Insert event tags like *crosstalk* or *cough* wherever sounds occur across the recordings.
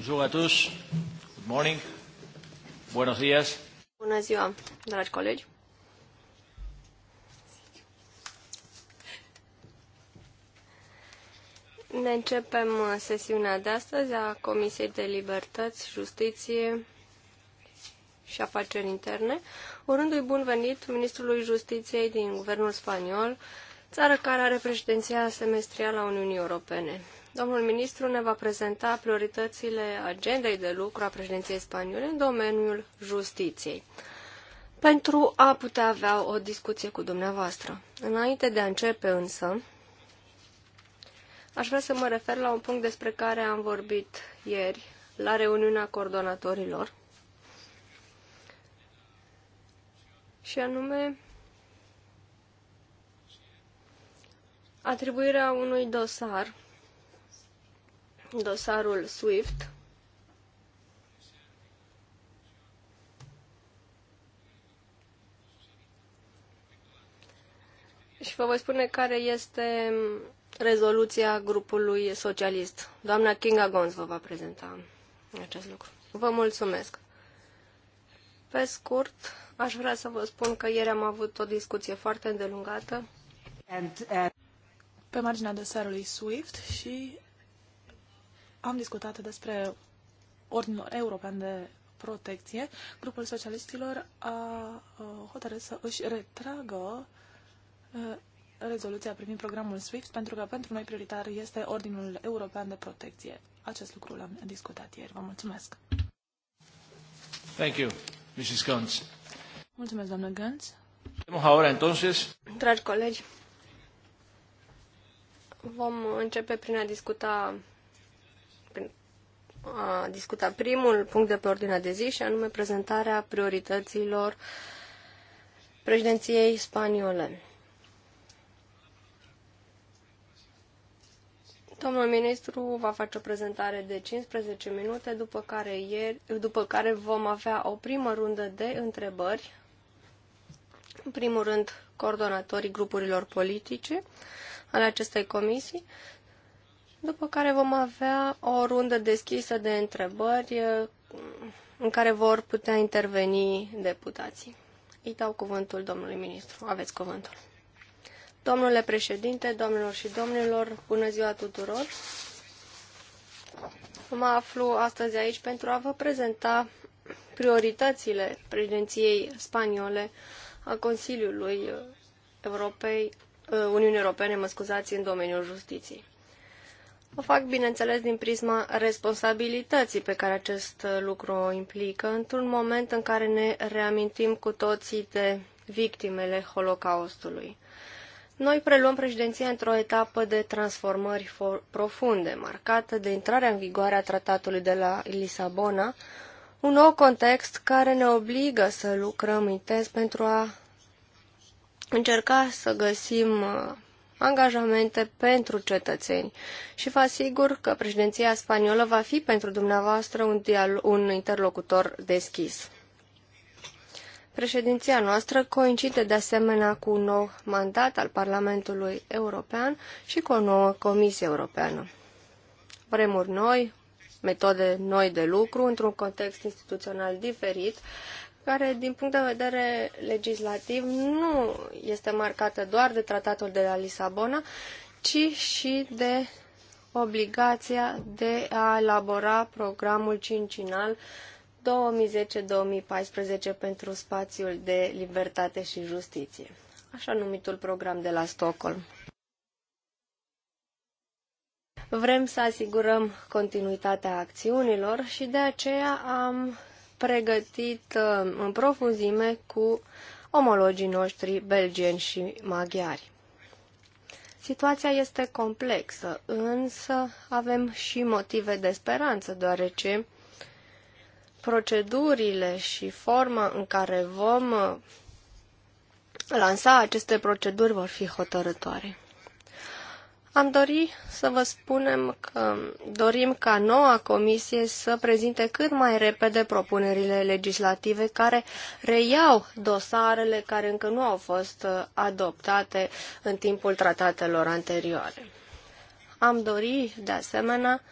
Bonjour à tous. Good morning. Buenos días. Bună ziua, dragi colegi. Ne începem uh, sesiunea de astăzi a Comisiei de Libertăți, Justiție și Afaceri Interne, urându-i bun venit Ministrului Justiției din Guvernul Spaniol, țară care are președinția semestrială a Uniunii Europene. Domnul ministru ne va prezenta prioritățile agendei de lucru a președinției spaniole în domeniul justiției pentru a putea avea o discuție cu dumneavoastră. Înainte de a începe însă, aș vrea să mă refer la un punct despre care am vorbit ieri la reuniunea coordonatorilor și anume atribuirea unui dosar dosarul SWIFT, și vă voi spune care este rezoluția grupului socialist. Doamna Kinga Gons vă va prezenta acest lucru. Vă mulțumesc. Pe scurt, aș vrea să vă spun că ieri am avut o discuție foarte îndelungată. Uh, Pe marginea dosarului SWIFT și am discutat despre Ordinul European de Protecție, grupul socialiștilor a uh, hotărât să își retragă uh, rezoluția privind programul SWIFT, pentru că pentru noi prioritar este Ordinul European de Protecție. Acest lucru l-am discutat ieri. Vă mulțumesc! Thank you, Mrs. Guns. Mulțumesc, doamnă Gantz. Ahora, entonces... Dragi colegi, vom începe prin a discuta a discuta primul punct de pe ordinea de zi și anume prezentarea priorităților președinției spaniole. Domnul ministru va face o prezentare de 15 minute, după care, ieri, după care vom avea o primă rundă de întrebări. În primul rând, coordonatorii grupurilor politice ale acestei comisii, după care vom avea o rundă deschisă de întrebări eh, în care vor putea interveni deputații. Îi dau cuvântul domnului ministru. Aveți cuvântul. Domnule președinte, domnilor și domnilor, bună ziua tuturor! Mă aflu astăzi aici pentru a vă prezenta prioritățile președinției spaniole a Consiliului Europei, eh, Uniunii Europene, mă scuzați, în domeniul justiției. O fac, bineînțeles, din prisma responsabilității pe care acest lucru o implică, într-un moment în care ne reamintim cu toții de victimele Holocaustului. Noi preluăm președinția într-o etapă de transformări profunde, marcată de intrarea în vigoare a tratatului de la Lisabona, un nou context care ne obligă să lucrăm intens pentru a încerca să găsim uh, angajamente pentru cetățeni și vă asigur că președinția spaniolă va fi pentru dumneavoastră un, un interlocutor deschis. Președinția noastră coincide de asemenea cu un nou mandat al Parlamentului European și cu o nouă Comisie Europeană. Vremuri noi, metode noi de lucru într-un context instituțional diferit, care, din punct de vedere legislativ, nu este marcată doar de tratatul de la Lisabona, ci și de obligația de a elabora programul cincinal 2010-2014 pentru spațiul de libertate și justiție, așa numitul program de la Stockholm. Vrem să asigurăm continuitatea acțiunilor și de aceea am pregătit uh, în profunzime cu omologii noștri belgeni și maghiari. Situația este complexă, însă avem și motive de speranță, deoarece procedurile și forma în care vom uh, lansa aceste proceduri vor fi hotărătoare. Am dori să vă spunem că dorim ca noua comisie să prezinte cât mai repede propunerile legislative care reiau dosarele care încă nu au fost uh, adoptate în timpul tratatelor anterioare. Am dori, de asemenea,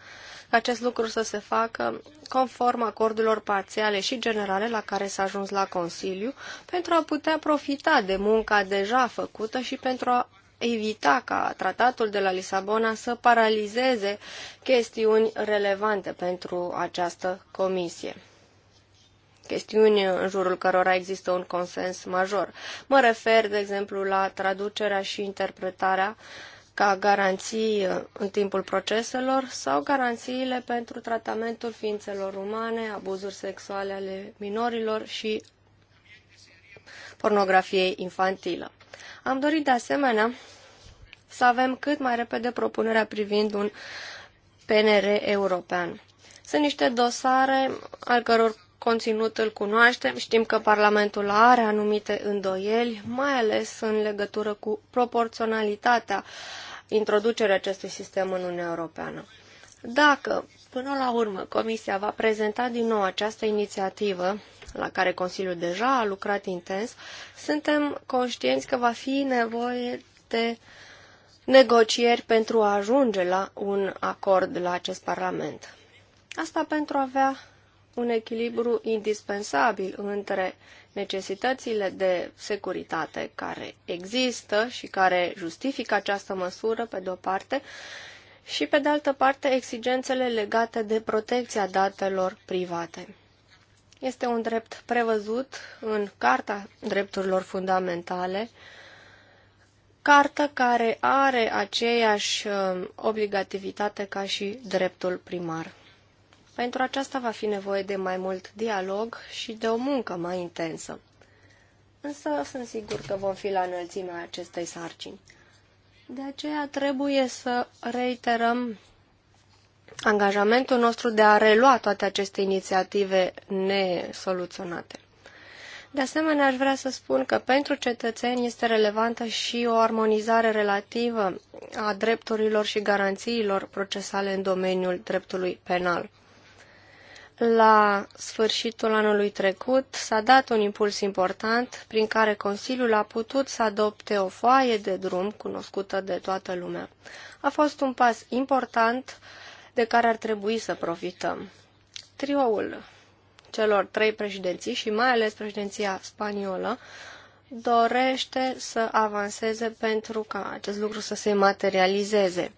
ca acest lucru să se facă conform acordurilor parțiale și generale la care s-a ajuns la Consiliu, pentru a putea profita de munca deja făcută și pentru a evita ca tratatul de la Lisabona să paralizeze chestiuni relevante pentru această comisie chestiuni în jurul cărora există un consens major. Mă refer, de exemplu, la traducerea și interpretarea ca garanții în timpul proceselor sau garanțiile pentru tratamentul ființelor umane, abuzuri sexuale ale minorilor și pornografiei infantilă. Am dorit de asemenea să avem cât mai repede propunerea privind un PNR european. Sunt niște dosare al căror conținut îl cunoaștem, știm că Parlamentul are anumite îndoieli, mai ales în legătură cu proporționalitatea introducerea acestui sistem în Uniunea Europeană. Dacă, până la urmă, Comisia va prezenta din nou această inițiativă la care Consiliul deja a lucrat intens, suntem conștienți că va fi nevoie de negocieri pentru a ajunge la un acord la acest Parlament. Asta pentru a avea un echilibru indispensabil între necesitățile de securitate care există și care justifică această măsură, pe de o parte, și, pe de altă parte, exigențele legate de protecția datelor private. Este un drept prevăzut în Carta Drepturilor Fundamentale, cartă care are aceeași uh, obligativitate ca și dreptul primar. Pentru aceasta va fi nevoie de mai mult dialog și de o muncă mai intensă. Însă sunt sigur că vom fi la înălțimea acestei sarcini. De aceea trebuie să reiterăm angajamentul nostru de a relua toate aceste inițiative nesoluționate. De asemenea, aș vrea să spun că pentru cetățeni este relevantă și o armonizare relativă a drepturilor și garanțiilor procesale în domeniul dreptului penal. La sfârșitul anului trecut s-a dat un impuls important prin care Consiliul a putut să adopte o foaie de drum cunoscută de toată lumea. A fost un pas important uh, de care ar trebui să profităm. Trioul celor trei președinții și mai ales președinția spaniolă dorește să avanseze pentru ca acest lucru să se materializeze.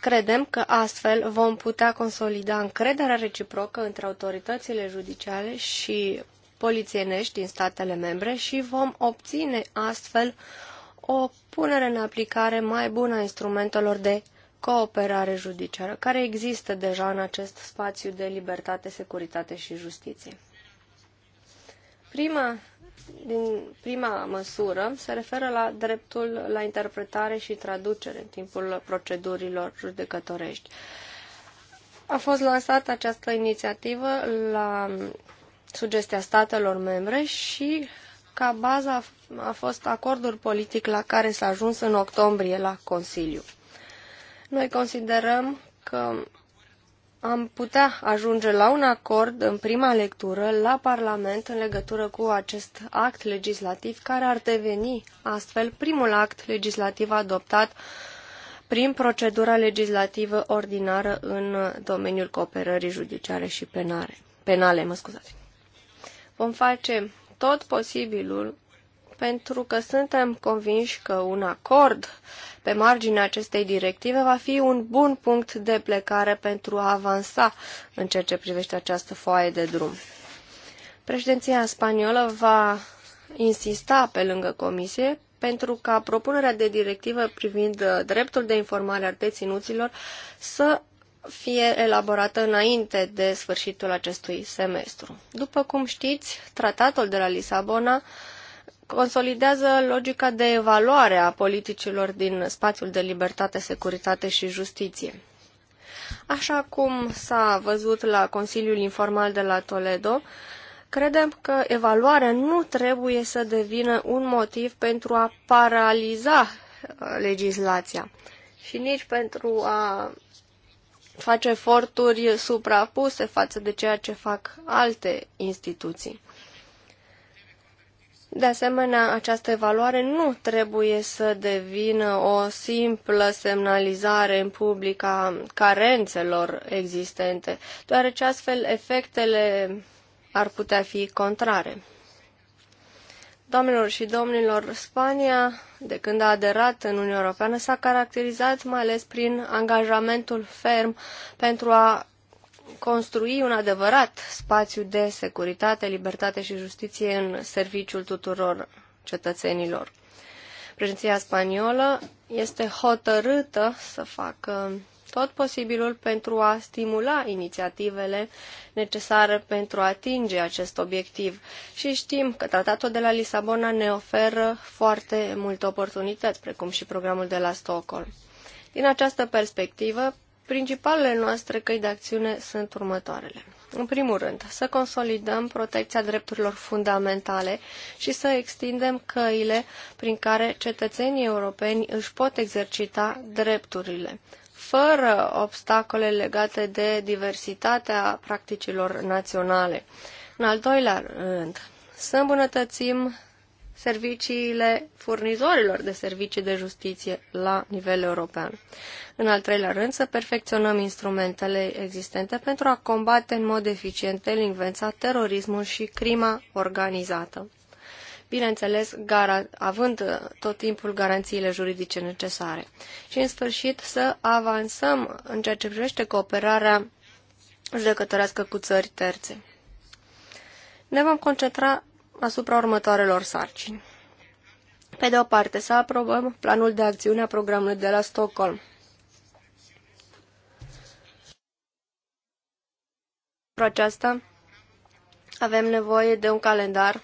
Credem că astfel vom putea consolida încrederea reciprocă între autoritățile judiciare și polițienești din statele membre și vom obține astfel o punere în aplicare mai bună a instrumentelor de cooperare judiciară care există deja în acest spațiu de libertate, securitate și justiție. Prima, din prima măsură se referă la dreptul la interpretare și traducere în timpul procedurilor judecătorești. A fost lansată această inițiativă la sugestia statelor membre și ca bază a fost acordul politic la care s-a ajuns în octombrie la Consiliu. Noi considerăm că am putea ajunge la un acord în prima lectură la Parlament în legătură cu acest act legislativ care ar deveni astfel primul act legislativ adoptat prin procedura legislativă ordinară în domeniul cooperării judiciare și penale. penale mă scuzați. Vom face tot posibilul pentru că suntem convinși că un acord pe marginea acestei directive va fi un bun punct de plecare pentru a avansa în ceea ce privește această foaie de drum. Președinția spaniolă va insista pe lângă comisie pentru ca propunerea de directivă privind uh, dreptul de informare al deținuților să fie elaborată înainte de sfârșitul acestui semestru. După cum știți, tratatul de la Lisabona consolidează logica de evaluare a politicilor din spațiul de libertate, securitate și justiție. Așa cum s-a văzut la Consiliul Informal de la Toledo, credem că evaluarea nu trebuie să devină un motiv pentru a paraliza uh, legislația și nici pentru a face eforturi suprapuse față de ceea ce fac alte instituții. De asemenea, această evaluare nu trebuie să devină o simplă semnalizare în public a carențelor existente, deoarece astfel efectele ar putea fi contrare. Doamnelor și domnilor, Spania, de când a aderat în Uniunea Europeană, s-a caracterizat mai ales prin angajamentul ferm pentru a construi un adevărat spațiu de securitate, libertate și justiție în serviciul tuturor cetățenilor. Președinția spaniolă este hotărâtă să facă tot posibilul pentru a stimula inițiativele necesare pentru a atinge acest obiectiv. Și știm că tratatul de la Lisabona ne oferă foarte multe oportunități, precum și programul de la Stockholm. Din această perspectivă, Principalele noastre căi de acțiune sunt următoarele. În primul rând, să consolidăm protecția drepturilor fundamentale și să extindem căile prin care cetățenii europeni își pot exercita drepturile, fără obstacole legate de diversitatea practicilor naționale. În al doilea rând, să îmbunătățim serviciile furnizorilor de servicii de justiție la nivel european. În al treilea rând, să perfecționăm instrumentele existente pentru a combate în mod eficient delinvența, terorismul și crima organizată. Bineînțeles, având tot timpul garanțiile juridice necesare. Și, în sfârșit, să avansăm în ceea ce privește cooperarea judecătorească cu țări terțe. Ne vom concentra asupra următoarelor sarcini. Pe de o parte, să aprobăm planul de acțiune a programului de la Stockholm. Pentru aceasta, avem nevoie de un calendar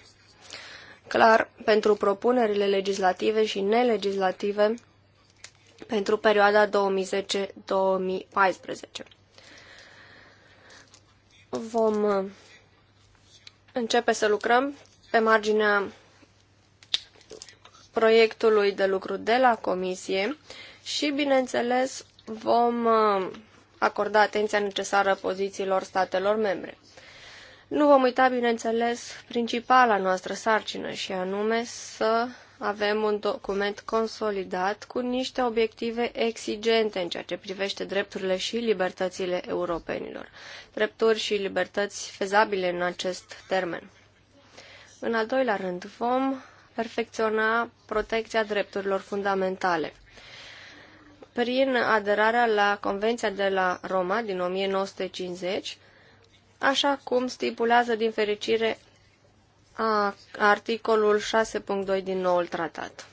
clar pentru propunerile legislative și nelegislative pentru perioada 2010-2014. Vom uh, începe să lucrăm pe marginea proiectului de lucru de la comisie și, bineînțeles, vom uh, acorda atenția necesară pozițiilor statelor membre. Nu vom uita, bineînțeles, principala noastră sarcină și anume să avem un document consolidat cu niște obiective exigente în ceea ce privește drepturile și libertățile europenilor. Drepturi și libertăți fezabile în acest termen. În al doilea rând, vom perfecționa protecția drepturilor fundamentale. Prin aderarea la Convenția de la Roma din 1950, așa cum stipulează din fericire a articolul 6.2 din noul tratat.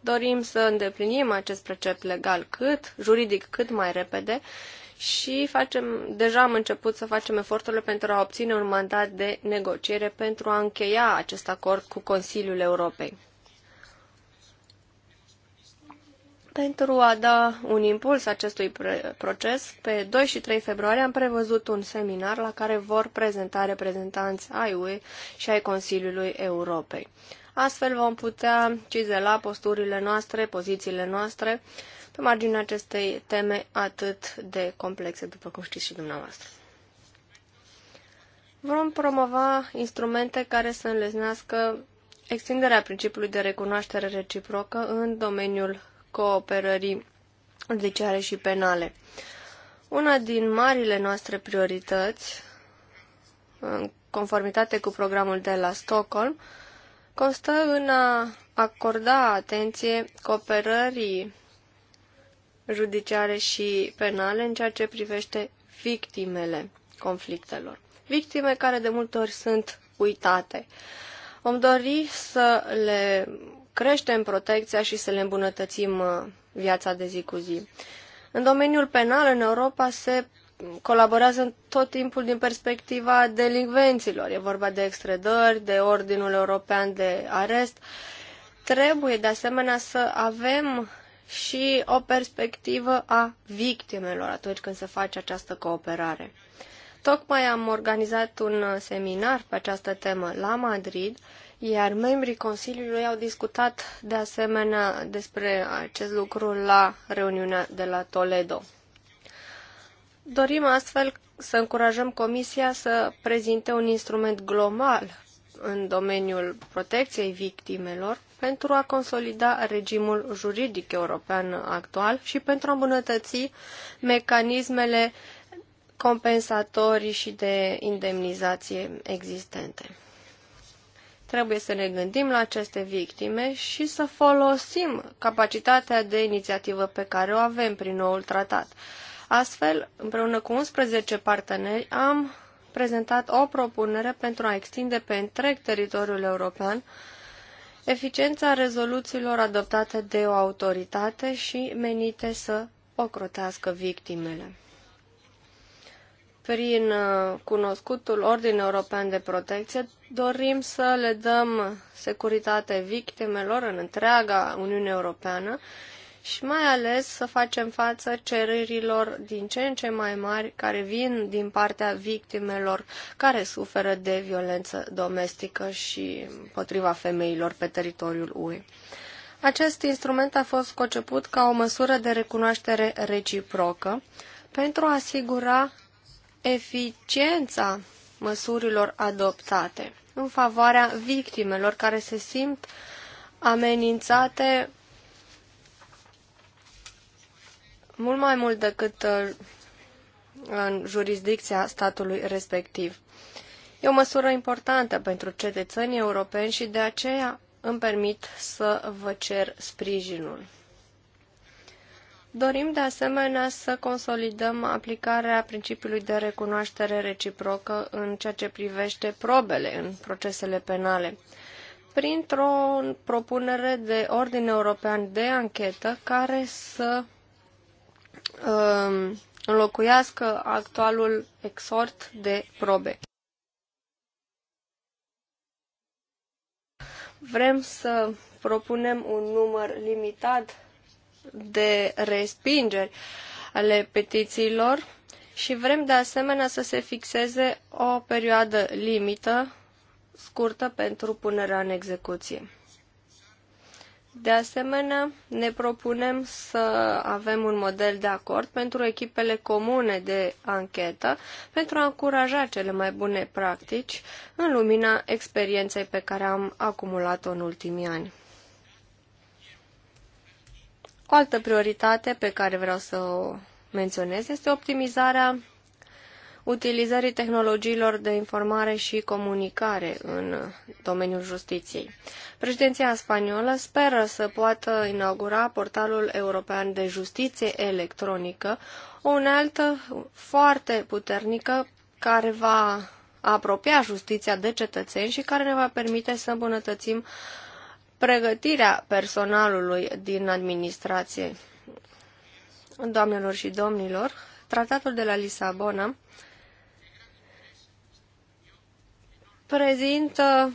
Dorim să îndeplinim acest precept legal cât, juridic cât mai repede și facem, deja am început să facem eforturile pentru a obține un mandat de negociere pentru a încheia acest acord cu Consiliul Europei. Pentru a da un impuls acestui proces, pe 2 și 3 februarie am prevăzut un seminar la care vor prezenta reprezentanți ai UE și ai Consiliului Europei. Astfel vom putea cizela posturile noastre, pozițiile noastre pe marginea acestei teme atât de complexe, după cum știți și dumneavoastră. Vom promova instrumente care să înlesnească extinderea principiului de recunoaștere reciprocă în domeniul cooperării judiciare și penale. Una din marile noastre priorități, în conformitate cu programul de la Stockholm, constă în a acorda atenție cooperării judiciare și penale în ceea ce privește victimele conflictelor. Victime care de multe ori sunt uitate. Vom dori să le creștem protecția și să le îmbunătățim uh, viața de zi cu zi. În domeniul penal, în Europa, se colaborează în tot timpul din perspectiva delinvenților. E vorba de extrădări, de Ordinul European de Arest. Trebuie de asemenea să avem și o perspectivă a victimelor atunci când se face această cooperare. Tocmai am organizat un seminar pe această temă la Madrid, iar membrii Consiliului au discutat de asemenea despre acest lucru la reuniunea de la Toledo. Dorim astfel să încurajăm Comisia să prezinte un instrument global în domeniul protecției victimelor pentru a consolida regimul juridic european actual și pentru a îmbunătăți mecanismele compensatorii și de indemnizație existente. Trebuie să ne gândim la aceste victime și să folosim capacitatea de inițiativă pe care o avem prin noul tratat. Astfel, împreună cu 11 parteneri, am prezentat o propunere pentru a extinde pe întreg teritoriul european eficiența rezoluțiilor adoptate de o autoritate și menite să ocrotească victimele. Prin uh, cunoscutul Ordin European de Protecție, dorim să le dăm securitate victimelor în întreaga Uniune Europeană și mai ales să facem față cererilor din ce în ce mai mari care vin din partea victimelor care suferă de violență domestică și împotriva femeilor pe teritoriul UE. Acest instrument a fost conceput ca o măsură de recunoaștere reciprocă pentru a asigura eficiența măsurilor adoptate în favoarea victimelor care se simt amenințate mult mai mult decât uh, în jurisdicția statului respectiv. E o măsură importantă pentru cetățenii europeni și de aceea îmi permit să vă cer sprijinul. Dorim de asemenea să consolidăm aplicarea principiului de recunoaștere reciprocă în ceea ce privește probele în procesele penale, printr-o propunere de ordin european de anchetă care să um, înlocuiască actualul exort de probe. Vrem să propunem un număr limitat de respingeri ale petițiilor și vrem de asemenea să se fixeze o perioadă limită scurtă pentru punerea în execuție. De asemenea, ne propunem să avem un model de acord pentru echipele comune de anchetă pentru a încuraja cele mai bune practici în lumina experienței pe care am acumulat-o în ultimii ani. O altă prioritate pe care vreau să o menționez este optimizarea utilizării tehnologiilor de informare și comunicare în domeniul justiției. Președinția spaniolă speră să poată inaugura portalul european de justiție electronică, o unealtă foarte puternică care va apropia justiția de cetățeni și care ne va permite să îmbunătățim pregătirea personalului din administrație. Doamnelor și domnilor, Tratatul de la Lisabona Prezintă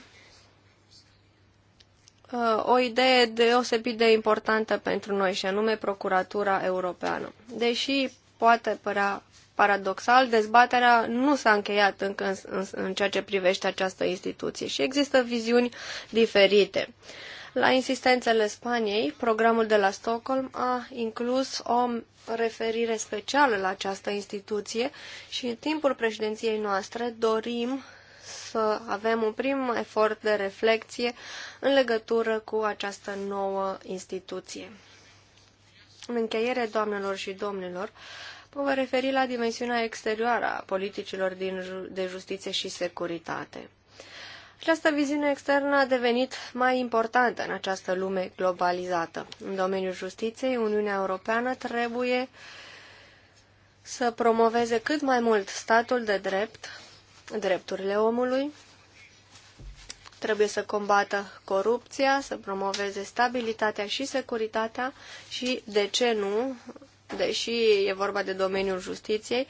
uh, o idee deosebit de importantă pentru noi, și anume Procuratura Europeană. Deși poate părea paradoxal, dezbaterea nu s-a încheiat încă în, în, în ceea ce privește această instituție și există viziuni diferite. La insistențele Spaniei, programul de la Stockholm a inclus o referire specială la această instituție și în timpul președinției noastre dorim să avem un prim efort de reflexie în legătură cu această nouă instituție. În încheiere, doamnelor și domnilor, mă voi referi la dimensiunea exterioară a politicilor din, de justiție și securitate. Această viziune externă a devenit mai importantă în această lume globalizată. În domeniul justiției, Uniunea Europeană trebuie să promoveze cât mai mult statul de drept, drepturile omului, trebuie să combată corupția, să promoveze stabilitatea și securitatea și, de ce nu, deși e vorba de domeniul justiției,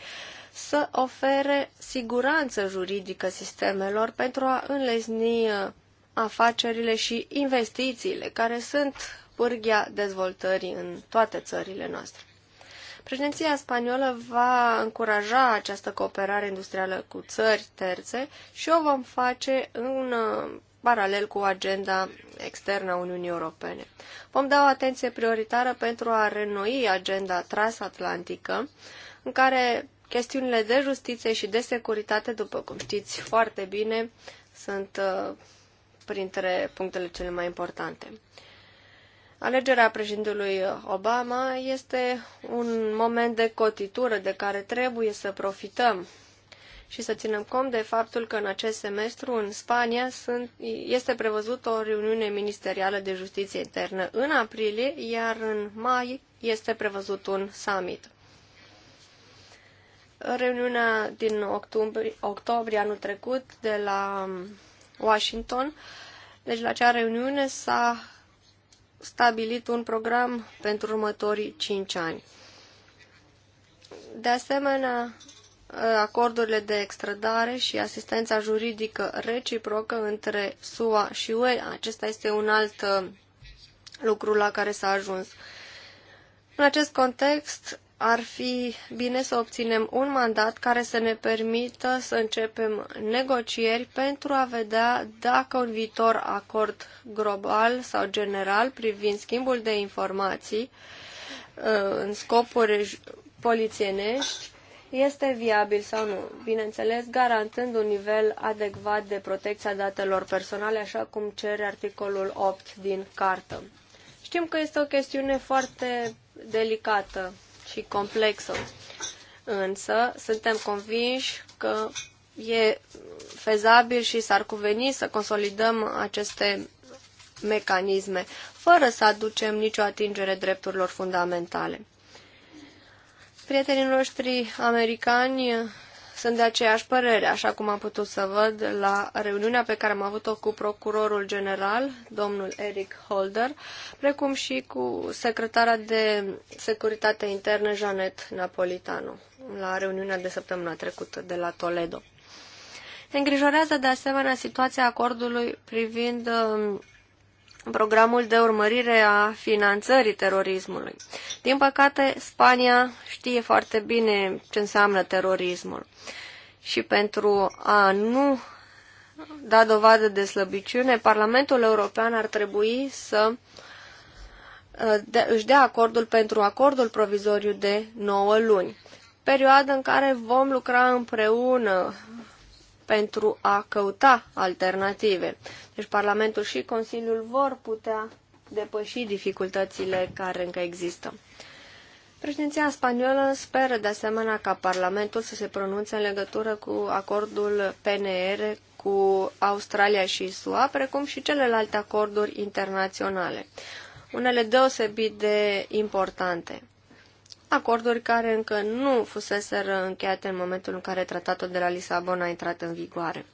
să ofere siguranță juridică sistemelor pentru a înlesni uh, afacerile și investițiile care sunt pârghia dezvoltării în toate țările noastre. Președinția spaniolă va încuraja această cooperare industrială cu țări terțe și o vom face în uh, paralel cu agenda externă a Uniunii Europene. Vom da o atenție prioritară pentru a renoi agenda transatlantică, în care chestiunile de justiție și de securitate, după cum știți foarte bine, sunt uh, printre punctele cele mai importante. Alegerea președintelui Obama este un moment de cotitură de care trebuie să profităm și să ținem cont de faptul că în acest semestru în Spania sunt, este prevăzută o reuniune ministerială de justiție internă în aprilie, iar în mai este prevăzut un summit. Reuniunea din octombrie, octombrie anul trecut de la Washington, deci la acea reuniune s-a stabilit un program pentru următorii 5 ani. De asemenea, acordurile de extradare și asistența juridică reciprocă între SUA și UE, acesta este un alt uh, lucru la care s-a ajuns. În acest context, ar fi bine să obținem un mandat care să ne permită să începem negocieri pentru a vedea dacă un viitor acord global sau general privind schimbul de informații uh, în scopuri polițienești este viabil sau nu, bineînțeles garantând un nivel adecvat de protecția datelor personale, așa cum cere articolul 8 din cartă. Știm că este o chestiune foarte delicată și complexă. Însă, suntem convinși că e fezabil și s-ar cuveni să consolidăm aceste mecanisme, fără să aducem nicio atingere drepturilor fundamentale. Prietenii noștri americani sunt de aceeași părere, așa cum am putut să văd la reuniunea pe care am avut-o cu procurorul general, domnul Eric Holder, precum și cu secretara de securitate internă, Janet Napolitano, la reuniunea de săptămâna trecută de la Toledo. Ne îngrijorează de asemenea situația acordului privind um, în programul de urmărire a finanțării terorismului. Din păcate, Spania știe foarte bine ce înseamnă terorismul și pentru a nu da dovadă de slăbiciune, Parlamentul European ar trebui să uh, își dea acordul pentru acordul provizoriu de 9 luni, perioadă în care vom lucra împreună pentru a căuta alternative. Deci Parlamentul și Consiliul vor putea depăși dificultățile care încă există. Președinția spaniolă speră de asemenea ca Parlamentul să se pronunțe în legătură cu acordul PNR cu Australia și SUA, precum și celelalte acorduri internaționale, unele deosebit de importante acorduri care încă nu fuseseră încheiate în momentul în care tratatul de la Lisabona a intrat în vigoare.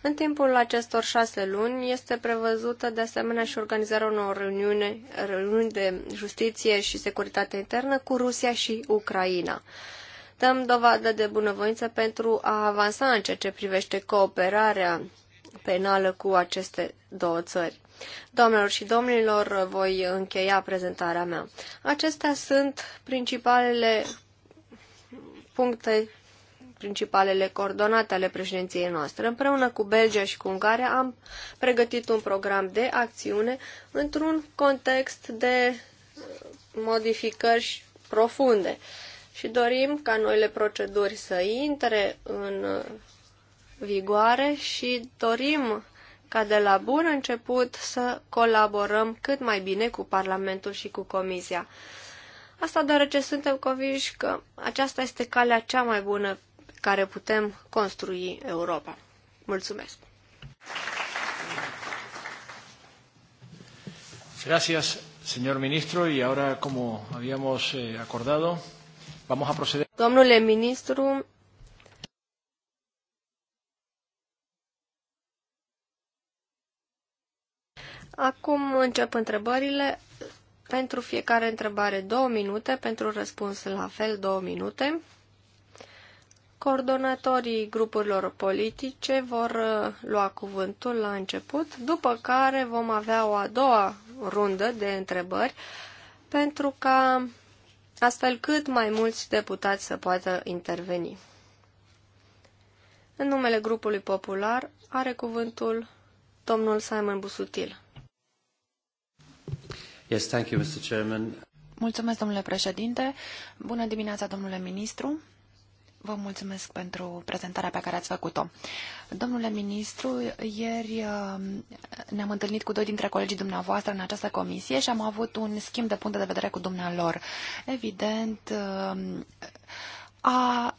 În timpul acestor șase luni este prevăzută de asemenea și organizarea unor reuniune, reuniuni de justiție și securitate internă cu Rusia și Ucraina. Dăm dovadă de bunăvoință pentru a avansa în ceea ce privește cooperarea penală cu aceste două țări. Doamnelor și domnilor, voi încheia prezentarea mea. Acestea sunt principalele puncte principalele coordonate ale președinției noastre. Împreună cu Belgia și cu Ungaria am pregătit un program de acțiune într-un context de modificări profunde și dorim ca noile proceduri să intre în vigoare și dorim ca de la bun început să colaborăm cât mai bine cu Parlamentul și cu Comisia. Asta deoarece suntem convinși că aceasta este calea cea mai bună pe care putem construi Europa. Mulțumesc! Gracias, señor ministro. Y ahora, como habíamos eh, acordado, vamos a proceder. Domnule ministru, Acum încep întrebările. Pentru fiecare întrebare două minute, pentru răspuns la fel două minute. Coordonatorii grupurilor politice vor uh, lua cuvântul la început, după care vom avea o a doua rundă de întrebări pentru ca astfel cât mai mulți deputați să poată interveni. În numele grupului popular are cuvântul domnul Simon Busutil. Yes, thank you, Mr. Chairman. Mulțumesc, domnule președinte. Bună dimineața, domnule ministru. Vă mulțumesc pentru prezentarea pe care ați făcut-o. Domnule ministru, ieri uh, ne-am întâlnit cu doi dintre colegii dumneavoastră în această comisie și am avut un schimb de punct de vedere cu dumnealor. Evident, uh, a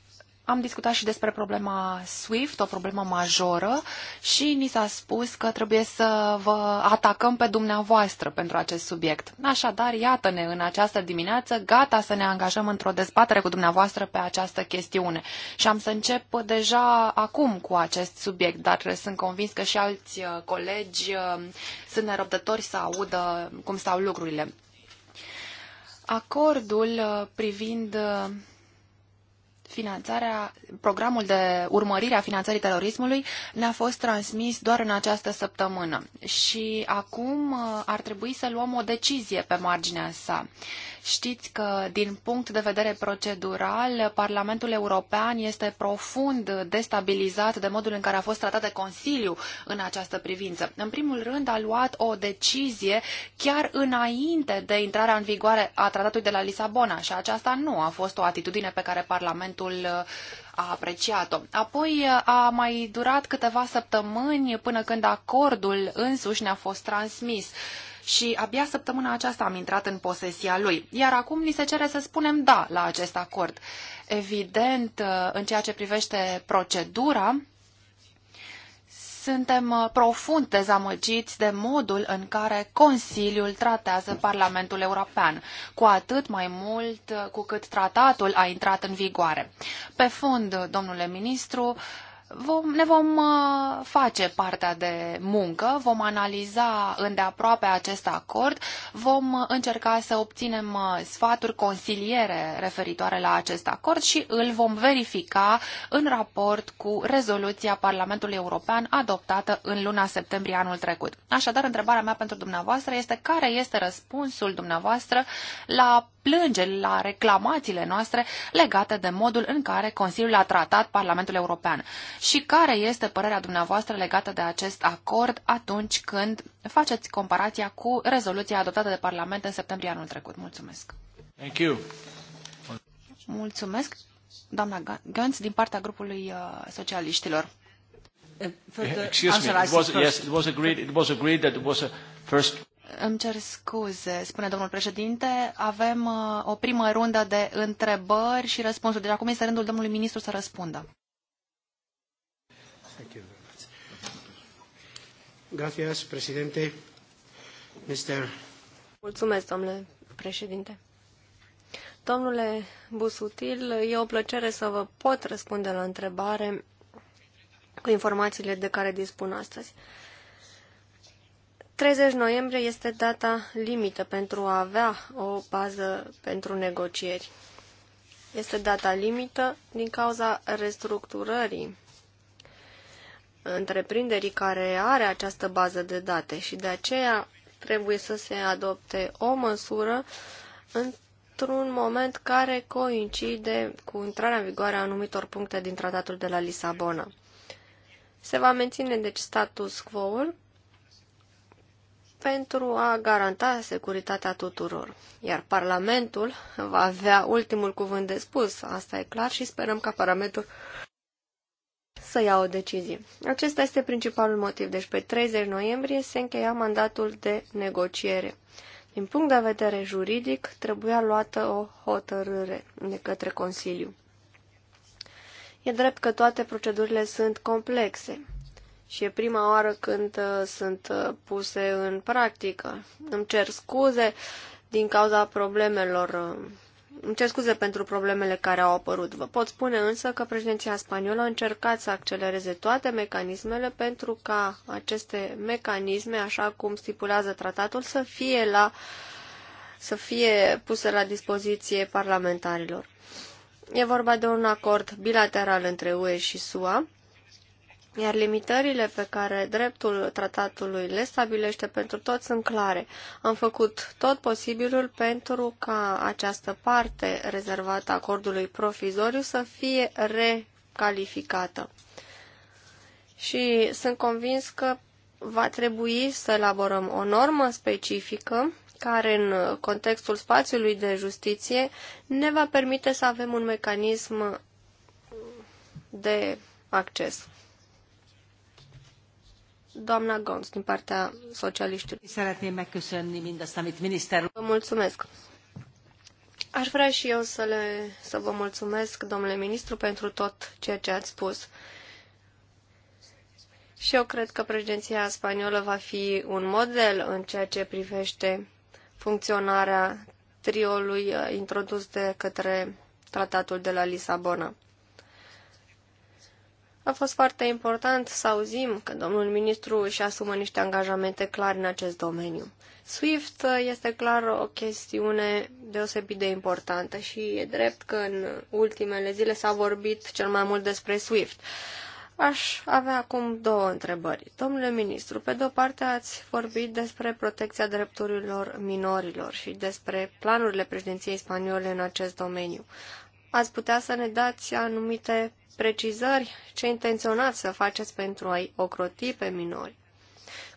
am discutat și despre problema SWIFT, o problemă majoră, și ni s-a spus că trebuie să vă atacăm pe dumneavoastră pentru acest subiect. Așadar, iată-ne în această dimineață, gata să ne angajăm într-o dezbatere cu dumneavoastră pe această chestiune. Și am să încep deja acum cu acest subiect, dar sunt convins că și alți uh, colegi uh, sunt nerăbdători să audă cum stau lucrurile. Acordul uh, privind finanțarea, programul de urmărire a finanțării terorismului ne-a fost transmis doar în această săptămână și acum uh, ar trebui să luăm o decizie pe marginea sa. Știți că, din punct de vedere procedural, Parlamentul European este profund destabilizat de modul în care a fost tratat de Consiliu în această privință. În primul rând, a luat o decizie chiar înainte de intrarea în vigoare a Tratatului de la Lisabona și aceasta nu a fost o atitudine pe care Parlamentul uh, a apreciat-o. Apoi uh, a mai durat câteva săptămâni până când acordul însuși ne-a fost transmis și abia săptămâna aceasta am intrat în posesia lui. Iar acum ni se cere să spunem da la acest acord. Evident, în ceea ce privește procedura, suntem uh, profund dezamăgiți de modul în care Consiliul tratează Parlamentul European, cu atât mai mult uh, cu cât tratatul a intrat în vigoare. Pe fond, domnule ministru, vom, ne vom uh, face partea de muncă, vom analiza îndeaproape acest acord, vom uh, încerca să obținem uh, sfaturi consiliere referitoare la acest acord și îl vom verifica în raport cu rezoluția Parlamentului European adoptată în luna septembrie anul trecut. Așadar, întrebarea mea pentru dumneavoastră este care este răspunsul dumneavoastră la plângeri, la reclamațiile noastre legate de modul în care Consiliul a tratat Parlamentul European și care este părerea dumneavoastră legată de acest acord atunci când faceți comparația cu rezoluția adoptată de Parlament în septembrie anul trecut. Mulțumesc! Thank you. Mulțumesc, doamna Gantz, din partea grupului uh, socialiștilor. Uh, Excuse me, it was, yes, it was agreed, it was agreed that it was a first îmi cer scuze, spune domnul președinte. Avem uh, o primă rundă de întrebări și răspunsuri. Deci acum este rândul domnului ministru să răspundă. Gracias, Mister... Mulțumesc, domnule președinte. Domnule Busutil, e o plăcere să vă pot răspunde la întrebare cu informațiile de care dispun astăzi. 30 noiembrie este data limită pentru a avea o bază pentru negocieri. Este data limită din cauza restructurării întreprinderii care are această bază de date și de aceea trebuie să se adopte o măsură într-un moment care coincide cu intrarea în vigoare a anumitor puncte din tratatul de la Lisabona. Se va menține deci status quo-ul pentru a garanta securitatea tuturor. Iar Parlamentul va avea ultimul cuvânt de spus, asta e clar, și sperăm ca Parlamentul să ia o decizie. Acesta este principalul motiv. Deci pe 30 noiembrie se încheia mandatul de negociere. Din punct de vedere juridic, trebuia luată o hotărâre de către Consiliu. E drept că toate procedurile sunt complexe și e prima oară când uh, sunt uh, puse în practică. Îmi cer scuze din cauza problemelor. Uh, îmi cer scuze pentru problemele care au apărut. Vă pot spune însă că președinția spaniolă a încercat să accelereze toate mecanismele pentru ca aceste mecanisme, așa cum stipulează tratatul, să fie, la, să fie puse la dispoziție parlamentarilor. E vorba de un acord bilateral între UE și SUA, iar limitările pe care dreptul tratatului le stabilește pentru toți sunt clare. Am făcut tot posibilul pentru ca această parte rezervată acordului provizoriu să fie recalificată. Și sunt convins că va trebui să elaborăm o normă specifică care în contextul spațiului de justiție ne va permite să avem un mecanism de acces. Doamna Gons, din partea socialiștilor. Vă mulțumesc. Aș vrea și eu să, le, să vă mulțumesc, domnule ministru, pentru tot ceea ce ați spus. Și eu cred că președinția spaniolă va fi un model în ceea ce privește funcționarea triului uh, introdus de către tratatul de la Lisabona. A fost foarte important să auzim că domnul ministru își asumă niște angajamente clare în acest domeniu. SWIFT uh, este clar o chestiune deosebit de importantă și e drept că în ultimele zile s-a vorbit cel mai mult despre SWIFT. Aș avea acum două întrebări. Domnule ministru, pe de-o parte ați vorbit despre protecția drepturilor minorilor și despre planurile președinției spaniole în acest domeniu. Ați putea să ne dați anumite precizări ce intenționați să faceți pentru a-i ocroti pe minori.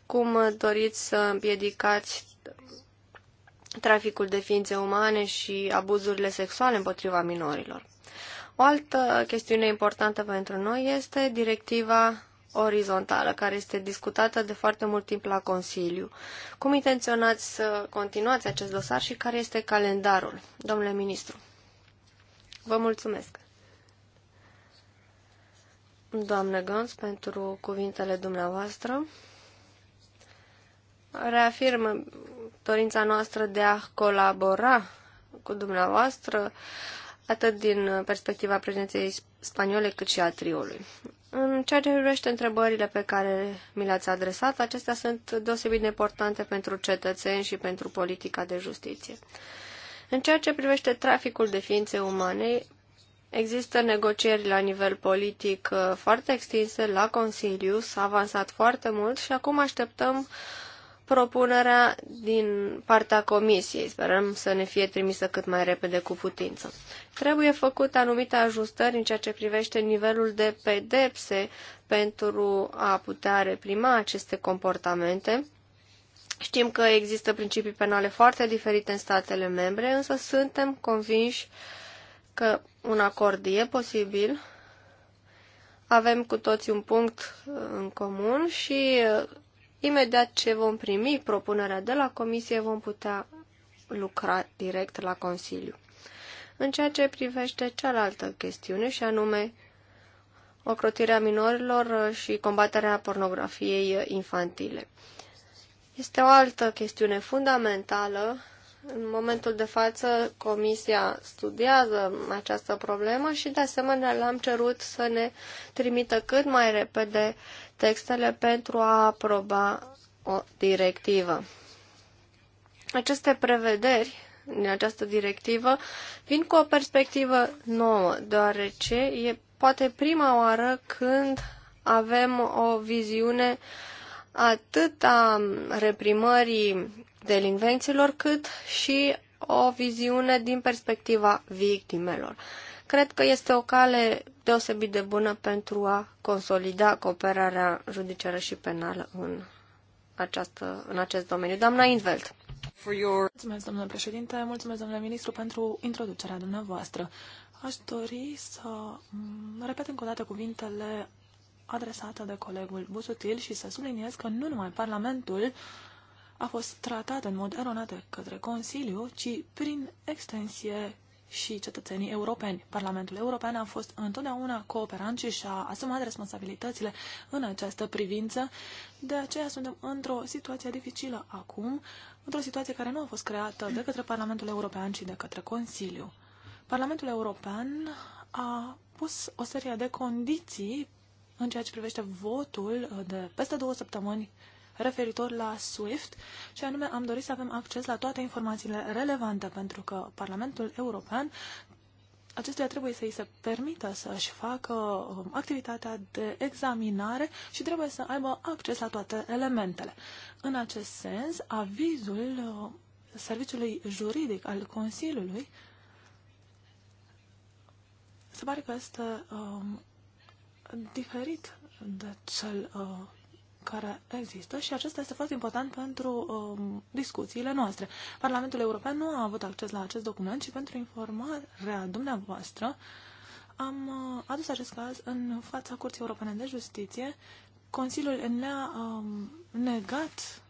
Cum doriți să împiedicați traficul de ființe umane și abuzurile sexuale împotriva minorilor. O altă chestiune importantă pentru noi este directiva orizontală, care este discutată de foarte mult timp la Consiliu. Cum intenționați să continuați acest dosar și care este calendarul, domnule ministru? Vă mulțumesc! Doamne Gons, pentru cuvintele dumneavoastră. Reafirmă dorința noastră de a colabora cu dumneavoastră, atât din perspectiva prezenței spaniole, cât și a triului. În ceea ce privește întrebările pe care mi le-ați adresat, acestea sunt deosebit de importante pentru cetățeni și pentru politica de justiție. În ceea ce privește traficul de ființe umane, Există negocieri la nivel politic uh, foarte extinse la Consiliu, s-a avansat foarte mult și acum așteptăm propunerea din partea Comisiei. Sperăm să ne fie trimisă cât mai repede cu putință. Trebuie făcut anumite ajustări în ceea ce privește nivelul de pedepse pentru a putea reprima aceste comportamente. Știm că există principii penale foarte diferite în statele membre, însă suntem convinși că un acord e posibil, avem cu toți un punct uh, în comun și uh, imediat ce vom primi propunerea de la Comisie vom putea lucra direct la Consiliu. În ceea ce privește cealaltă chestiune și anume ocrotirea minorilor uh, și combaterea pornografiei infantile. Este o altă chestiune fundamentală în momentul de față, Comisia studiază această problemă și, de asemenea, l-am cerut să ne trimită cât mai repede textele pentru a aproba o directivă. Aceste prevederi din această directivă vin cu o perspectivă nouă, deoarece e poate prima oară când avem o viziune atât a reprimării delinvenților, cât și o viziune din perspectiva victimelor. Cred că este o cale deosebit de bună pentru a consolida cooperarea judiciară și penală în, această, în acest domeniu. Doamna Invelt. Your... Mulțumesc, domnule președinte, mulțumesc, domnule ministru, pentru introducerea dumneavoastră. Aș dori să repet încă o dată cuvintele adresate de colegul Busutil și să subliniez că nu numai Parlamentul a fost tratată în mod eronat către Consiliu, ci prin extensie și cetățenii europeni. Parlamentul European a fost întotdeauna cooperant și și-a asumat responsabilitățile în această privință. De aceea suntem într-o situație dificilă acum, într-o situație care nu a fost creată de către Parlamentul European, ci de către Consiliu. Parlamentul European a pus o serie de condiții în ceea ce privește votul de peste două săptămâni referitor la SWIFT și anume am dorit să avem acces la toate informațiile relevante pentru că Parlamentul European acestuia trebuie să îi se permită să-și facă um, activitatea de examinare și trebuie să aibă acces la toate elementele. În acest sens, avizul um, serviciului juridic al Consiliului se pare că este um, diferit de cel uh, care există și acesta este foarte important pentru um, discuțiile noastre. Parlamentul European nu a avut acces la acest document și pentru informarea dumneavoastră am uh, adus acest caz în fața Curții Europene de Justiție. Consiliul ne-a um, negat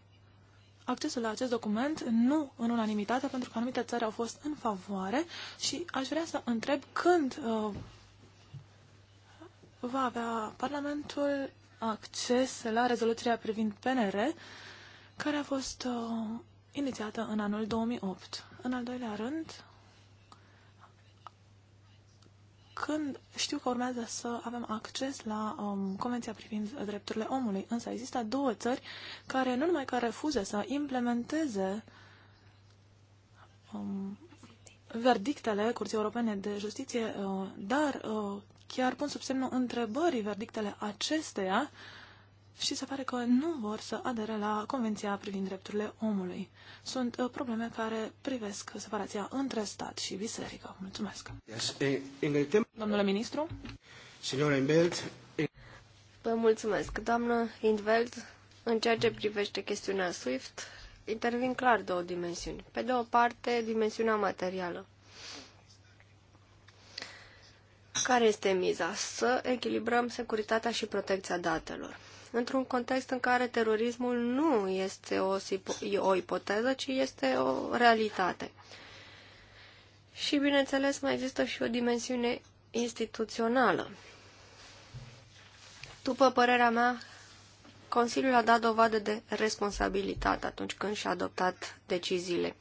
accesul la acest document, nu în unanimitate, pentru că anumite țări au fost în favoare și aș vrea să întreb când uh, va avea Parlamentul acces la rezoluția privind PNR, care a fost uh, inițiată în anul 2008. În al doilea rând, când știu că urmează să avem acces la um, Convenția privind drepturile omului, însă există două țări care nu numai că refuză să implementeze um, verdictele Curții Europene de Justiție, uh, dar uh, chiar pun sub semnul întrebării verdictele acesteia și se pare că nu vor să adere la Convenția privind drepturile omului. Sunt uh, probleme care privesc separația între stat și biserică. Mulțumesc. Yes. Domnule ministru? Signora Inveld. Vă mulțumesc. Doamnă Inveld, în ceea ce privește chestiunea SWIFT, intervin clar două dimensiuni. Pe de o parte, dimensiunea materială. Care este miza? Să echilibrăm securitatea și protecția datelor. Într-un context în care terorismul nu este o, o ipoteză, ci este o realitate. Și, bineînțeles, mai există și o dimensiune instituțională. După părerea mea, Consiliul a dat dovadă de responsabilitate atunci când și-a adoptat deciziile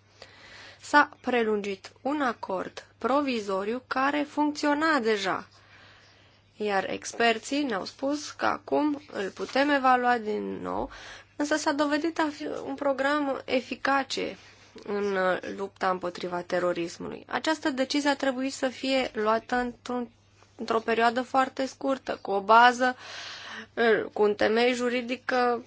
s-a prelungit un acord provizoriu care funcționa deja, iar experții ne-au spus că acum îl putem evalua din nou, însă s-a dovedit a fi un program eficace în lupta împotriva terorismului. Această decizie a trebuit să fie luată într într-o perioadă foarte scurtă, cu o bază, eh, cu un temei juridic eh,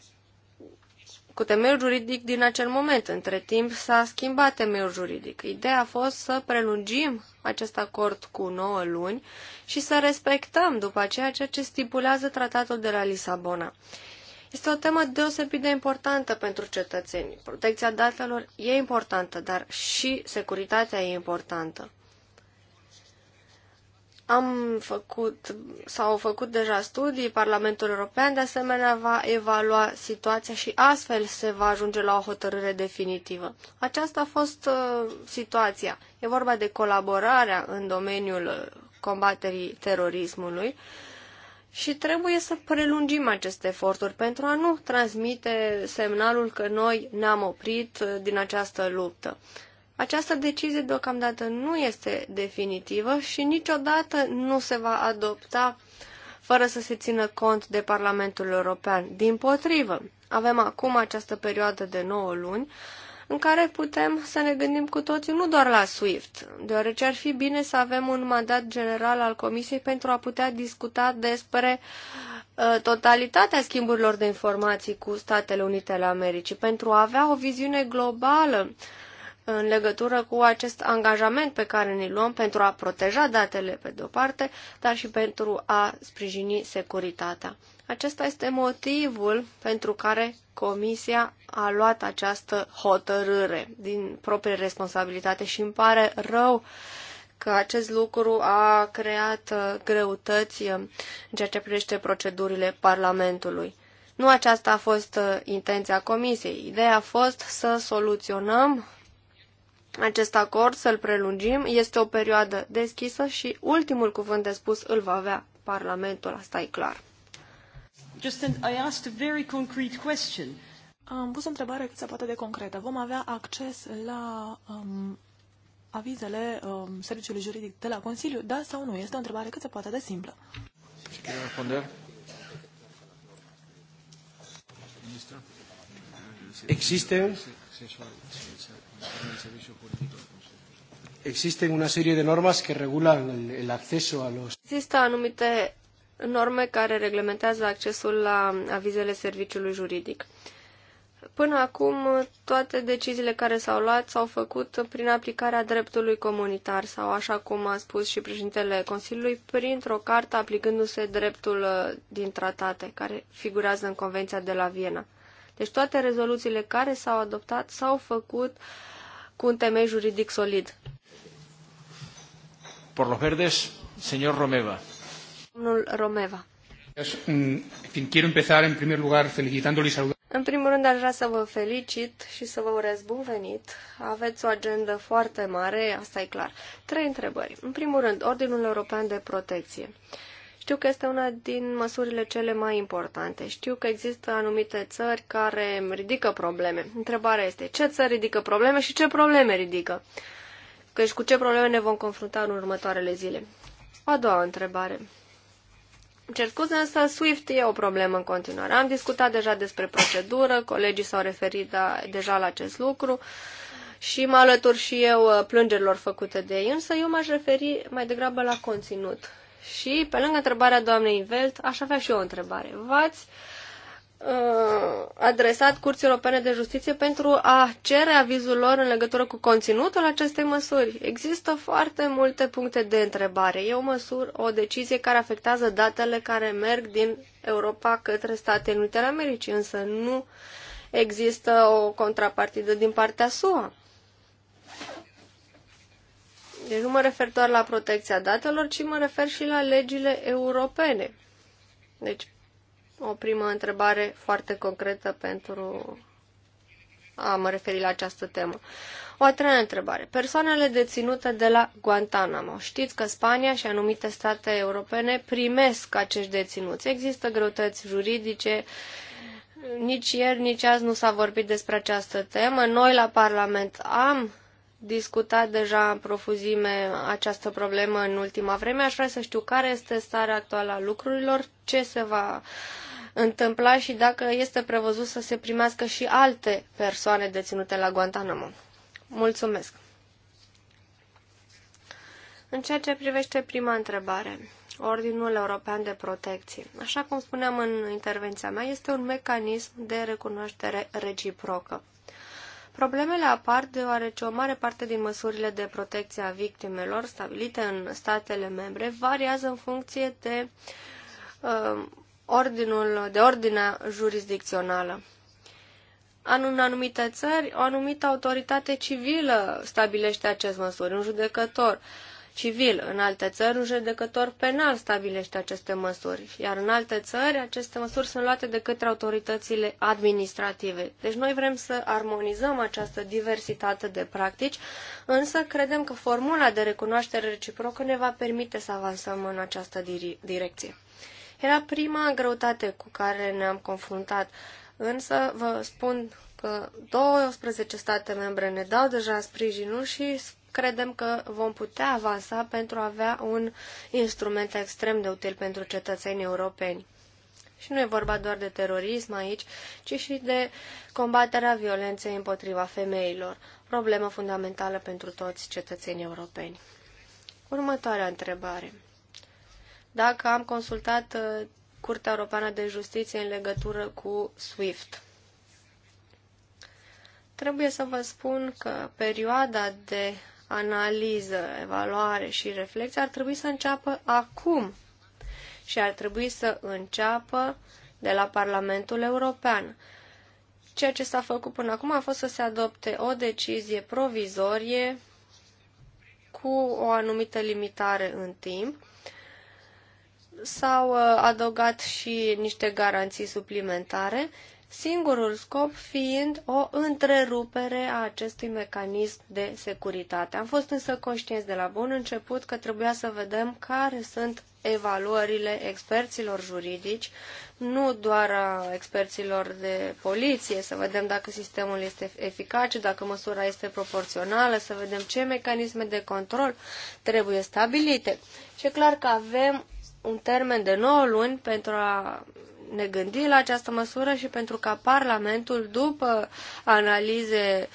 cu temeiul juridic din acel moment. Între timp s-a schimbat temeiul juridic. Ideea a fost să prelungim acest acord cu 9 luni și să respectăm după aceea ceea ce stipulează tratatul de la Lisabona. Este o temă deosebit de importantă pentru cetățeni. Protecția datelor e importantă, dar și securitatea e importantă. Am făcut, s-au făcut deja studii, Parlamentul European de asemenea va evalua situația și astfel se va ajunge la o hotărâre definitivă. Aceasta a fost uh, situația. E vorba de colaborarea în domeniul uh, combaterii terorismului și trebuie să prelungim aceste eforturi pentru a nu transmite semnalul că noi ne-am oprit uh, din această luptă. Această decizie deocamdată nu este definitivă și niciodată nu se va adopta fără să se țină cont de Parlamentul European. Din potrivă, avem acum această perioadă de 9 luni în care putem să ne gândim cu toții nu doar la SWIFT, deoarece ar fi bine să avem un mandat general al Comisiei pentru a putea discuta despre uh, totalitatea schimburilor de informații cu Statele Unite ale Americii, pentru a avea o viziune globală uh, în legătură cu acest angajament pe care ne luăm pentru a proteja datele pe de-o parte, dar și pentru a sprijini securitatea. Acesta este motivul pentru care Comisia a luat această hotărâre din proprie responsabilitate și îmi pare rău că acest lucru a creat uh, greutăți uh, în ceea ce privește procedurile Parlamentului. Nu aceasta a fost uh, intenția Comisiei. Ideea a fost să soluționăm acest acord, să-l prelungim. Este o perioadă deschisă și ultimul cuvânt de spus îl va avea Parlamentul, asta e clar. Justin, I asked a very concrete question. Am pus o întrebare cât se poate de concretă. Vom avea acces la um, avizele um, serviciului juridic de la Consiliu, da sau nu? Este o întrebare cât se poate de simplă. Există Existen una serie de normas que regulan el acceso a los... Există anumite norme care reglementează accesul la avizele serviciului juridic. Până acum, toate deciziile care s-au luat s-au făcut prin aplicarea dreptului comunitar sau, așa cum a spus și președintele Consiliului, printr-o carte aplicându-se dreptul uh, din tratate, care figurează în Convenția de la Viena. Deci toate rezoluțiile care s-au adoptat s-au făcut cu un temei juridic solid. Por los verdes, señor Romeva. Domnul Romeva. Mm, quiero empezar en primer lugar felicitándole y saludando. În primul rând aș vrea să vă felicit și să vă urez bun venit. Aveți o agendă foarte mare, asta e clar. Trei întrebări. În primul rând, Ordinul European de Protecție. Uh, știu că este una din măsurile cele mai importante. Știu că există anumite țări care ridică probleme. Întrebarea este ce țări ridică probleme și ce probleme ridică? Că și cu ce probleme ne vom confrunta în următoarele zile? O a doua întrebare. Cer scuze, însă SWIFT e o problemă în continuare. Am discutat deja despre procedură, colegii s-au referit da, deja la acest lucru și mă alătur și eu uh, plângerilor făcute de ei, însă eu m-aș referi mai degrabă la conținut. Și, pe lângă întrebarea doamnei Invelt, aș avea și eu o întrebare. V-ați uh, adresat Curții Europene de Justiție pentru a cere avizul lor în legătură cu conținutul acestei măsuri. Există foarte multe puncte de întrebare. E o măsură, o decizie care afectează datele care merg din Europa către Statele Unite ale Americii, însă nu există o contrapartidă din partea SUA. Deci nu mă refer doar la protecția datelor, ci mă refer și la legile europene. Deci, o primă întrebare foarte concretă pentru a mă referi la această temă. O a treia întrebare. Persoanele deținute de la Guantanamo. Știți că Spania și anumite state europene primesc acești deținuți. Există greutăți juridice. Nici ieri, nici azi nu s-a vorbit despre această temă. Noi la Parlament am discutat deja în profuzime această problemă în ultima vreme. Aș vrea să știu care este starea actuală a lucrurilor, ce se va întâmpla și dacă este prevăzut să se primească și alte persoane deținute la Guantanamo. Mulțumesc! În ceea ce privește prima întrebare, Ordinul European de Protecție, așa cum spuneam în intervenția mea, este un mecanism de recunoaștere reciprocă. Problemele apar deoarece o mare parte din măsurile de protecție a victimelor stabilite în statele membre variază în funcție de, uh, ordinul, de ordinea jurisdicțională. În anumite țări, o anumită autoritate civilă stabilește acest măsuri, un judecător. Uh, civil. În alte țări, un judecător penal stabilește aceste măsuri, iar în alte țări, aceste măsuri sunt luate de către autoritățile administrative. Deci noi vrem să armonizăm această diversitate de practici, însă credem că formula de recunoaștere reciprocă ne va permite să avansăm în această direcție. Era prima greutate cu care ne-am confruntat, însă vă spun că 12 state membre ne dau deja sprijinul și credem că vom putea avansa pentru a avea un instrument extrem de util pentru cetățenii europeni. Și nu e vorba doar de terorism aici, ci și de combaterea violenței împotriva femeilor, problemă fundamentală pentru toți cetățenii europeni. Următoarea întrebare. Dacă am consultat uh, Curtea Europeană de Justiție în legătură cu SWIFT. Trebuie să vă spun că perioada de analiză, evaluare și reflexie ar trebui să înceapă acum și ar trebui să înceapă de la Parlamentul European. Ceea ce s-a făcut până acum a fost să se adopte o decizie provizorie cu o anumită limitare în timp. S-au uh, adăugat și niște garanții suplimentare singurul scop fiind o întrerupere a acestui mecanism de securitate. Am fost însă conștienți de la bun început că trebuia să vedem care sunt evaluările experților juridici, nu doar a experților de poliție, să vedem dacă sistemul este eficace, dacă măsura este proporțională, să vedem ce mecanisme de control trebuie stabilite. Și e clar că avem un termen de 9 luni pentru a ne gândi la această măsură și pentru ca Parlamentul, după analize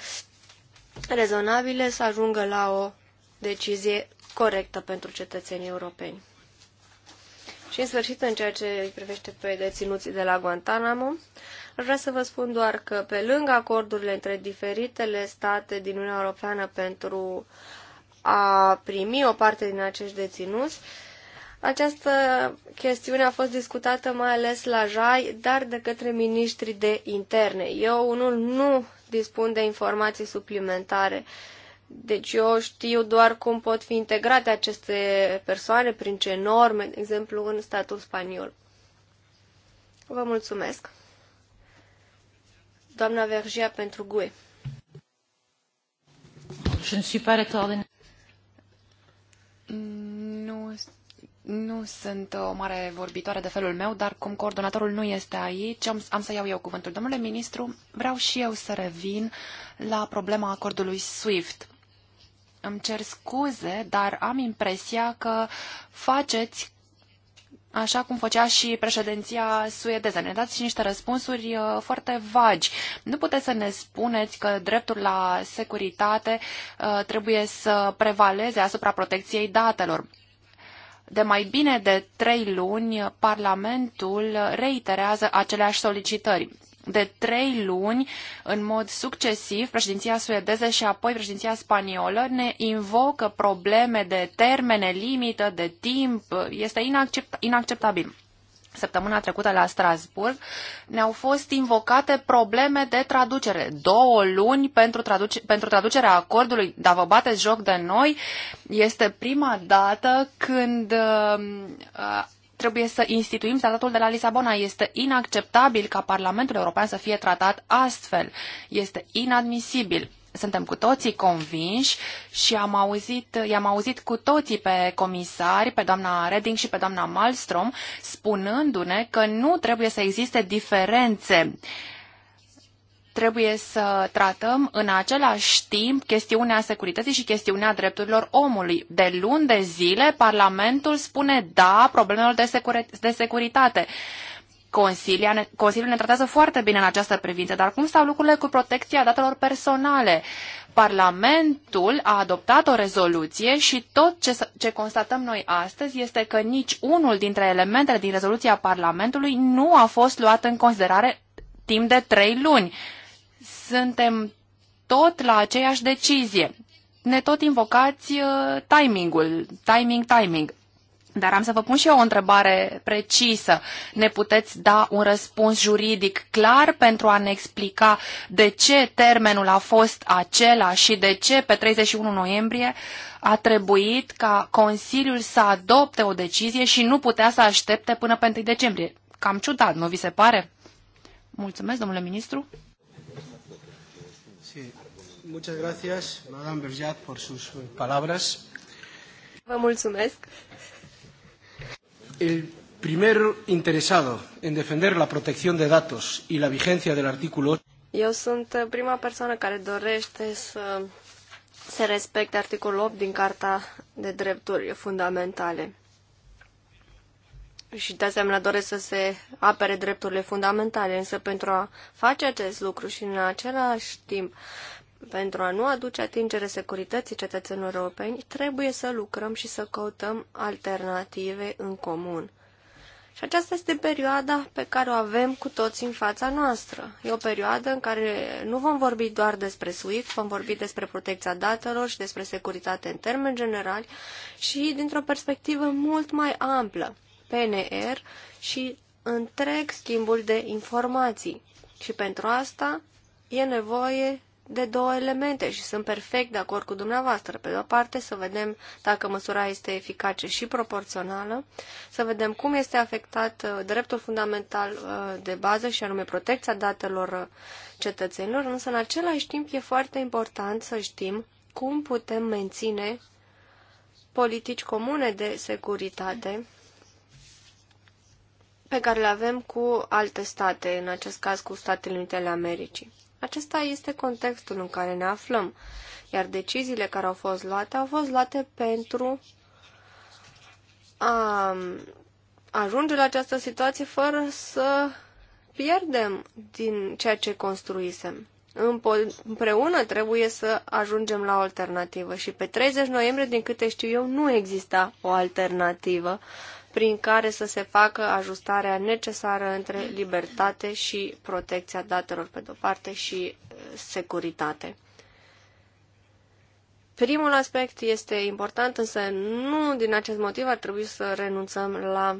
rezonabile, să ajungă la o decizie corectă pentru cetățenii europeni. Și în sfârșit, în ceea ce îi privește pe deținuții de la Guantanamo, vreau să vă spun doar că pe lângă acordurile între diferitele state din Uniunea Europeană pentru a primi o parte din acești deținuți, această chestiune a fost discutată mai ales la JAI, dar de către ministrii de interne. Eu unul nu dispun de informații suplimentare. Deci eu știu doar cum pot fi integrate aceste persoane, prin ce norme, de exemplu, în statul spaniol. Vă mulțumesc. Doamna Vergia pentru GUE. Je ne suis pas retardée. Nu nu sunt o mare vorbitoare de felul meu, dar cum coordonatorul nu este aici, am să iau eu cuvântul. Domnule ministru, vreau și eu să revin la problema acordului SWIFT. Îmi cer scuze, dar am impresia că faceți așa cum făcea și președinția suedeză. Ne dați și niște răspunsuri uh, foarte vagi. Nu puteți să ne spuneți că dreptul la securitate uh, trebuie să prevaleze asupra protecției datelor. De mai bine de trei luni, Parlamentul reiterează aceleași solicitări. De trei luni, în mod succesiv, președinția suedeză și apoi președinția spaniolă ne invocă probleme de termene, limită, de timp. Este inaccept- inacceptabil săptămâna trecută la Strasburg, ne-au fost invocate probleme de traducere. Două luni pentru, traduce, pentru traducerea acordului, dar vă bateți joc de noi, este prima dată când uh, trebuie să instituim tratatul de la Lisabona. Este inacceptabil ca Parlamentul European să fie tratat astfel. Este inadmisibil suntem cu toții convinși și am auzit, i-am auzit cu toții pe comisari, pe doamna Reding și pe doamna Malmström, spunându-ne că nu trebuie să existe diferențe trebuie să tratăm în același timp chestiunea securității și chestiunea drepturilor omului. De luni de zile, Parlamentul spune da problemelor de, securi- de securitate. Consiliul ne, Consiliul ne tratează foarte bine în această privință, dar cum stau lucrurile cu protecția datelor personale? Parlamentul a adoptat o rezoluție și tot ce, ce constatăm noi astăzi este că nici unul dintre elementele din rezoluția Parlamentului nu a fost luat în considerare timp de trei luni. Suntem tot la aceeași decizie. Ne tot invocați uh, timingul, timing, timing. Dar am să vă pun și eu o întrebare precisă. Ne puteți da un răspuns juridic clar pentru a ne explica de ce termenul a fost acela și de ce pe 31 noiembrie a trebuit ca Consiliul să adopte o decizie și nu putea să aștepte până pe 1 decembrie. Cam ciudat, nu vi se pare? Mulțumesc, domnule ministru. Sí. Muchas gracias, madame por sus palabras. Vă mulțumesc el primer interesado en defender la protección de datos y la vigencia del artículo. Eu sunt uh, prima persoană care dorește să se respecte articolul 8 din Carta de Drepturi Fundamentale. Și de asemenea doresc să se apere drepturile fundamentale, însă pentru a face acest lucru și în același timp pentru a nu aduce atingere securității cetățenilor europeni, trebuie să lucrăm și să căutăm alternative în comun. Și aceasta este perioada pe care o avem cu toți în fața noastră. E o perioadă în care nu vom vorbi doar despre SWIFT, vom vorbi despre protecția datelor și despre securitate în termeni generali și dintr-o perspectivă mult mai amplă, PNR și întreg schimbul de informații. Și pentru asta e nevoie de două elemente și sunt perfect de acord cu dumneavoastră. Pe de o parte, să vedem dacă măsura este eficace și proporțională, să vedem cum este afectat uh, dreptul fundamental uh, de bază și anume protecția datelor uh, cetățenilor, însă în același timp e foarte important să știm cum putem menține politici comune de securitate pe care le avem cu alte state, în acest caz cu Statele Unite ale Americii. Acesta este contextul în care ne aflăm, iar deciziile care au fost luate au fost luate pentru a um, ajunge la această situație fără să pierdem din ceea ce construisem. Împreună trebuie să ajungem la o alternativă și pe 30 noiembrie, din câte știu eu, nu exista o alternativă prin care să se facă ajustarea necesară între libertate și protecția datelor pe de-o parte și uh, securitate. Primul aspect este important, însă nu din acest motiv ar trebui să renunțăm la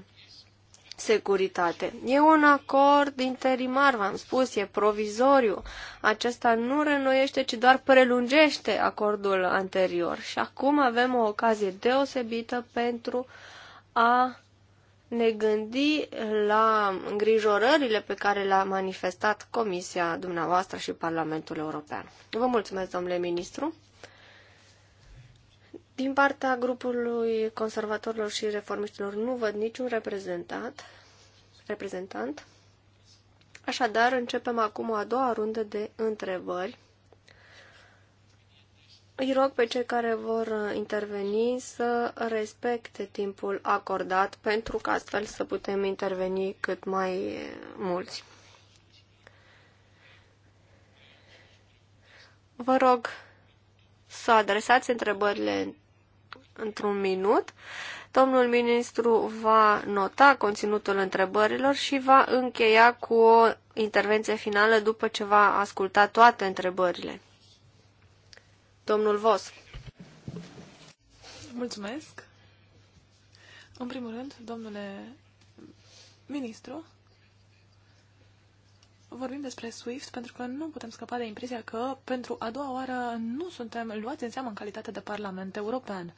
securitate. E un acord interimar, v-am spus, e provizoriu. Acesta nu renoiește, ci doar prelungește acordul anterior. Și acum avem o ocazie deosebită pentru a ne gândi la îngrijorările pe care le-a manifestat Comisia dumneavoastră și Parlamentul European. Vă mulțumesc, domnule ministru. Din partea grupului conservatorilor și reformiștilor nu văd niciun reprezentat, reprezentant. Așadar, începem acum o a doua rundă de întrebări îi rog pe cei care vor interveni să respecte timpul acordat pentru că astfel să putem interveni cât mai mulți. Vă rog să adresați întrebările într-un minut. Domnul ministru va nota conținutul întrebărilor și va încheia cu o intervenție finală după ce va asculta toate întrebările. Domnul Vos. Mulțumesc. În primul rând, domnule ministru, vorbim despre SWIFT pentru că nu putem scăpa de impresia că pentru a doua oară nu suntem luați în seamă în calitate de Parlament European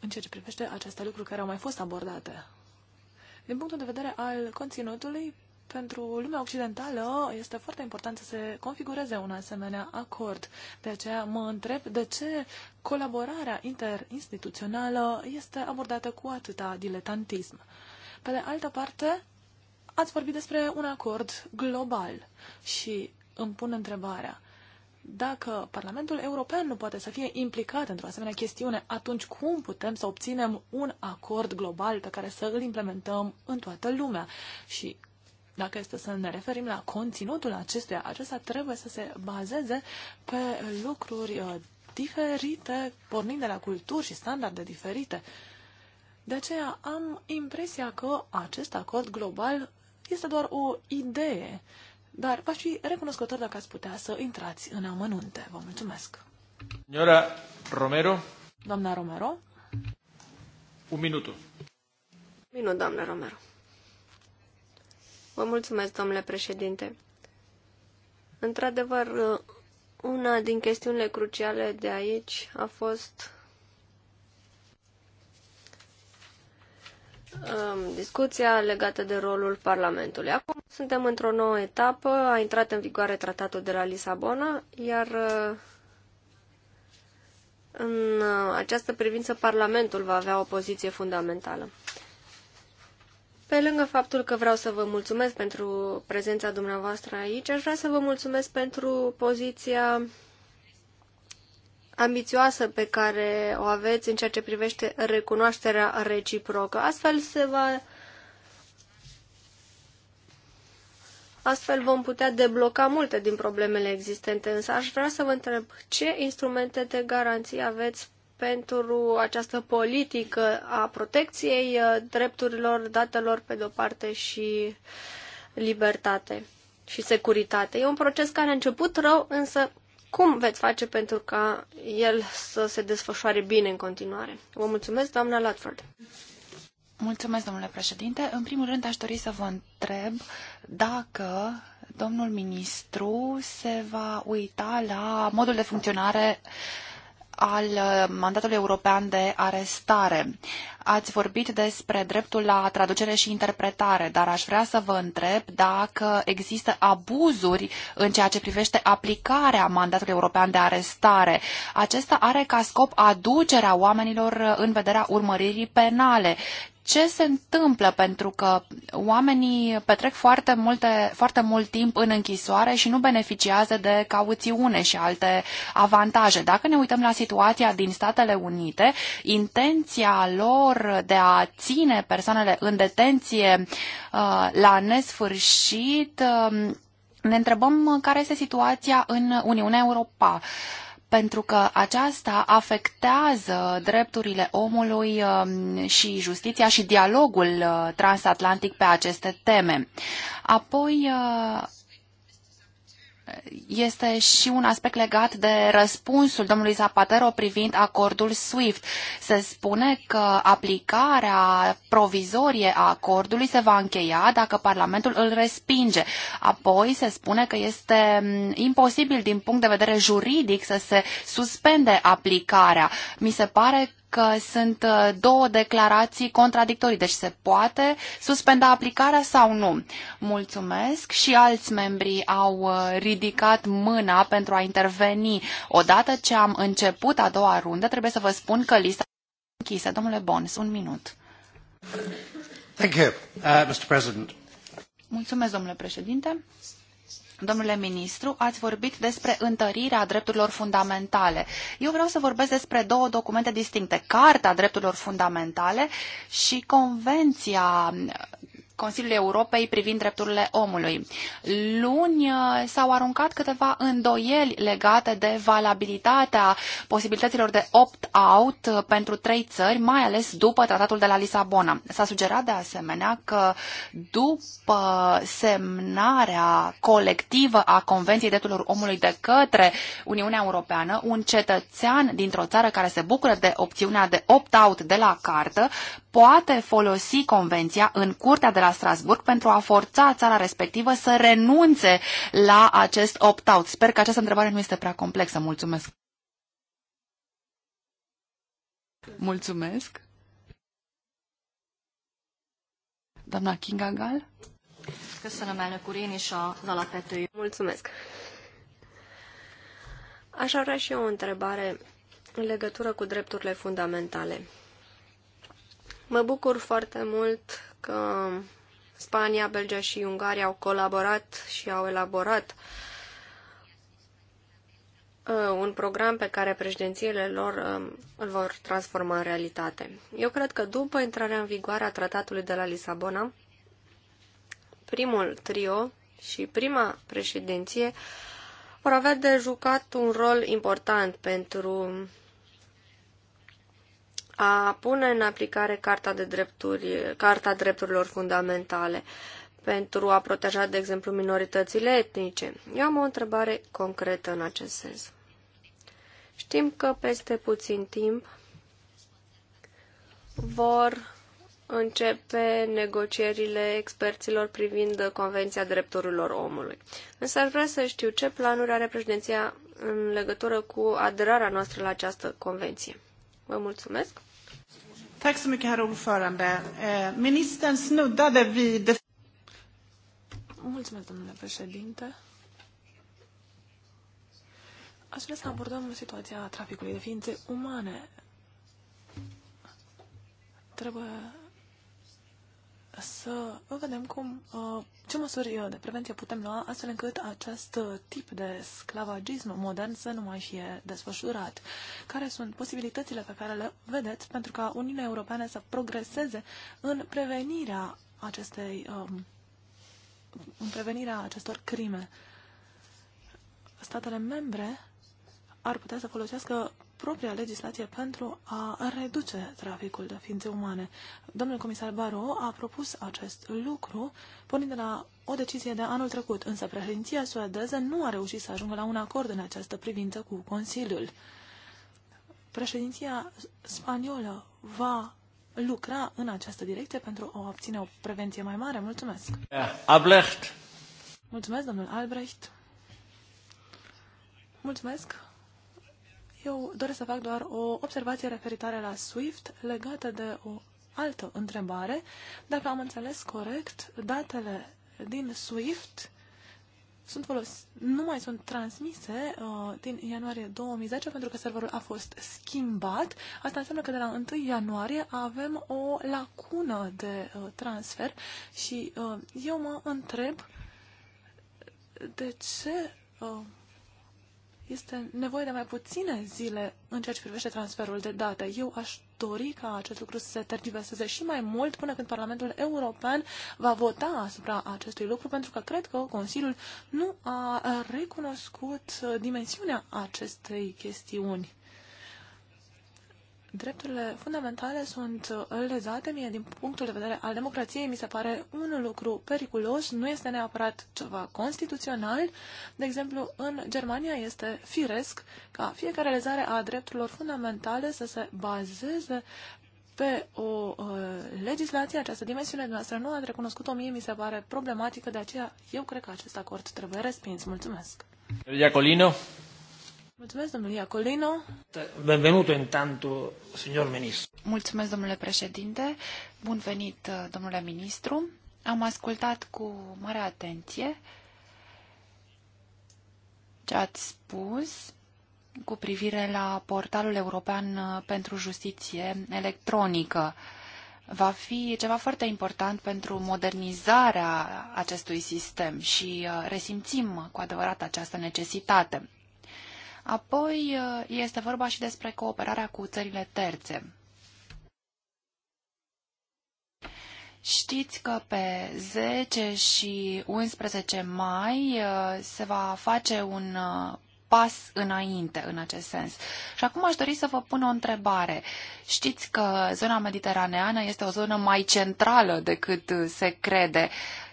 în ceea ce privește aceste lucruri care au mai fost abordate. Din punctul de vedere al conținutului, pentru lumea occidentală este foarte important să se configureze un asemenea acord. De aceea mă întreb de ce colaborarea interinstituțională este abordată cu atâta diletantism. Pe de altă parte, ați vorbit despre un acord global și îmi pun întrebarea dacă Parlamentul European nu poate să fie implicat într-o asemenea chestiune, atunci cum putem să obținem un acord global pe care să îl implementăm în toată lumea? Și dacă este să ne referim la conținutul acestuia, acesta trebuie să se bazeze pe lucruri uh, diferite, pornind de la culturi și standarde diferite. De aceea am impresia că acest acord global este doar o idee, dar v-aș fi recunoscător dacă ați putea să intrați în amănunte. Vă mulțumesc! Doamna Romero. Doamna Romero. Un minut. Minut, doamna Romero. Vă mulțumesc, domnule președinte. Într-adevăr, una din chestiunile cruciale de aici a fost um, discuția legată de rolul Parlamentului. Acum suntem într-o nouă etapă, a intrat în vigoare tratatul de la Lisabona, iar uh, în uh, această privință Parlamentul va avea o poziție fundamentală. Pe lângă faptul că vreau să vă mulțumesc pentru prezența dumneavoastră aici, aș vrea să vă mulțumesc pentru poziția ambițioasă pe care o aveți în ceea ce privește recunoașterea reciprocă. Astfel se va Astfel vom putea debloca multe din problemele existente, însă aș vrea să vă întreb ce instrumente de garanție aveți pentru această politică a protecției uh, drepturilor datelor pe de-o parte și libertate și securitate. E un proces care a început rău, însă cum veți face pentru ca el să se desfășoare bine în continuare? Vă mulțumesc, doamna Latford. Mulțumesc, domnule președinte. În primul rând, aș dori să vă întreb dacă domnul ministru se va uita la modul de funcționare uh, al uh, mandatului european de arestare. Ați vorbit despre dreptul la traducere și interpretare, dar aș vrea să vă întreb dacă există abuzuri în ceea ce privește aplicarea mandatului european de arestare. Acesta are ca scop aducerea oamenilor în vederea urmăririi penale, ce se întâmplă, pentru că oamenii petrec foarte, multe, foarte mult timp în închisoare și nu beneficiază de cauțiune și alte avantaje. Dacă ne uităm la situația din Statele Unite, intenția lor de a ține persoanele în detenție uh, la nesfârșit, uh, ne întrebăm care este situația în Uniunea Europa pentru că aceasta afectează drepturile omului um, și justiția și dialogul uh, transatlantic pe aceste teme. Apoi uh, este și un aspect legat de răspunsul domnului Zapatero privind acordul SWIFT. Se spune că aplicarea provizorie a acordului se va încheia dacă Parlamentul îl respinge. Apoi se spune că este imposibil din punct de vedere juridic să se suspende aplicarea. Mi se pare că sunt uh, două declarații contradictorii, deci se poate suspenda aplicarea sau nu. Mulțumesc și alți membri au uh, ridicat mâna pentru a interveni. Odată ce am început a doua rundă, trebuie să vă spun că lista închisă. Domnule Bons, un minut. Thank you, uh, Mr. President. Mulțumesc, domnule președinte. Domnule ministru, ați vorbit despre întărirea drepturilor fundamentale. Eu vreau să vorbesc despre două documente distincte. Carta drepturilor fundamentale și Convenția Consiliul Europei privind drepturile omului. Luni uh, s-au aruncat câteva îndoieli legate de valabilitatea posibilităților de opt-out uh, pentru trei țări, mai ales după tratatul de la Lisabona. S-a sugerat de asemenea că după semnarea colectivă a Convenției Drepturilor Omului de către Uniunea Europeană, un cetățean dintr-o țară care se bucură de opțiunea de opt-out de la cartă poate folosi Convenția în Curtea de la Strasburg pentru a forța țara respectivă să renunțe la acest opt-out. Sper că această întrebare nu este prea complexă. Mulțumesc! Mulțumesc! Doamna Kinga Gal? Köszönöm, elnök úr, én is az Mulțumesc! Aș avea și eu o întrebare în legătură cu drepturile fundamentale. Mă bucur foarte mult că Spania, Belgia și Ungaria au colaborat și au elaborat uh, un program pe care președințiile lor um, îl vor transforma în realitate. Eu cred că după intrarea în vigoare a tratatului de la Lisabona, primul trio și prima președinție vor avea de jucat un rol important pentru a pune în aplicare Carta, de Drepturi, Carta Drepturilor Fundamentale pentru a proteja, de exemplu, minoritățile etnice. Eu am o întrebare concretă în acest sens. Știm că peste puțin timp vor începe negocierile experților privind Convenția Drepturilor Omului. Însă ar vrea să știu ce planuri are președinția în legătură cu aderarea noastră la această convenție. Vă mulțumesc! Tack så mycket, herr ordförande. Eh, ministern snuddade vid... Mulțumesc, domnule președinte. Aș vrea să abordăm situația traficului de ființe umane. Trebuie să vedem cum, uh, ce măsuri uh, de prevenție putem lua astfel încât acest uh, tip de sclavagism modern să nu mai fie desfășurat. Care sunt posibilitățile pe care le vedeți pentru ca Uniunea Europeană să progreseze în prevenirea acestei um, în prevenirea acestor crime? Statele membre ar putea să folosească propria legislație pentru a reduce traficul de ființe umane. Domnul comisar Baro a propus acest lucru pornind de la o decizie de anul trecut, însă președinția suedeză nu a reușit să ajungă la un acord în această privință cu Consiliul. Președinția spaniolă va lucra în această direcție pentru a obține o prevenție mai mare. Mulțumesc! Albrecht! Mulțumesc, domnul Albrecht! Mulțumesc! Eu doresc să fac doar o observație referitoare la SWIFT legată de o altă întrebare. Dacă am înțeles corect, datele din SWIFT sunt folos- nu mai sunt transmise uh, din ianuarie 2010 pentru că serverul a fost schimbat. Asta înseamnă că de la 1 ianuarie avem o lacună de uh, transfer și uh, eu mă întreb de ce uh, este nevoie de mai puține zile în ceea ce privește transferul de date. Eu aș dori ca acest lucru să se tergiverseze și mai mult până când Parlamentul European va vota asupra acestui lucru, pentru că cred că Consiliul nu a recunoscut dimensiunea acestei chestiuni drepturile fundamentale sunt uh, lezate. Mie, din punctul de vedere al democrației, mi se pare un lucru periculos. Nu este neapărat ceva constituțional. De exemplu, în Germania este firesc ca fiecare lezare a drepturilor fundamentale să se bazeze pe o uh, legislație, această dimensiune noastră nu a recunoscut-o mie, mi se pare problematică, de aceea eu cred că acest acord trebuie respins. Mulțumesc. Iacolino. Mulțumesc, domnule Iacolino. Benvenuto intanto, signor ministru. Mulțumesc, domnule președinte. Bun venit, uh, domnule ministru. Am ascultat cu mare atenție ce ați spus cu privire la portalul european uh, pentru justiție electronică. Va fi ceva foarte important pentru modernizarea acestui sistem și uh, resimțim cu adevărat această necesitate. Apoi uh, este vorba și despre cooperarea cu țările terțe. Știți că pe 10 și 11 mai uh, se va face un uh, pas înainte în acest sens. Și acum aș dori să vă pun o întrebare. Știți că zona mediteraneană este o zonă mai centrală decât se crede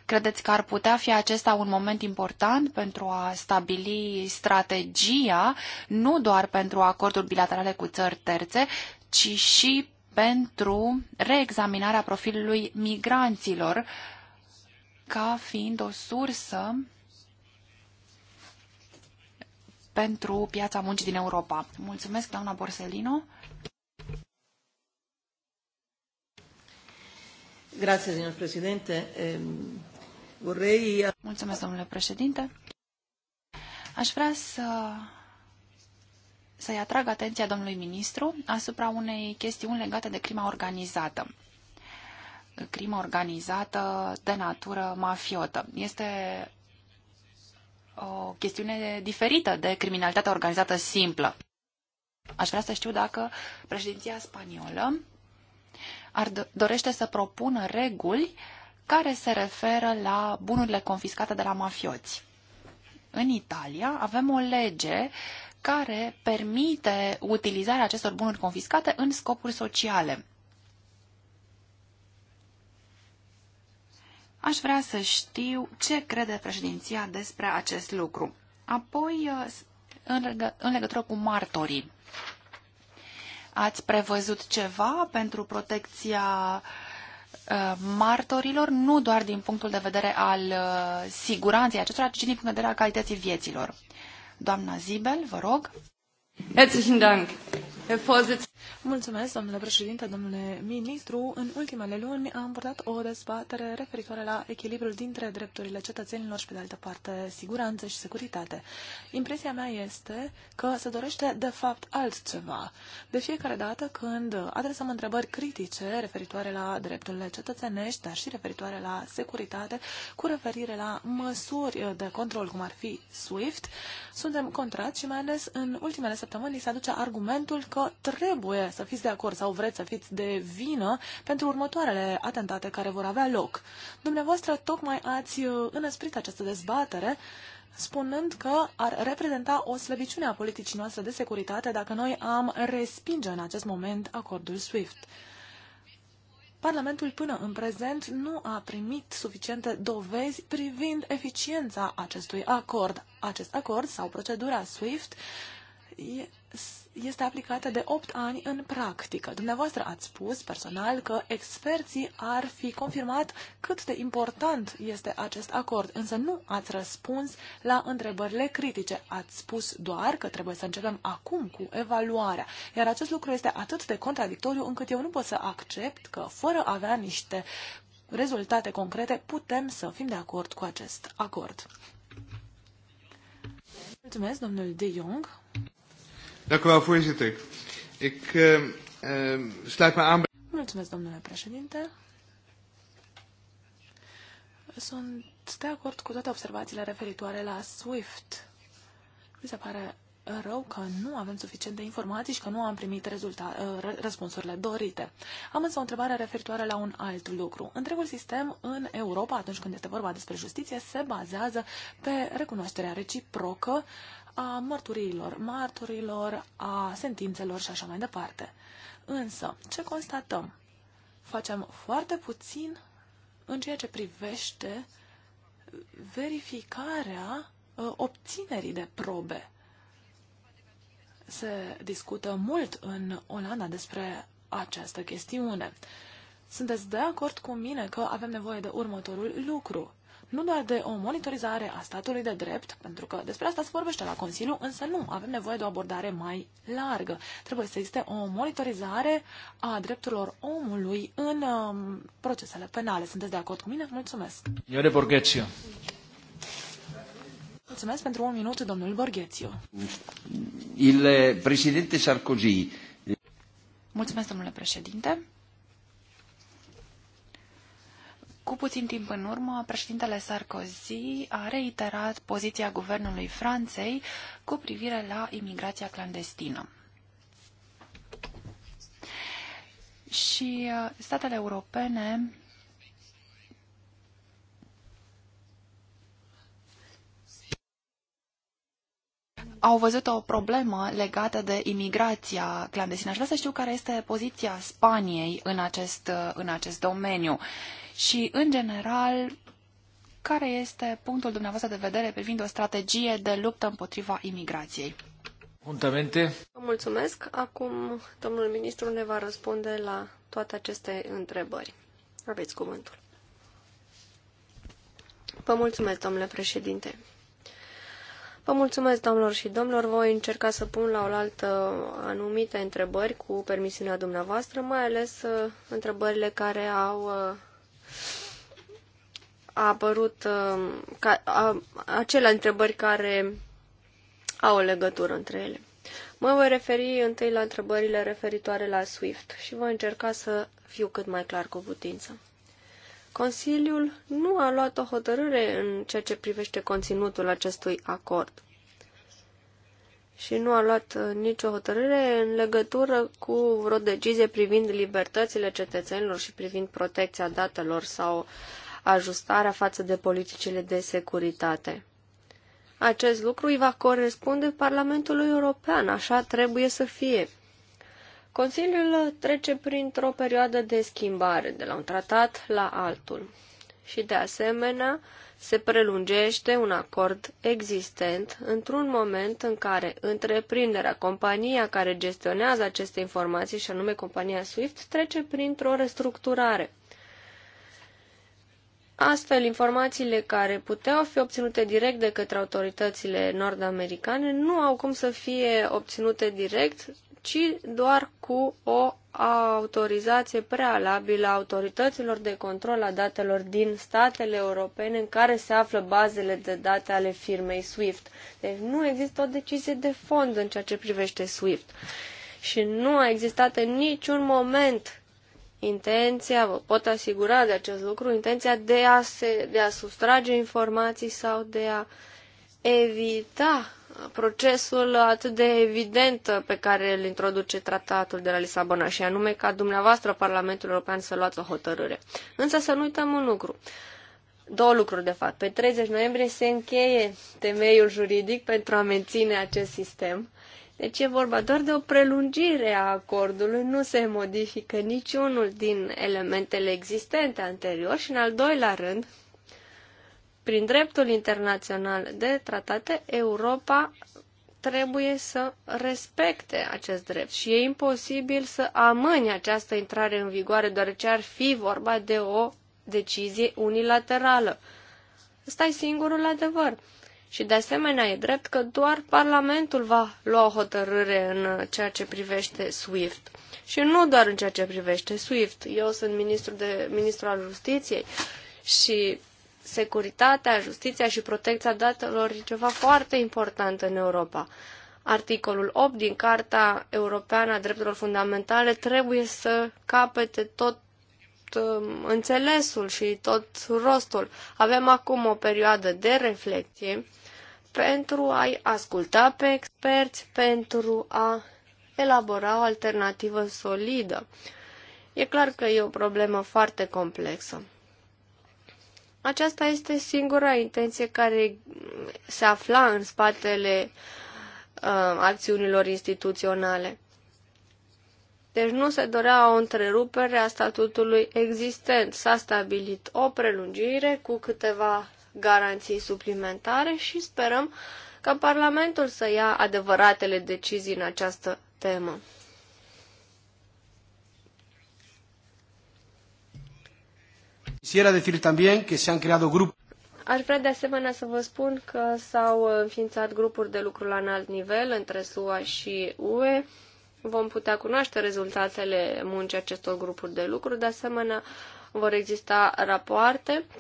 Credeți că ar putea fi acesta un moment important pentru a stabili strategia, nu doar pentru acorduri bilaterale cu țări terțe, ci și pentru reexaminarea profilului migranților ca fiind o sursă pentru piața muncii din Europa. Mulțumesc, doamna Borsellino. Grazie, signor Presidente. Ehm, Uh, Mulțumesc, domnule președinte. Aș vrea să să-i atrag atenția domnului ministru asupra unei chestiuni legate de crima organizată. Crima organizată de natură mafiotă. Este o chestiune diferită de criminalitatea organizată simplă. Aș vrea să știu dacă președinția spaniolă ar dorește să propună reguli uh, care se referă la bunurile confiscate de la mafioți. În Italia avem o lege care permite utilizarea acestor bunuri confiscate în scopuri sociale. Aș vrea să știu ce crede președinția despre acest lucru. Apoi, în, legă, în legătură cu martorii, ați prevăzut ceva pentru protecția uh, Uh, martorilor, nu doar din punctul de vedere al uh, siguranței acestora, ci din punct de vedere al calității vieților. Doamna Zibel, vă rog. Herzlichen Dank, Herr Vorsitz. Mulțumesc, domnule președinte, domnule ministru. În ultimele luni am purtat o dezbatere referitoare la echilibrul dintre drepturile cetățenilor și, pe de altă parte, siguranță și securitate. Impresia mea este că se dorește, de fapt, altceva. De fiecare dată când adresăm întrebări critice referitoare la drepturile cetățenești, dar și referitoare la securitate, cu referire la măsuri de control, cum ar fi SWIFT, suntem contrați și mai ales în ultimele săptămâni se aduce argumentul că trebuie să fiți de acord sau vreți să fiți de vină pentru următoarele atentate care vor avea loc. Dumneavoastră tocmai ați uh, înăsprit această dezbatere spunând că ar reprezenta o slăbiciune a politicii noastre de securitate dacă noi am respinge în acest moment acordul SWIFT. Parlamentul până în prezent nu a primit suficiente dovezi privind eficiența acestui acord. Acest acord sau procedura SWIFT este aplicată de 8 ani în practică. Dumneavoastră ați spus personal că experții ar fi confirmat cât de important este acest acord, însă nu ați răspuns la întrebările critice. Ați spus doar că trebuie să începem acum cu evaluarea, iar acest lucru este atât de contradictoriu încât eu nu pot să accept că, fără a avea niște rezultate concrete, putem să fim de acord cu acest acord. Mulțumesc, domnul De Jong. Dank u wel, voorzitter. Ik uh, uh, sluit me aan bij... Mulțumesc, domnule președinte. Sunt de acord cu toate observațiile referitoare la SWIFT. Mi se pare rău că nu avem suficiente informații și că nu am primit rezulta- ă, răspunsurile dorite. Am însă o întrebare referitoare la un alt lucru. Întregul sistem în Europa, atunci când este vorba despre justiție, se bazează pe recunoașterea reciprocă a mărturiilor, marturilor, a sentințelor și așa mai departe. Însă, ce constatăm? Facem foarte puțin în ceea ce privește verificarea ă, obținerii de probe. Se discută mult în Olanda despre această chestiune. Sunteți de acord cu mine că avem nevoie de următorul lucru nu doar de o monitorizare a statului de drept, pentru că despre asta se vorbește la Consiliu, însă nu, avem nevoie de o abordare mai largă. Trebuie să existe o monitorizare a drepturilor omului în um, procesele penale. Sunteți de acord cu mine? Mulțumesc! Iore Borghețiu. Mulțumesc pentru un minut, domnul Borghețiu. Il președinte Sarkozy. Mulțumesc, domnule președinte. Cu puțin timp în urmă, președintele Sarkozy a reiterat poziția guvernului Franței cu privire la imigrația clandestină. Și uh, statele europene au văzut o problemă legată de imigrația clandestină. Aș vrea să știu care este poziția Spaniei în acest, uh, în acest domeniu și, în general, care este punctul dumneavoastră de vedere privind o strategie de luptă împotriva imigrației? Juntamente. Vă mulțumesc. Acum domnul ministru ne va răspunde la toate aceste întrebări. Aveți cuvântul. Vă mulțumesc, domnule președinte. Vă mulțumesc, doamnelor și domnilor. Voi încerca să pun la oaltă anumite întrebări cu permisiunea dumneavoastră, mai ales uh, întrebările care au uh, a apărut uh, ca, a, acelea întrebări care au o legătură între ele. Mă voi referi întâi la întrebările referitoare la SWIFT și voi încerca să fiu cât mai clar cu putință. Consiliul nu a luat o hotărâre în ceea ce privește conținutul acestui acord și nu a luat uh, nicio hotărâre în legătură cu vreo decizie privind libertățile cetățenilor și privind protecția datelor sau ajustarea față de politicile de securitate. Acest lucru îi va corespunde Parlamentului European, așa trebuie să fie. Consiliul trece printr-o perioadă de schimbare de la un tratat la altul și, de asemenea, se prelungește un acord existent într-un moment în care întreprinderea, compania care gestionează aceste informații, și anume compania SWIFT, trece printr-o restructurare. Astfel, informațiile care puteau fi obținute direct de către autoritățile nord-americane nu au cum să fie obținute direct, ci doar cu o autorizație prealabilă a autorităților de control a datelor din statele europene în care se află bazele de date ale firmei SWIFT. Deci nu există o decizie de fond în ceea ce privește SWIFT. Și nu a existat în niciun moment intenția, vă pot asigura de acest lucru, intenția de a, se, de a sustrage informații sau de a evita procesul atât de evident pe care îl introduce tratatul de la Lisabona și anume ca dumneavoastră Parlamentul European să luați o hotărâre. Însă să nu uităm un lucru. Două lucruri, de fapt. Pe 30 noiembrie se încheie temeiul juridic pentru a menține acest sistem deci e vorba doar de o prelungire a acordului, nu se modifică niciunul din elementele existente anterior și, în al doilea rând, prin dreptul internațional de tratate, Europa trebuie să respecte acest drept și e imposibil să amâni această intrare în vigoare, deoarece ar fi vorba de o decizie unilaterală. Ăsta e singurul adevăr. Și de asemenea e drept că doar Parlamentul va lua o hotărâre în ceea ce privește SWIFT. Și nu doar în ceea ce privește SWIFT. Eu sunt ministru, de, ministru al justiției și securitatea, justiția și protecția datelor e ceva foarte important în Europa. Articolul 8 din Carta Europeană a Drepturilor Fundamentale trebuie să capete tot um, înțelesul și tot rostul. Avem acum o perioadă de reflecție pentru a-i asculta pe experți, pentru a elabora o alternativă solidă. E clar că e o problemă foarte complexă. Aceasta este singura intenție care se afla în spatele uh, acțiunilor instituționale. Deci nu se dorea o întrerupere a statutului existent. S-a stabilit o prelungire cu câteva garanții suplimentare și sperăm ca Parlamentul să ia adevăratele decizii în această temă. Aș vrea de asemenea să vă spun că s-au înființat grupuri de lucru la înalt nivel între SUA și UE. Vom putea cunoaște rezultatele muncii acestor grupuri de lucru. De asemenea, vor exista rapoarte. Uh,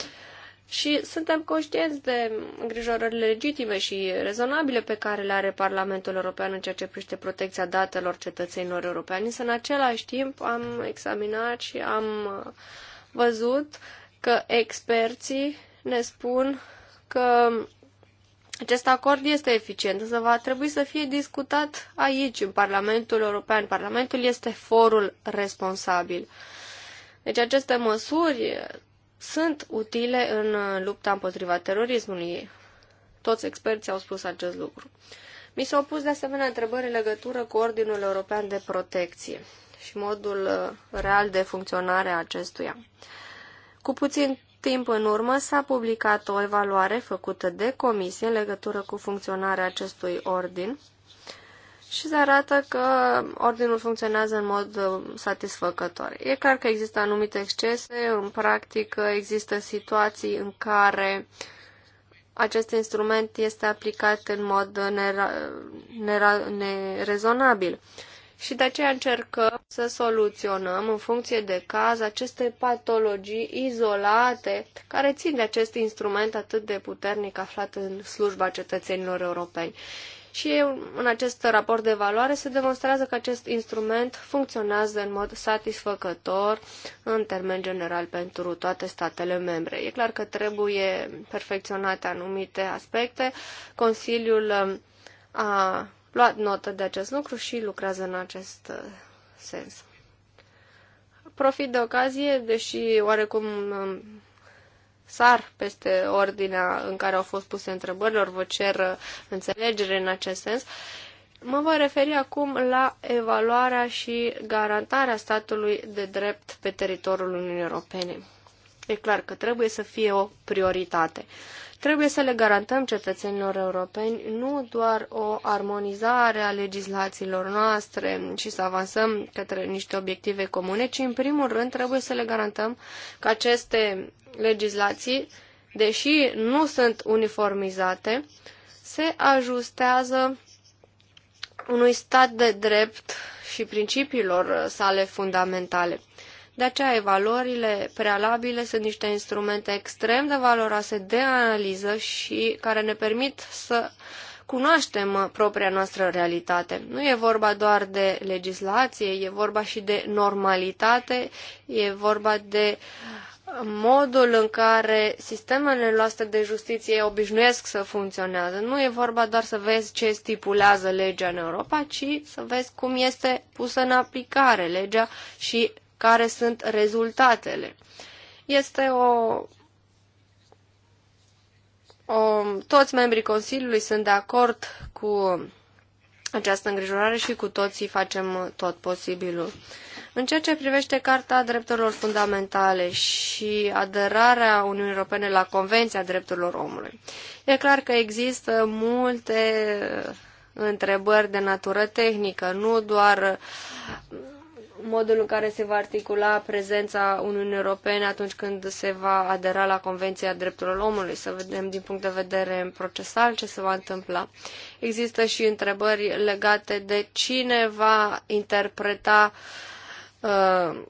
și suntem conștienți de îngrijorările legitime și rezonabile pe care le are Parlamentul European în ceea ce privește protecția datelor cetățenilor europeni, însă în același timp am examinat și am uh, văzut că experții ne spun că acest acord este eficient, însă va trebui să fie discutat aici, în Parlamentul European. Parlamentul este forul responsabil. Deci aceste măsuri sunt utile în uh, lupta împotriva terorismului. Toți experții au spus acest lucru. Mi s-au pus de asemenea întrebări în legătură cu Ordinul European de Protecție și modul uh, real de funcționare a acestuia. Cu puțin timp în urmă s-a publicat o evaluare făcută de comisie în legătură cu funcționarea acestui ordin și se arată că ordinul funcționează în mod uh, satisfăcător. E clar că există anumite excese, în practică există situații în care acest instrument este aplicat în mod nerezonabil. Și de aceea încercăm să soluționăm, în funcție de caz, aceste patologii izolate care țin de acest instrument atât de puternic aflat în slujba cetățenilor europeni și în acest raport de evaluare se demonstrează că acest instrument funcționează în mod satisfăcător în termen general pentru toate statele membre. E clar că trebuie perfecționate anumite aspecte. Consiliul um, a luat notă de acest lucru și lucrează în acest uh, sens. Profit de ocazie, deși oarecum um, sar peste ordinea în care au fost puse întrebărilor, vă cer uh, înțelegere în acest sens. Mă voi referi acum la evaluarea și garantarea statului de drept pe teritoriul Uniunii Europene. E clar că trebuie să fie o prioritate. Trebuie să le garantăm cetățenilor europeni nu doar o armonizare a legislațiilor noastre și să avansăm către niște obiective comune, ci în primul rând trebuie să le garantăm că aceste legislații, deși nu sunt uniformizate, se ajustează unui stat de drept și principiilor sale fundamentale. De aceea, evaluările prealabile sunt niște instrumente extrem de valoroase de analiză și care ne permit să cunoaștem propria noastră realitate. Nu e vorba doar de legislație, e vorba și de normalitate, e vorba de modul în care sistemele noastre de justiție obișnuiesc să funcționează. Nu e vorba doar să vezi ce stipulează legea în Europa, ci să vezi cum este pusă în aplicare legea și care sunt rezultatele. Este o... o toți membrii Consiliului sunt de acord cu această îngrijorare și cu toții facem tot posibilul. În ceea ce privește Carta Drepturilor Fundamentale și aderarea Uniunii Europene la Convenția Drepturilor Omului, e clar că există multe întrebări de natură tehnică, nu doar modul în care se va articula prezența Uniunii Europene atunci când se va adera la Convenția Drepturilor Omului, să vedem din punct de vedere procesal ce se va întâmpla. Există și întrebări legate de cine va interpreta uh,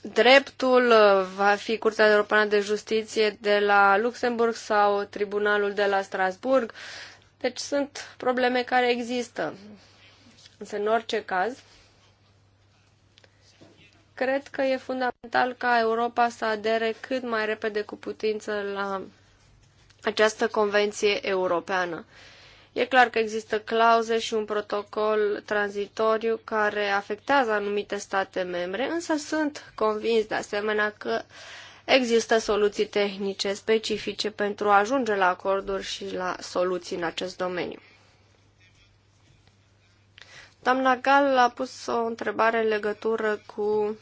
dreptul, va fi Curtea Europeană de Justiție de la Luxemburg sau Tribunalul de la Strasburg. Deci sunt probleme care există. Însă, în orice caz, Cred că e fundamental ca Europa să adere cât mai repede cu putință la această convenție europeană. E clar că există clauze și un protocol tranzitoriu care afectează anumite state membre, însă sunt convins de asemenea că există soluții tehnice specifice pentru a ajunge la acorduri și la soluții în acest domeniu. Doamna Gal a pus o întrebare în legătură cu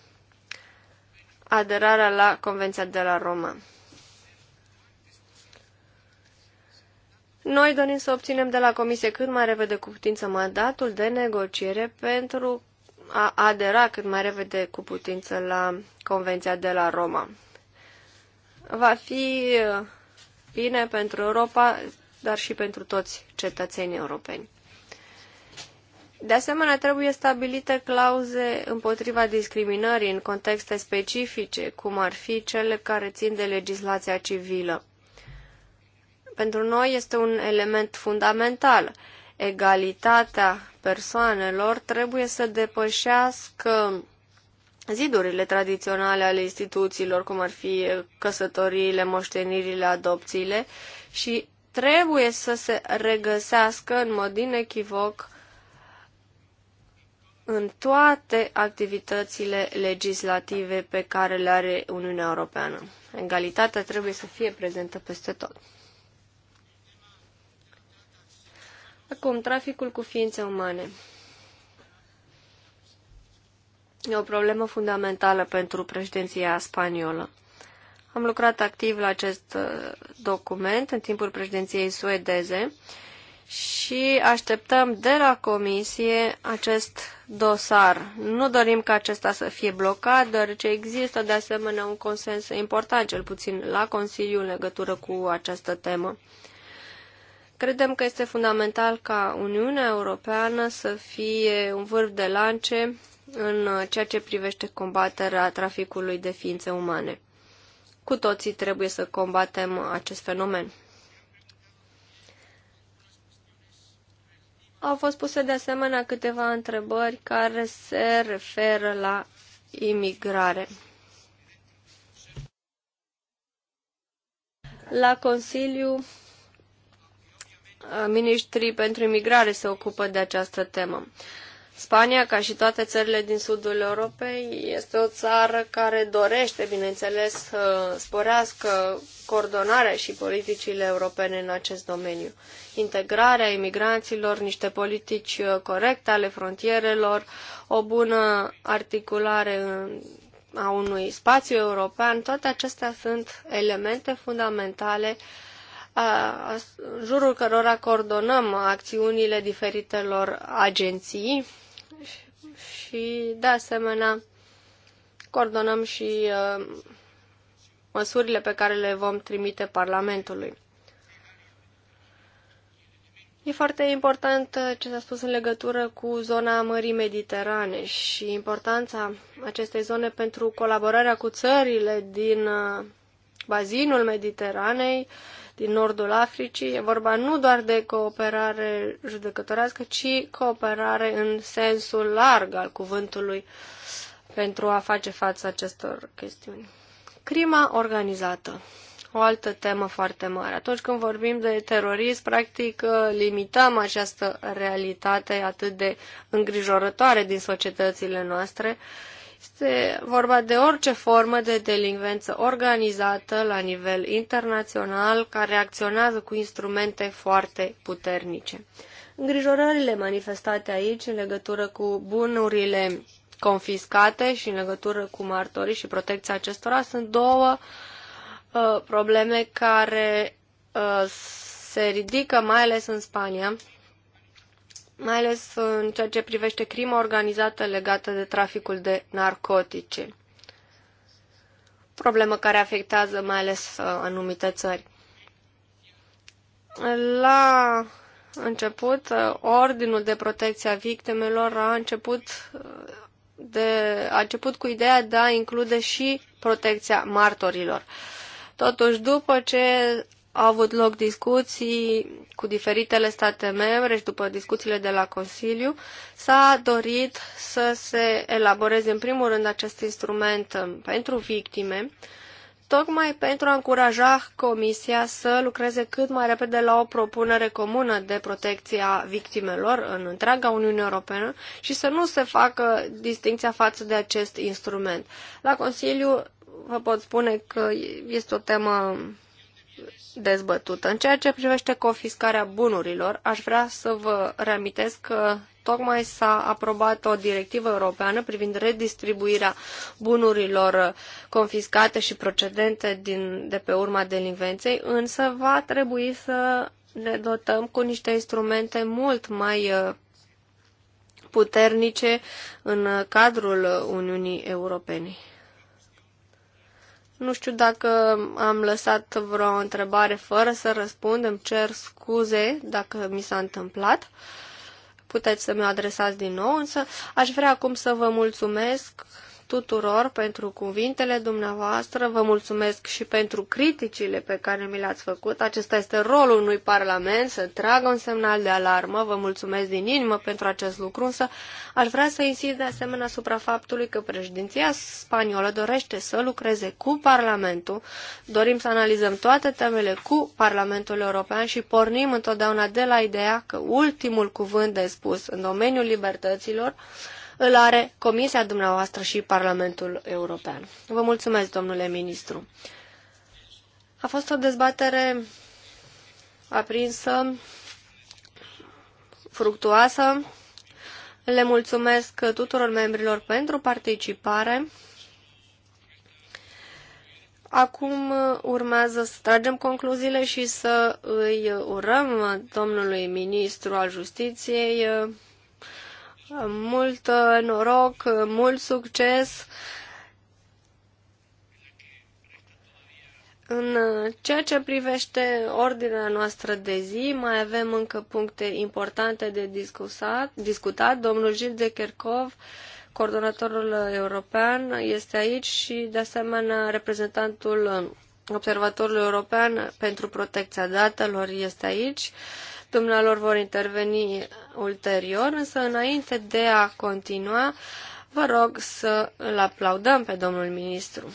aderarea la Convenția de la Roma. Noi dorim să obținem de la Comisie cât mai repede cu putință mandatul de negociere pentru a adera cât mai repede cu putință la Convenția de la Roma. Va fi uh, bine pentru Europa, dar și pentru toți cetățenii europeni. De asemenea, trebuie stabilite clauze împotriva discriminării în contexte specifice, cum ar fi cele care țin de legislația civilă. Pentru noi este un element fundamental. Egalitatea persoanelor trebuie să depășească zidurile tradiționale ale instituțiilor, cum ar fi căsătoriile, moștenirile, adopțiile și trebuie să se regăsească în mod inechivoc în toate activitățile legislative pe care le are Uniunea Europeană. Egalitatea trebuie să fie prezentă peste tot. Acum, traficul cu ființe umane. E o problemă fundamentală pentru președinția spaniolă. Am lucrat activ la acest uh, document în timpul președinției suedeze și așteptăm de la comisie acest dosar. Nu dorim ca acesta să fie blocat, deoarece există de asemenea un consens important, cel puțin la Consiliu, în legătură cu această temă. Credem că este fundamental ca Uniunea Europeană să fie un vârf de lance în ceea ce privește combaterea traficului de ființe umane. Cu toții trebuie să combatem acest fenomen. Au fost puse de asemenea câteva întrebări care se referă la imigrare. La Consiliu, ministrii pentru imigrare se ocupă de această temă. Spania, ca și toate țările din sudul Europei, este o țară care dorește, bineînțeles, să sporească coordonarea și politicile europene în acest domeniu. Integrarea imigranților, niște politici corecte ale frontierelor, o bună articulare a unui spațiu european, toate acestea sunt elemente fundamentale uh, în jurul cărora coordonăm acțiunile diferitelor agenții și, de asemenea, coordonăm și măsurile pe care le vom trimite Parlamentului. E foarte important ce s-a spus în legătură cu zona Mării Mediterane și importanța acestei zone pentru colaborarea cu țările din bazinul Mediteranei, din nordul Africii. E vorba nu doar de cooperare judecătorească, ci cooperare în sensul larg al cuvântului pentru a face față acestor chestiuni. Crima organizată. O altă temă foarte mare. Atunci când vorbim de terorism, practic limităm această realitate atât de îngrijorătoare din societățile noastre uh, este vorba de orice formă de delinvență organizată la nivel internațional care acționează cu instrumente foarte puternice. Îngrijorările manifestate aici în legătură cu bunurile confiscate și în legătură cu martorii și protecția acestora sunt două uh, probleme care uh, se ridică mai ales în Spania mai ales în ceea ce privește crima organizată legată de traficul de narcotice, problemă care afectează mai ales uh, anumite țări. La început, uh, Ordinul de Protecție a Victimelor a început, uh, de, a început cu ideea de a include și protecția martorilor. Totuși, după ce au avut loc discuții cu diferitele state membre și după discuțiile de la Consiliu s-a dorit să se elaboreze în primul rând acest instrument um, pentru victime, tocmai pentru a încuraja Comisia să lucreze cât mai repede la o propunere comună de protecție a victimelor în întreaga Uniune Europeană și să nu se facă distinția față de acest instrument. La Consiliu vă pot spune că este o temă dezbătută. În ceea ce privește confiscarea bunurilor, aș vrea să vă reamintesc că tocmai s-a aprobat o directivă europeană privind redistribuirea bunurilor confiscate și procedente din, de pe urma delinvenței, însă va trebui să ne dotăm cu niște instrumente mult mai uh, puternice în cadrul Uniunii Europene. Nu știu dacă am lăsat vreo întrebare fără să răspund. Îmi cer scuze dacă mi s-a întâmplat. Puteți să mi-o adresați din nou, însă aș vrea acum să vă mulțumesc tuturor pentru cuvintele dumneavoastră, vă mulțumesc și pentru criticile pe care mi le-ați făcut. Acesta este rolul unui parlament, să tragă un semnal de alarmă. Vă mulțumesc din inimă pentru acest lucru, însă aș vrea să insist de asemenea asupra faptului că președinția spaniolă dorește să lucreze cu Parlamentul. Dorim să analizăm toate temele cu Parlamentul European și pornim întotdeauna de la ideea că ultimul cuvânt de spus în domeniul libertăților îl are Comisia dumneavoastră și Parlamentul European. Vă mulțumesc, domnule ministru. A fost o dezbatere aprinsă, fructuoasă. Le mulțumesc tuturor membrilor pentru participare. Acum urmează să tragem concluziile și să îi urăm domnului ministru al justiției mult uh, noroc, uh, mult succes În uh, ceea ce privește ordinea noastră de zi, mai avem încă puncte importante de discutat. discutat. Domnul Gilles de Kerkov, coordonatorul european, este aici și, de asemenea, reprezentantul Observatorului European pentru Protecția Datelor este aici. Dumnealor vor interveni ulterior, însă înainte de a continua, vă rog să îl aplaudăm pe domnul ministru.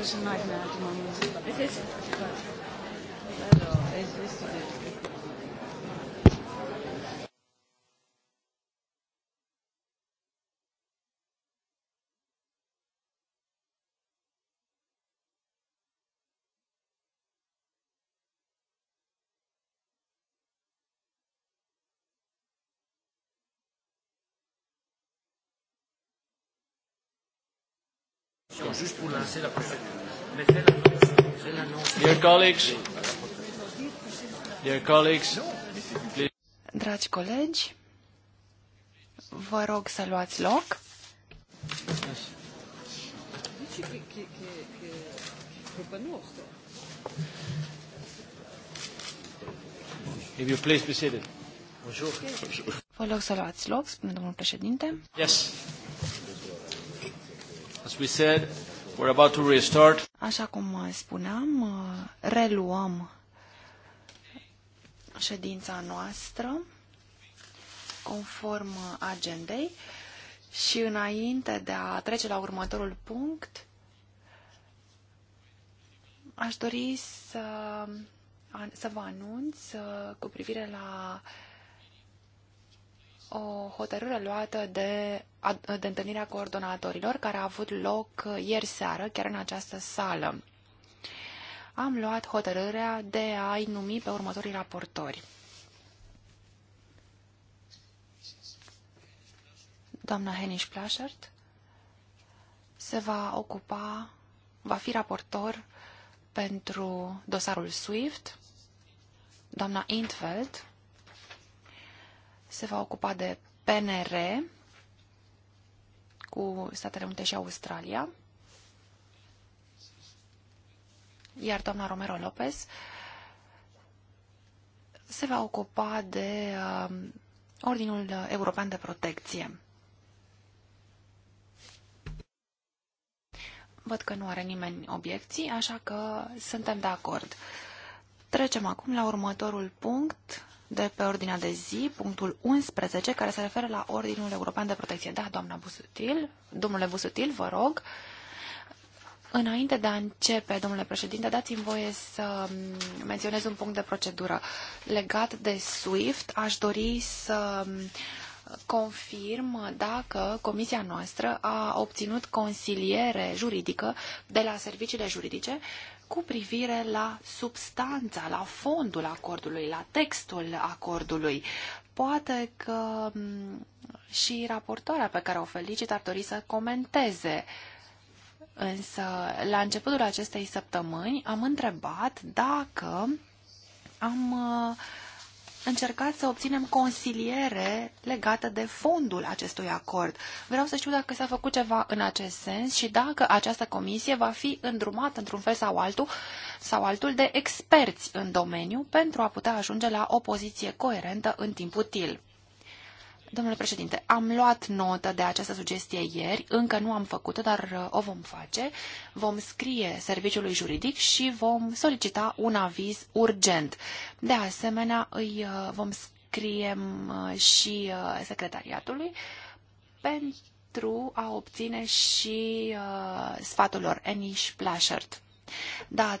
was a juste pour lancer la Mais fais l'annonce. Dear colleagues, dear colleagues, please. Dragi colegi, vă rog să luați loc. If you please be seated. Bonjour. Vă rog să luați loc, spune domnul președinte. Yes. As we said, we're about to restart. Așa cum uh, spuneam, uh, reluăm ședința noastră conform uh, agendei și înainte de a trece la următorul punct, aș dori să, să vă anunț cu privire la o hotărâre luată de de întâlnirea coordonatorilor care a avut loc uh, ieri seară, chiar în această sală. Am luat hotărârea de a-i numi pe următorii raportori. Doamna Henish Plashert se va ocupa, va fi raportor pentru dosarul SWIFT. Doamna Intveld se va ocupa de PNR, cu Statele Unite și Australia. Iar doamna Romero Lopez se va ocupa de um, Ordinul European de Protecție. Văd că nu are nimeni obiecții, așa că suntem de acord. Trecem acum la următorul punct, de pe ordinea de zi, punctul 11, care se referă la Ordinul European de Protecție. Da, doamna Busutil, domnule Busutil, vă rog. Înainte de a începe, domnule președinte, dați-mi voie să menționez un punct de procedură. Legat de SWIFT, aș dori să confirm dacă comisia noastră a obținut consiliere juridică de la serviciile juridice cu privire la substanța, la fondul acordului, la textul acordului. Poate că mm, și raportoarea pe care o felicit ar dori să comenteze. Însă, la începutul acestei săptămâni am întrebat dacă am uh, încercat să obținem consiliere legată de fondul acestui acord. Vreau să știu dacă s-a făcut ceva în acest sens și dacă această comisie va fi îndrumată într-un fel sau altul sau altul de experți în domeniu pentru a putea ajunge la o poziție coerentă în timp util. Domnule președinte, am luat notă de această sugestie ieri, încă nu am făcut-o, dar uh, o vom face. Vom scrie serviciului juridic și vom solicita un aviz urgent. De asemenea, îi uh, vom scrie uh, și secretariatului pentru a obține și sfatul lor, Enish Plashert. Da,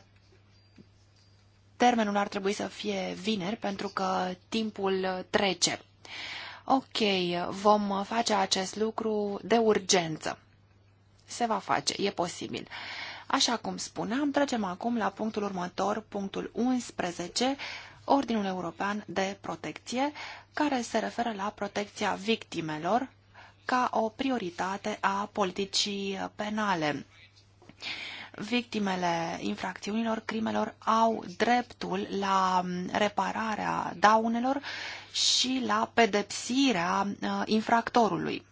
termenul ar trebui să fie vineri pentru că timpul trece. Ok, vom face acest lucru de urgență. Se va face, e posibil. Așa cum spuneam, trecem acum la punctul următor, punctul 11, Ordinul European de Protecție, care se referă la protecția victimelor ca o prioritate a politicii penale. Victimele infracțiunilor, crimelor au dreptul la mm, repararea daunelor și la pedepsirea uh, infractorului.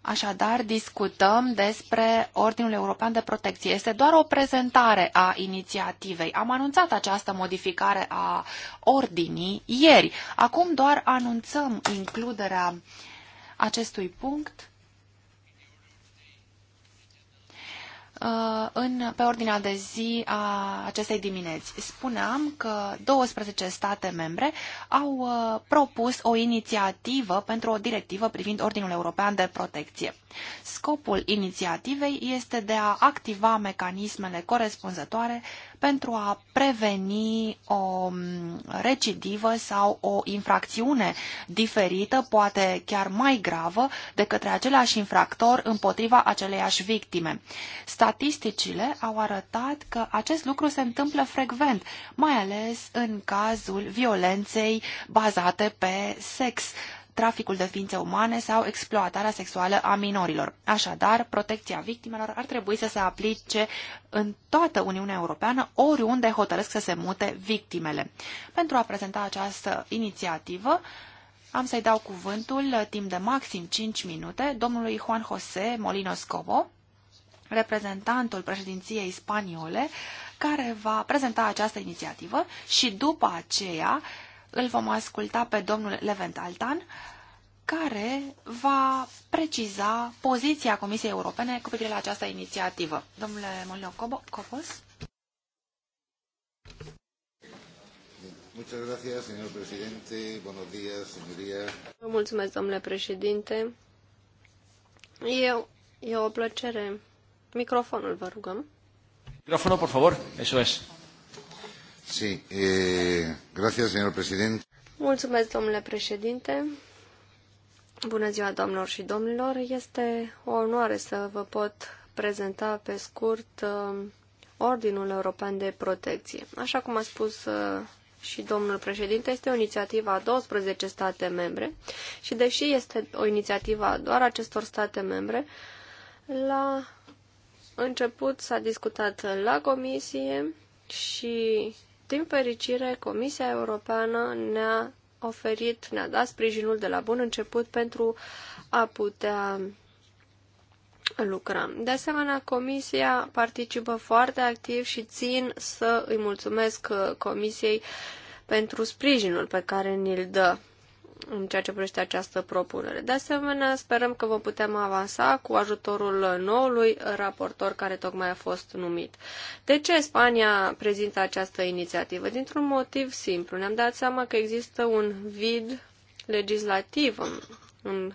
Așadar, discutăm despre Ordinul European de Protecție. Este doar o prezentare a inițiativei. Am anunțat această modificare a ordinii ieri. Acum doar anunțăm includerea acestui punct Uh, în, pe ordinea de zi a acestei dimineți. Spuneam că 12 state membre au uh, propus o inițiativă pentru o directivă privind Ordinul European de Protecție. Scopul inițiativei este de a activa mecanismele corespunzătoare pentru a preveni o recidivă sau o infracțiune diferită, poate chiar mai gravă, de către același infractor împotriva aceleiași victime. Statisticile au arătat că acest lucru se întâmplă frecvent, mai ales în cazul violenței bazate pe sex traficul de ființe umane sau exploatarea sexuală a minorilor. Așadar, protecția victimelor ar trebui să se aplice în toată Uniunea Europeană, oriunde hotărăsc să se mute victimele. Pentru a prezenta această inițiativă, am să-i dau cuvântul uh, timp de maxim 5 minute domnului Juan José Molino Scobo, reprezentantul președinției spaniole, care va prezenta această inițiativă și după aceea îl vom asculta pe domnul Levent Altan, care va preciza poziția Comisiei Europene cu privire la această inițiativă. Domnule Molino copos. Vă mulțumesc, domnule președinte. Eu, e o plăcere. Microfonul, vă rugăm. Microfonul, por favor. Eso es. Sí, eh, gracias, señor presidente. Mulțumesc, domnule președinte. Bună ziua, doamnelor și domnilor. Este o onoare să vă pot prezenta pe scurt uh, Ordinul European de Protecție. Așa cum a spus uh, și domnul președinte, este o inițiativă a 12 state membre și deși este o inițiativă a doar acestor state membre, la început s-a discutat la comisie și din fericire, Comisia Europeană ne-a oferit, ne-a dat sprijinul de la bun început pentru a putea lucra. De asemenea, Comisia participă foarte activ și țin să îi mulțumesc uh, Comisiei pentru sprijinul pe care ni-l dă în ceea ce privește această propunere. De asemenea, sperăm că vom putem avansa cu ajutorul noului raportor care tocmai a fost numit. De ce Spania prezintă această inițiativă? Dintr-un motiv simplu. Ne-am dat seama că există un vid legislativ în, în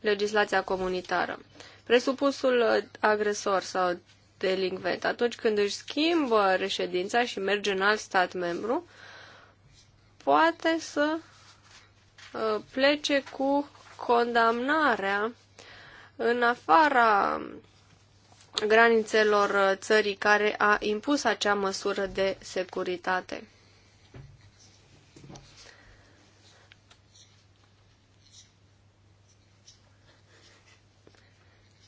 legislația comunitară. Presupusul agresor sau delinvent, atunci când își schimbă reședința și merge în alt stat membru, poate să uh, plece cu condamnarea în afara granițelor uh, țării care a impus acea măsură de securitate.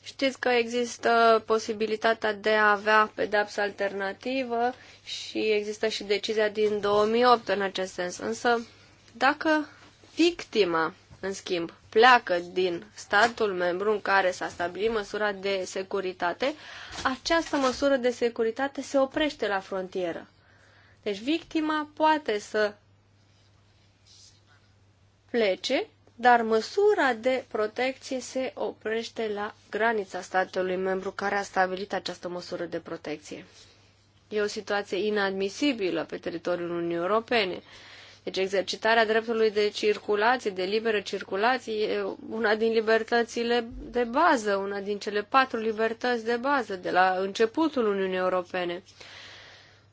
Știți că există posibilitatea de a avea pedapsă alternativă și există și decizia din 2008 în acest sens. Însă, dacă victima, în schimb, pleacă din statul membru în care s-a stabilit măsura de securitate, această măsură de securitate se oprește la frontieră. Deci victima poate să plece, dar măsura de protecție se oprește la granița statului membru care a stabilit această măsură de protecție. E o situație inadmisibilă pe teritoriul Uniunii Europene. Deci exercitarea dreptului de circulație, de liberă circulație, e una din libertățile de bază, una din cele patru libertăți de bază de la începutul Uniunii Europene.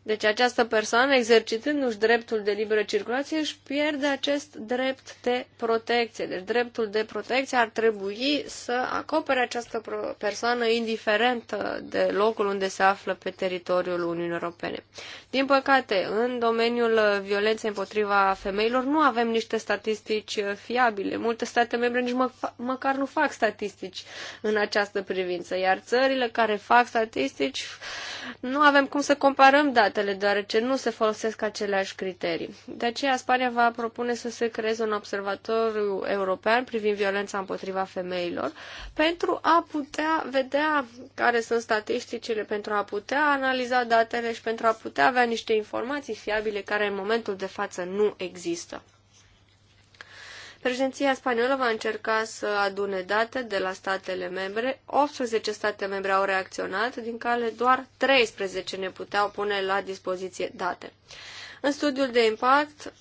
Deci această persoană, exercitându-și dreptul de liberă circulație, își pierde acest drept de protecție. Deci dreptul de protecție ar trebui să acopere această persoană indiferent uh, de locul unde se află pe teritoriul Uniunii Europene. Din păcate, în domeniul uh, violenței împotriva femeilor nu avem niște statistici uh, fiabile. Multe state membre nici mă, măcar nu fac statistici în această privință, iar țările care fac statistici nu avem cum să comparăm date statele, deoarece nu se folosesc aceleași criterii. De aceea, Spania va propune să se creeze un observatoriu european privind violența împotriva femeilor pentru a putea vedea care sunt statisticile, pentru a putea analiza datele și pentru a putea avea niște informații fiabile care în momentul de față nu există. Președinția spaniolă va încerca să adune date de la statele membre. 18 state membre au reacționat, din care doar 13 ne puteau pune la dispoziție date. În studiul de impact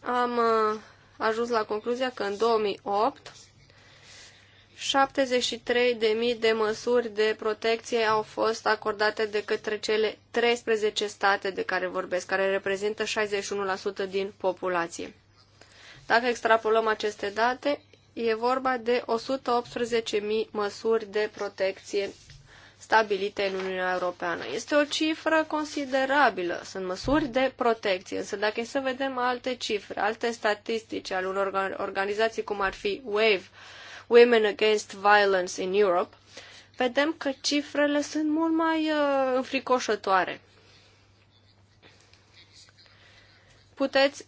am uh, ajuns la concluzia că în 2008 73.000 de măsuri de protecție au fost acordate de către cele 13 state de care vorbesc, care reprezintă 61% din populație. Dacă extrapolăm aceste date, e vorba de 118.000 măsuri de protecție stabilite în Uniunea Europeană. Este o cifră considerabilă, sunt măsuri de protecție, însă dacă e să vedem alte cifre, alte statistici ale unor organizații cum ar fi WAVE, Women Against Violence in Europe, vedem că cifrele sunt mult mai uh, înfricoșătoare. Puteți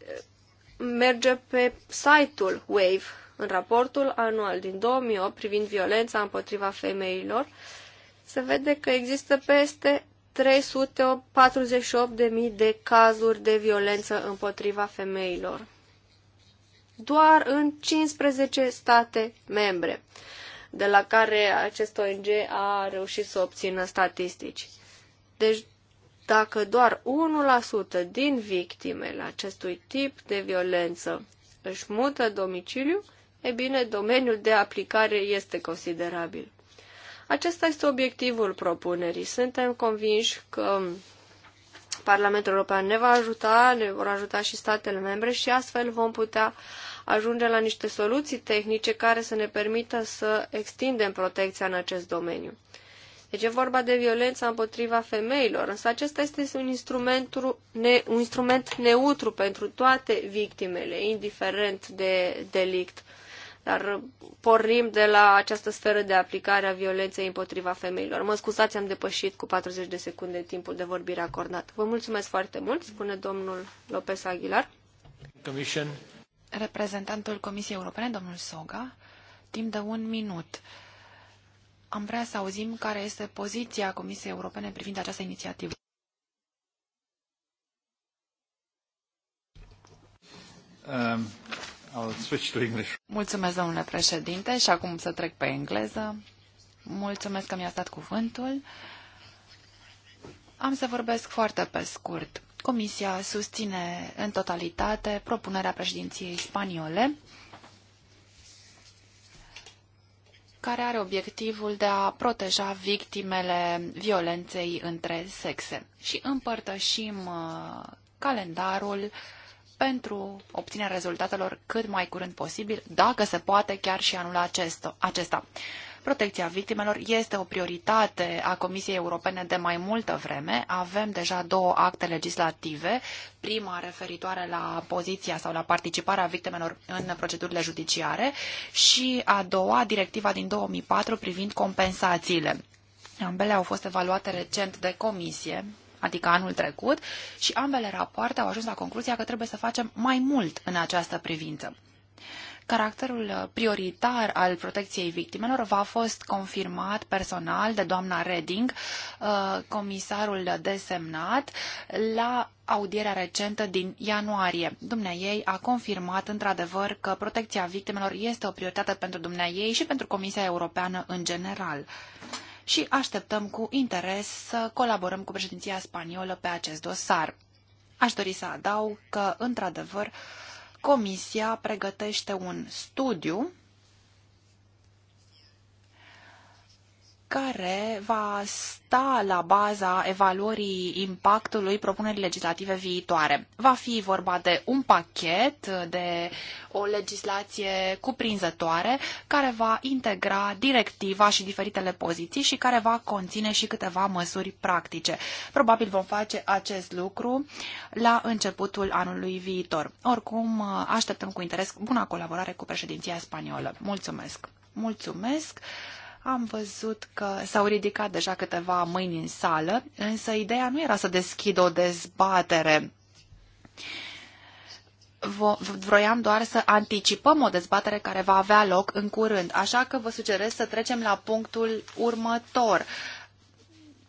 merge pe site-ul WAVE în raportul anual din 2008 privind violența împotriva femeilor, se vede că există peste 348.000 de cazuri de violență împotriva femeilor. Doar în 15 state membre, de la care acest ONG a reușit să obțină statistici. Deci dacă doar 1% din victimele acestui tip de violență își mută domiciliu, e bine, domeniul de aplicare este considerabil. Acesta este obiectivul propunerii. Suntem convinși că Parlamentul European ne va ajuta, ne vor ajuta și statele membre și astfel vom putea ajunge la niște soluții tehnice care să ne permită să extindem protecția în acest domeniu. Deci e vorba de violența împotriva femeilor, însă acesta este un instrument, ne, un instrument neutru pentru toate victimele, indiferent de delict. Dar pornim de la această sferă de aplicare a violenței împotriva femeilor. Mă scuzați, am depășit cu 40 de secunde timpul de vorbire acordat. Vă mulțumesc foarte mult, spune domnul Lopez Aguilar. Commission. Reprezentantul Comisiei Europene, domnul Soga, timp de un minut am vrea să auzim care este poziția Comisiei Europene privind această inițiativă. Um, I'll switch to English. Mulțumesc, domnule președinte, și acum să trec pe engleză. Mulțumesc că mi-a dat cuvântul. Am să vorbesc foarte pe scurt. Comisia susține în totalitate propunerea președinției spaniole care are obiectivul de a proteja victimele violenței între sexe și împărtășim uh, calendarul pentru obținerea rezultatelor cât mai curând posibil, dacă se poate chiar și anul acesta. Protecția victimelor este o prioritate a Comisiei Europene de mai multă vreme. Avem deja două acte legislative, prima referitoare la poziția sau la participarea victimelor în procedurile judiciare și a doua, directiva din 2004 privind compensațiile. Ambele au fost evaluate recent de comisie, adică anul trecut, și ambele rapoarte au ajuns la concluzia că trebuie să facem mai mult în această privință. Caracterul uh, prioritar al protecției victimelor va fost confirmat personal de doamna Reding, uh, comisarul desemnat, la audierea recentă din ianuarie. Dumnea ei a confirmat într-adevăr că protecția victimelor este o prioritate pentru dumnea ei și pentru Comisia Europeană în general și așteptăm cu interes să colaborăm cu președinția spaniolă pe acest dosar. Aș dori să adaug că, într-adevăr, Comisia pregătește un studiu care va sta la baza evaluării impactului propunerii legislative viitoare. Va fi vorba de un pachet de o legislație cuprinzătoare care va integra directiva și diferitele poziții și care va conține și câteva măsuri practice. Probabil vom face acest lucru la începutul anului viitor. Oricum, așteptăm cu interes buna colaborare cu președinția spaniolă. Mulțumesc! Mulțumesc! Am văzut că s-au ridicat deja câteva mâini în sală, însă ideea nu era să deschid o dezbatere. Vroiam doar să anticipăm o dezbatere care va avea loc în curând, așa că vă sugerez să trecem la punctul următor.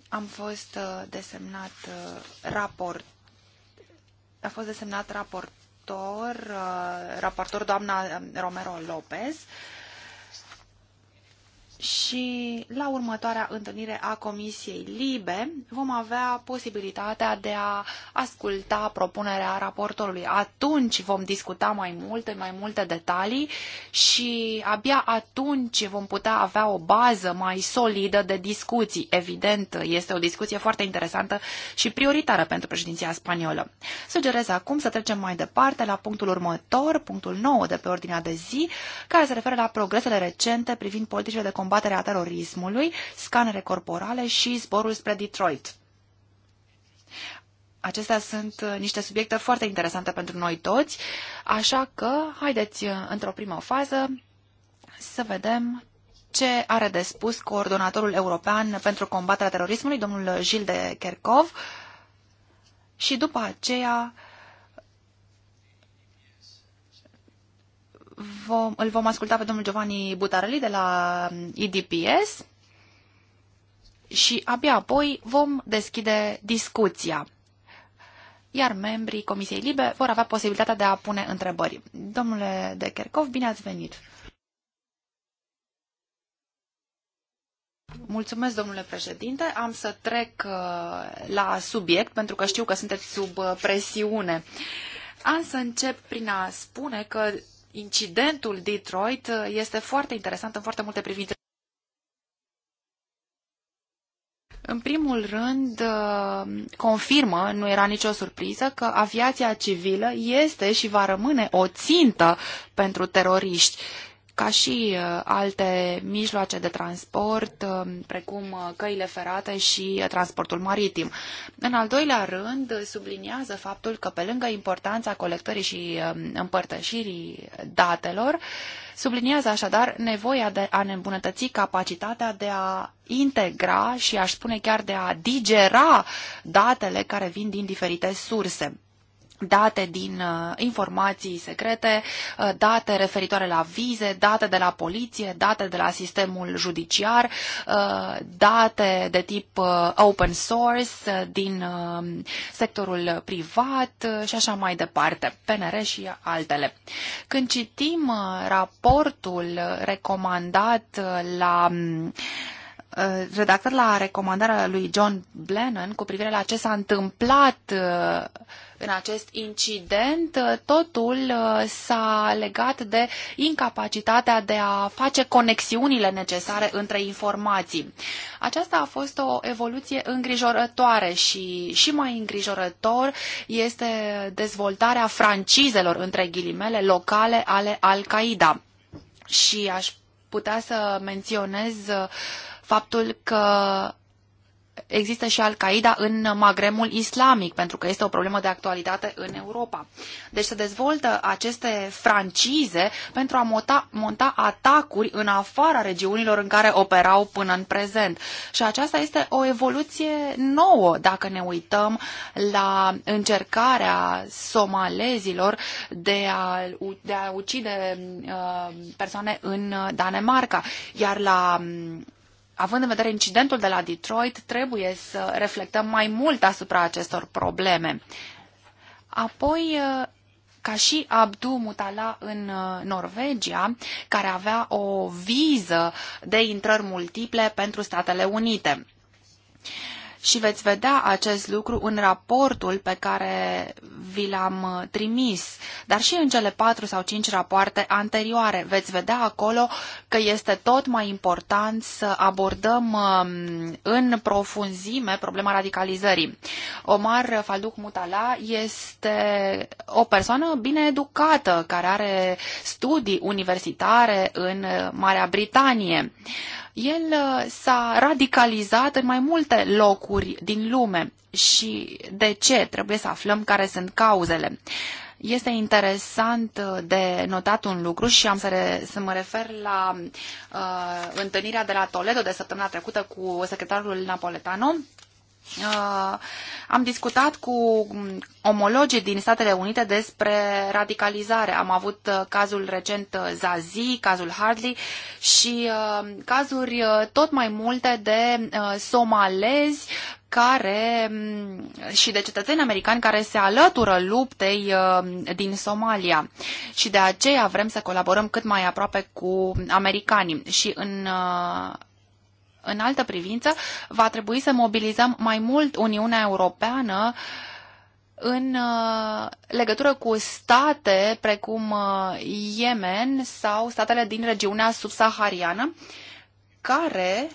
Am fost uh, desemnat uh, raport. A fost desemnat raportor, uh, raportor doamna um, Romero Lopez și la următoarea întâlnire a Comisiei Libe vom avea posibilitatea de a asculta propunerea raportorului. Atunci vom discuta mai mult, în mai multe detalii și abia atunci vom putea avea o bază mai solidă de discuții. Evident, este o discuție foarte interesantă și prioritară pentru președinția spaniolă. Sugerez acum să trecem mai departe la punctul următor, punctul 9 de pe ordinea de zi, care se referă la progresele recente privind politicile de combaterea terorismului, scanere corporale și zborul spre Detroit. Acestea sunt uh, niște subiecte foarte interesante pentru noi toți, așa că haideți uh, într-o primă fază să vedem ce are de spus coordonatorul european pentru combaterea terorismului, domnul Gilles de Kerkov, și după aceea vom, îl vom asculta pe domnul Giovanni Butarelli de la IDPS și abia apoi vom deschide discuția. Iar membrii Comisiei Libe vor avea posibilitatea de a pune întrebări. Domnule de Kerkov, bine ați venit! Mulțumesc, domnule președinte. Am să trec uh, la subiect, pentru că știu că sunteți sub uh, presiune. Am să încep prin a spune că incidentul Detroit uh, este foarte interesant în foarte multe privințe. În primul rând, uh, confirmă, nu era nicio surpriză, că aviația civilă este și va rămâne o țintă pentru teroriști ca și uh, alte mijloace de transport, uh, precum uh, căile ferate și transportul maritim. În al doilea rând, subliniază faptul că pe lângă importanța colectării și um, împărtășirii datelor, subliniază așadar nevoia de a ne îmbunătăți capacitatea de a integra și aș spune chiar de a digera datele care vin din diferite surse date din uh, informații secrete, uh, date referitoare la vize, date de la poliție, date de la sistemul judiciar, uh, date de tip open source din sectorul privat și așa mai departe, PNR și altele. Când citim raportul recomandat la uh, Uh, redactat la recomandarea lui John Blennon cu privire la ce s-a întâmplat uh, în acest incident, uh, totul s-a legat de incapacitatea de a face conexiunile necesare între informații. Aceasta a fost o evoluție îngrijorătoare și și mai îngrijorător este dezvoltarea francizelor, între ghilimele, locale ale Al-Qaeda. Și aș putea să menționez uh, faptul că există și Al-Qaeda în Magremul islamic, pentru că este o problemă de actualitate în Europa. Deci se dezvoltă aceste francize pentru a monta, monta atacuri în afara regiunilor în care operau până în prezent. Și aceasta este o evoluție nouă dacă ne uităm la încercarea somalezilor de a, de a ucide uh, persoane în Danemarca. Iar la având în vedere incidentul de la Detroit, trebuie să reflectăm mai mult asupra acestor probleme. Apoi, uh, ca și Abdu Mutala în uh, Norvegia, care avea o viză de intrări multiple pentru Statele Unite și veți vedea acest lucru în raportul pe care vi l-am uh, trimis, dar și în cele patru sau cinci rapoarte anterioare. Veți vedea acolo că este tot mai important să abordăm um, în profunzime problema radicalizării. Omar Falduc Mutala este o persoană bine educată, care are studii universitare în uh, Marea Britanie. El uh, s-a radicalizat în mai multe locuri din lume și de ce trebuie să aflăm care sunt cauzele. Este interesant uh, de notat un lucru și am să, re, să mă refer la uh, întâlnirea de la Toledo de săptămâna trecută cu secretarul Napoletano, Uh, am discutat cu omologii din Statele Unite despre radicalizare. Am avut uh, cazul recent uh, Zazi, cazul Hardley și cazuri tot mai multe de somalezi care mm, și de cetățeni americani care se alătură luptei din Somalia. Și de aceea vrem să colaborăm cât mai aproape cu americanii. Și în în altă privință, va trebui să mobilizăm mai mult Uniunea Europeană în uh, legătură cu state precum uh, Yemen sau statele din regiunea subsahariană, care,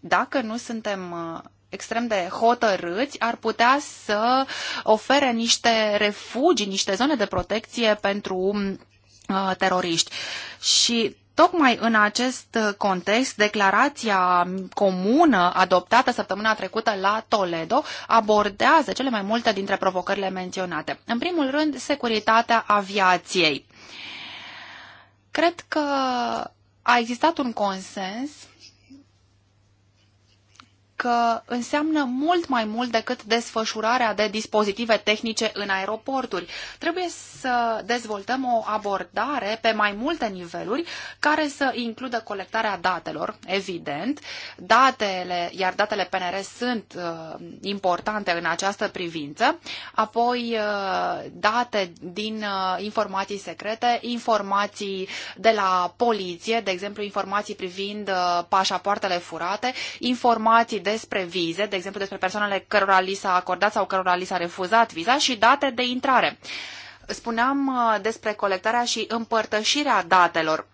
dacă nu suntem uh, extrem de hotărâți ar putea să ofere niște refugii, niște zone de protecție pentru teroriști. Și Tocmai în acest context, declarația comună adoptată săptămâna trecută la Toledo abordează cele mai multe dintre provocările menționate. În primul rând, securitatea aviației. Cred că a existat un consens că înseamnă mult mai mult decât desfășurarea de dispozitive tehnice în aeroporturi. Trebuie să dezvoltăm o abordare pe mai multe niveluri care să includă colectarea datelor, evident. Datele, iar datele PNR sunt uh, importante în această privință. Apoi uh, date din uh, informații secrete, informații de la poliție, de exemplu informații privind uh, pașapoartele furate, informații de despre vize, de exemplu despre persoanele cărora li s-a acordat sau cărora li s-a refuzat viza și date de intrare. Spuneam uh, despre colectarea și împărtășirea datelor.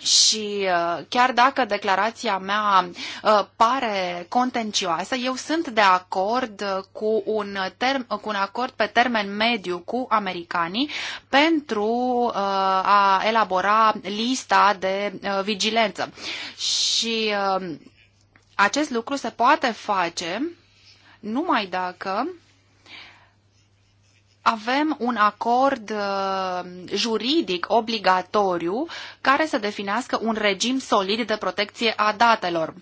Și uh, chiar dacă declarația mea uh, pare contencioasă, eu sunt de acord cu un, term, cu un acord pe termen mediu cu americanii pentru a elabora lista de vigilență. Și acest lucru se poate face numai dacă avem un acord uh, juridic obligatoriu care să definească un regim solid de protecție a datelor.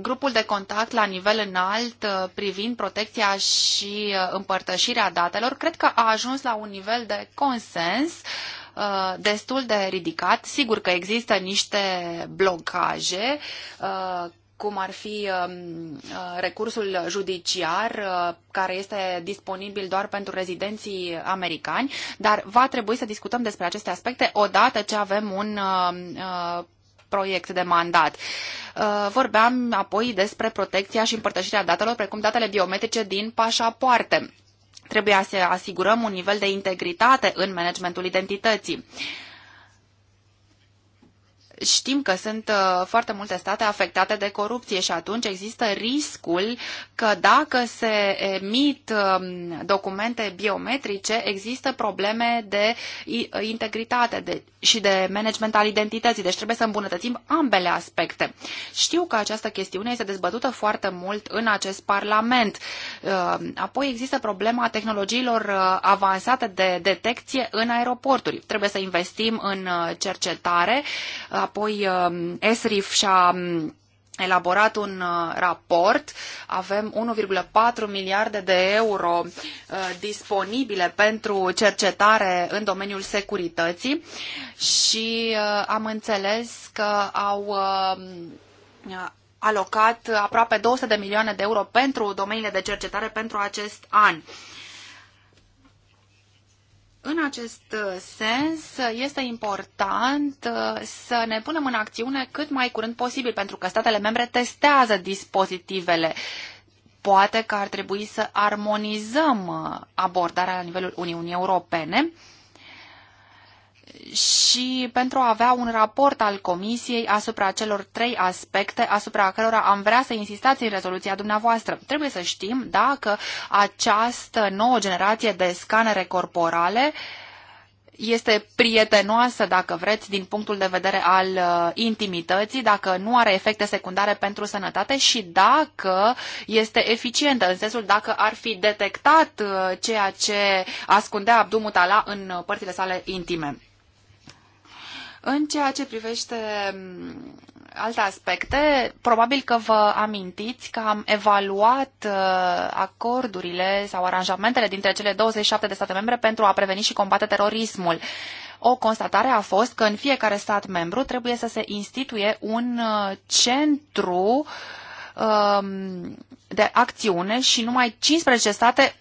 Grupul de contact la nivel înalt uh, privind protecția și uh, împărtășirea datelor cred că a ajuns la un nivel de consens destul de ridicat. Sigur că există niște blocaje cum ar fi um, uh, recursul judiciar, uh, care este disponibil doar pentru rezidenții americani, dar va trebui să discutăm despre aceste aspecte odată ce avem un uh, proiect de mandat. Vorbeam apoi despre protecția și împărtășirea datelor, precum datele biometrice din pașapoarte. Trebuie să asigurăm un nivel de integritate în managementul identității. Știm că sunt uh, foarte multe state afectate de corupție și atunci există riscul că dacă se emit um, documente biometrice, există probleme de integritate de, și de management al identității. Deci trebuie să îmbunătățim ambele aspecte. Știu că această chestiune este dezbătută foarte mult în acest Parlament. Uh, apoi există problema tehnologiilor uh, avansate de detecție în aeroporturi. Trebuie să investim în cercetare apoi um, ESRIF și-a um, elaborat un uh, raport. Avem 1,4 miliarde de euro uh, disponibile pentru cercetare în domeniul securității și uh, am înțeles că au um, alocat aproape 200 de milioane de euro pentru domeniile de cercetare pentru acest an. În acest uh, sens, este important uh, să ne punem în acțiune cât mai curând posibil, pentru că statele membre testează dispozitivele. Poate că ar trebui să armonizăm uh, abordarea la nivelul Uniunii Europene și pentru a avea un raport al Comisiei asupra celor trei aspecte asupra cărora am vrea să insistați în rezoluția dumneavoastră. Trebuie să știm dacă această nouă generație de scanere corporale este prietenoasă, dacă vreți, din punctul de vedere al uh, intimității, dacă nu are efecte secundare pentru sănătate și dacă este eficientă, în sensul dacă ar fi detectat uh, ceea ce ascundea Abdu Mutala în uh, părțile sale intime. În ceea ce privește mm, alte aspecte, probabil că vă amintiți că am evaluat uh, acordurile sau aranjamentele dintre cele 27 de state membre pentru a preveni și combate terorismul. O constatare a fost că în fiecare stat membru trebuie să se instituie un uh, centru um, de acțiune și numai 15 state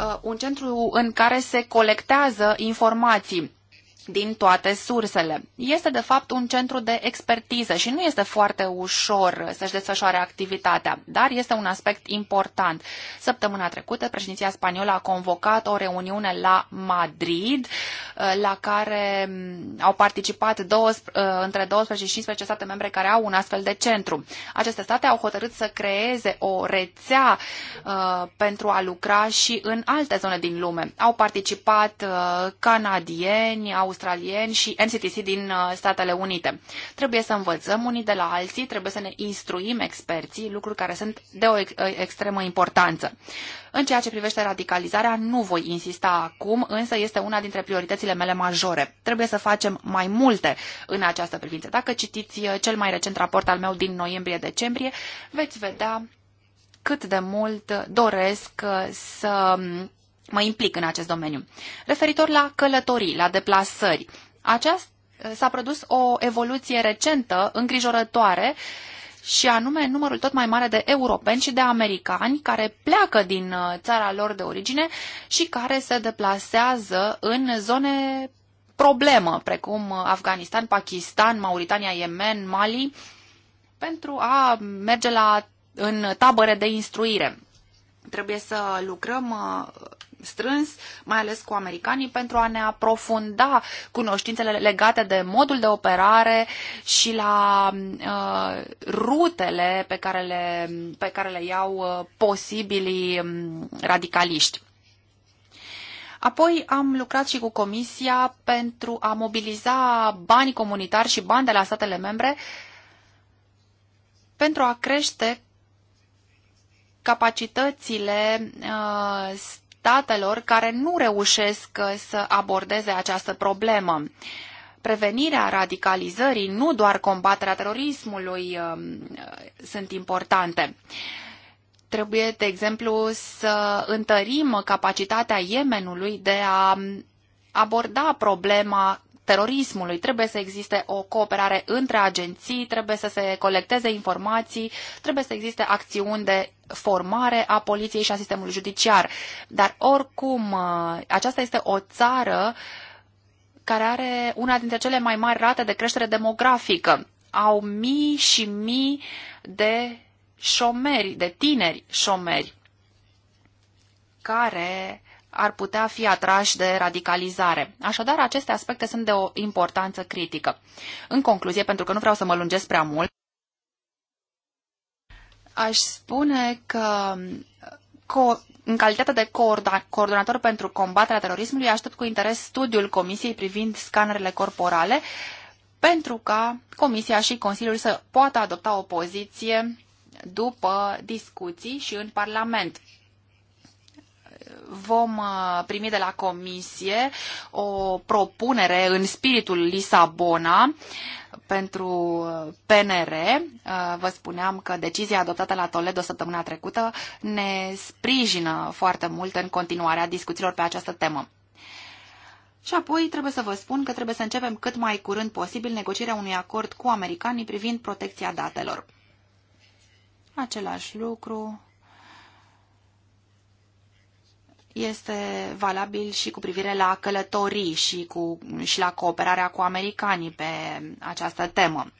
uh, un centru în care se colectează informații din toate sursele. Este, de fapt, un centru de expertiză și nu este foarte ușor să-și desfășoare activitatea, dar este un aspect important. Săptămâna trecută, președinția spaniolă a convocat o reuniune la Madrid, eh, la care mm, au participat două, eh, între 12 și 15 state membre care au un astfel de centru. Aceste state au hotărât să creeze o rețea uh, pentru a lucra și în alte zone din lume. Au participat uh, canadieni, au australieni și NCTC din uh, Statele Unite. Trebuie să învățăm unii de la alții, trebuie să ne instruim experții, lucruri care sunt de o uh, extremă importanță. În ceea ce privește radicalizarea, nu voi insista acum, însă este una dintre prioritățile mele majore. Trebuie să facem mai multe în această privință. Dacă citiți uh, cel mai recent raport al meu din noiembrie-decembrie, veți vedea cât de mult doresc să um, mă implic în acest domeniu. Referitor la călătorii, la deplasări, aceasta s-a produs o evoluție recentă, îngrijorătoare, și anume numărul tot mai mare de europeni și de americani care pleacă din uh, țara lor de origine și care se deplasează în zone problemă, precum uh, Afganistan, Pakistan, Mauritania, Yemen, Mali, pentru a merge la, în tabere de instruire. Trebuie să lucrăm uh, strâns, mai ales cu americanii, pentru a ne aprofunda cunoștințele legate de modul de operare și la uh, rutele pe care le, pe care le iau uh, posibilii um, radicaliști. Apoi am lucrat și cu Comisia pentru a mobiliza bani comunitari și bani de la statele membre pentru a crește capacitățile uh, statelor care nu reușesc uh, să abordeze această problemă. Prevenirea radicalizării, nu doar combaterea terorismului, um, uh, sunt importante trebuie, de exemplu, să întărim capacitatea Yemenului de a um, aborda problema terorismului. Trebuie să existe o cooperare între agenții, trebuie să se colecteze informații, trebuie să existe acțiuni de formare a poliției și a sistemului judiciar. Dar oricum, uh, aceasta este o țară care are una dintre cele mai mari rate de creștere demografică. Au mii și mii de șomeri, de tineri șomeri, care ar putea fi atrași de radicalizare. Așadar, aceste aspecte sunt de o importanță critică. În concluzie, pentru că nu vreau să mă lungesc prea mult, aș spune că în calitate de coordonator pentru combaterea terorismului, aștept cu interes studiul Comisiei privind scanerele corporale, pentru ca Comisia și Consiliul să poată adopta o poziție după discuții și în Parlament vom uh, primi de la Comisie o propunere în spiritul Lisabona pentru uh, PNR. Uh, vă spuneam că decizia adoptată la Toledo săptămâna trecută ne sprijină foarte mult în continuarea discuțiilor pe această temă. Și apoi trebuie să vă spun că trebuie să începem cât mai curând posibil negocierea unui acord cu americanii privind protecția datelor. Același lucru este valabil și cu privire la călătorii și, cu, și la cooperarea cu americanii pe această temă.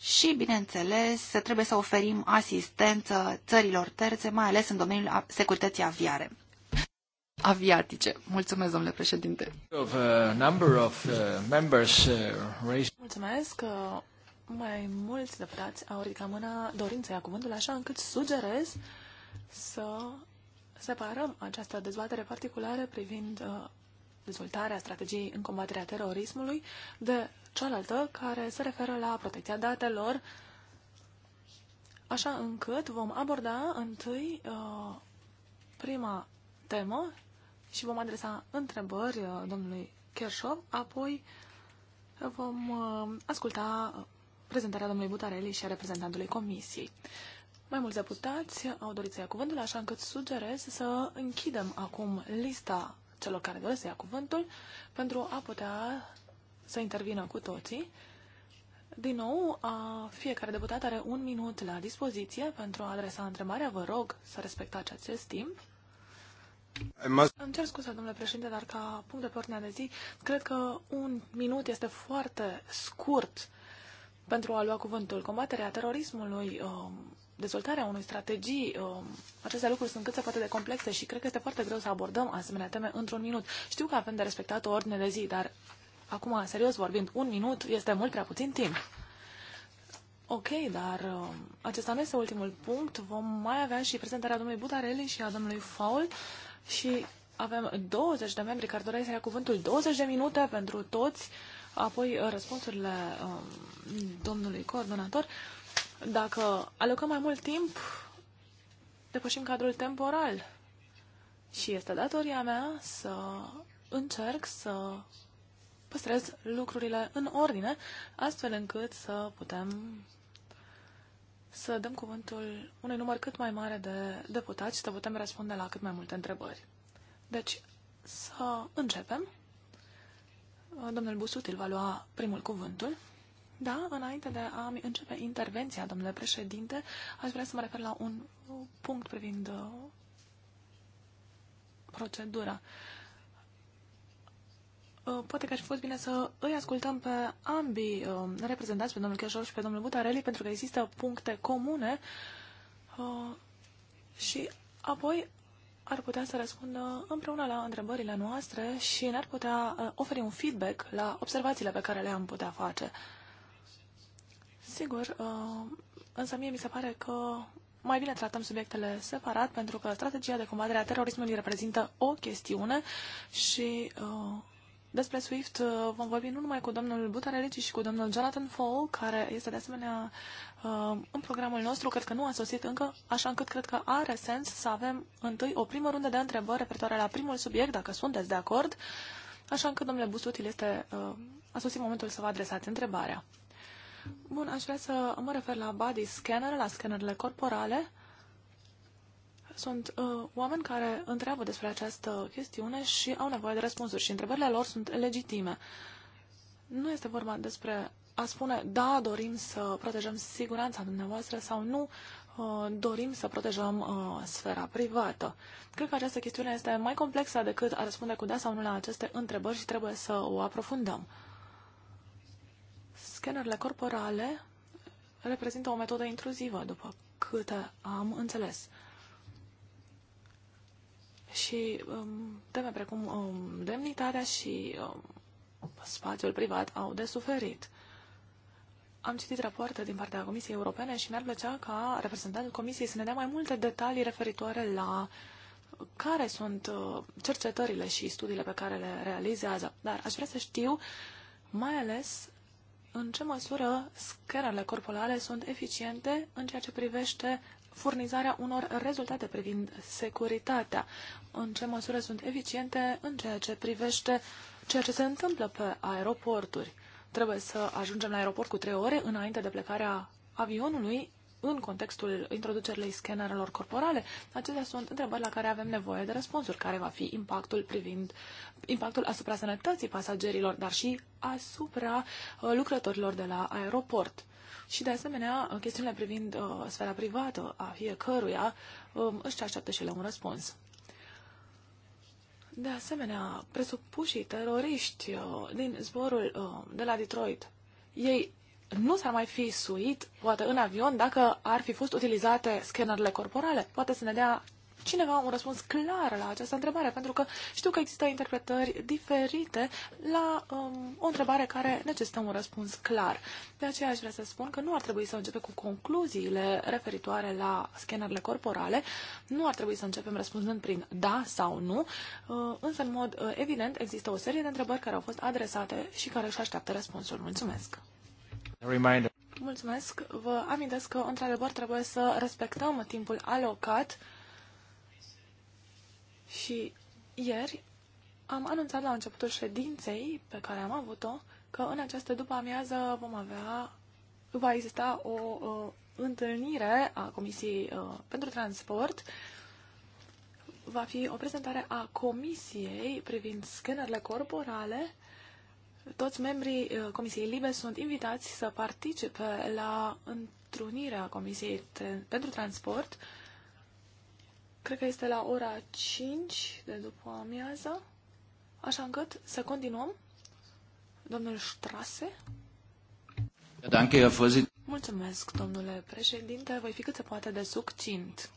Și, bineînțeles, trebuie să oferim asistență țărilor terțe, mai ales în domeniul securității aviare. Aviatice. Mulțumesc, domnule președinte. Uh, uh, uh, Mulțumesc. Mai mulți deputați au ridicat mâna dorința a cuvântului, așa încât sugerez să separăm această dezbatere particulară privind uh, dezvoltarea strategiei în combaterea terorismului de cealaltă care se referă la protecția datelor, așa încât vom aborda întâi uh, prima temă și vom adresa întrebări uh, domnului Kershov, apoi vom uh, asculta prezentarea domnului Butareli și a reprezentantului Comisiei. Mai mulți deputați au dorit să ia cuvântul, așa încât sugerez să închidem acum lista celor care doresc să ia cuvântul pentru a putea să intervină cu toții. Din nou, fiecare deputat are un minut la dispoziție pentru a adresa întrebarea. Vă rog să respectați acest timp. Must... Îmi cer scuze, domnule președinte, dar ca punct de pornire de zi, cred că un minut este foarte scurt pentru a lua cuvântul. Combaterea terorismului um, dezvoltarea unui strategii, um, aceste lucruri sunt cât se poate de complexe și cred că este foarte greu să abordăm asemenea teme într-un minut. Știu că avem de respectat o ordine de zi, dar acum, serios vorbind, un minut este mult prea puțin timp. Ok, dar um, acesta nu este ultimul punct. Vom mai avea și prezentarea domnului Butarelli și a domnului Faul și avem 20 de membri care doresc să ia cuvântul 20 de minute pentru toți, apoi uh, răspunsurile um, domnului coordonator. Dacă alocăm mai mult timp, depășim cadrul temporal. Și este datoria mea să încerc să păstrez lucrurile în ordine, astfel încât să putem să dăm cuvântul unui număr cât mai mare de deputați și să putem răspunde la cât mai multe întrebări. Deci, să începem. Domnul Busutil va lua primul cuvântul. Da, înainte de a începe intervenția, domnule președinte, aș vrea să mă refer la un punct privind uh, procedura. Uh, poate că ar fi fost bine să îi ascultăm pe ambii uh, reprezentanți, pe domnul Cheșor și pe domnul Butareli, pentru că există puncte comune și apoi ar putea să răspundă împreună la întrebările noastre și ne-ar putea oferi un feedback la observațiile pe care le-am putea face. Sigur, uh, însă mie mi se pare că mai bine tratăm subiectele separat, pentru că strategia de combatere a terorismului reprezintă o chestiune și uh, despre SWIFT uh, vom vorbi nu numai cu domnul Butarelli, ci și cu domnul Jonathan Fall, care este de asemenea în programul nostru, cred că nu a sosit încă, așa încât cred că are sens să avem întâi o primă rundă de întrebări referitoare la primul subiect, dacă sunteți de acord, așa încât, domnule Busutil, este a sosit momentul să vă adresați întrebarea. Bun, aș vrea să mă refer la body scanner, la scannerele corporale. Sunt uh, oameni care întreabă despre această chestiune și au nevoie de răspunsuri și întrebările lor sunt legitime. Nu este vorba despre a spune, da, dorim să protejăm siguranța dumneavoastră sau nu, uh, dorim să protejăm uh, sfera privată. Cred că această chestiune este mai complexă decât a răspunde cu da sau nu la aceste întrebări și trebuie să o aprofundăm. Scannerele corporale reprezintă o metodă intruzivă, după câte am înțeles. Și um, teme precum um, demnitatea și um, spațiul privat au de suferit. Am citit rapoarte din partea Comisiei Europene și mi-ar plăcea ca reprezentantul Comisiei să ne dea mai multe detalii referitoare la care sunt uh, cercetările și studiile pe care le realizează. Dar aș vrea să știu mai ales în ce măsură scanele corporale sunt eficiente în ceea ce privește furnizarea unor rezultate privind securitatea, în ce măsură sunt eficiente în ceea ce privește ceea ce se întâmplă pe aeroporturi. Trebuie să ajungem la aeroport cu trei ore înainte de plecarea avionului în contextul introducerii scanerelor corporale, acestea sunt întrebări la care avem nevoie de răspunsuri. Care va fi impactul privind impactul asupra sănătății pasagerilor, dar și asupra uh, lucrătorilor de la aeroport? Și, de asemenea, uh, chestiunile privind uh, sfera privată a fiecăruia um, își așteaptă și ele un răspuns. De asemenea, presupușii teroriști uh, din zborul uh, de la Detroit, ei nu s-ar mai fi suit, poate în avion, dacă ar fi fost utilizate scanerele corporale. Poate să ne dea cineva un răspuns clar la această întrebare, pentru că știu că există interpretări diferite la um, o întrebare care necesită un răspuns clar. De aceea aș vrea să spun că nu ar trebui să începem cu concluziile referitoare la scanerele corporale, nu ar trebui să începem răspunzând prin da sau nu, uh, însă în mod uh, evident există o serie de întrebări care au fost adresate și care își așteaptă răspunsul. Mulțumesc! Reminder. Mulțumesc. Vă amintesc că, într-adevăr, trebuie să respectăm timpul alocat și ieri am anunțat la începutul ședinței pe care am avut-o că în această după-amiază vom avea, va exista o uh, întâlnire a Comisiei uh, pentru Transport. Va fi o prezentare a Comisiei privind scanerele corporale toți membrii uh, Comisiei Libe sunt invitați să participe la întrunirea Comisiei pentru Transport. Cred că este la ora 5 de după amiază, așa încât să continuăm. Domnul Strase. Mulțumesc, domnule președinte. Voi fi cât se poate de succint.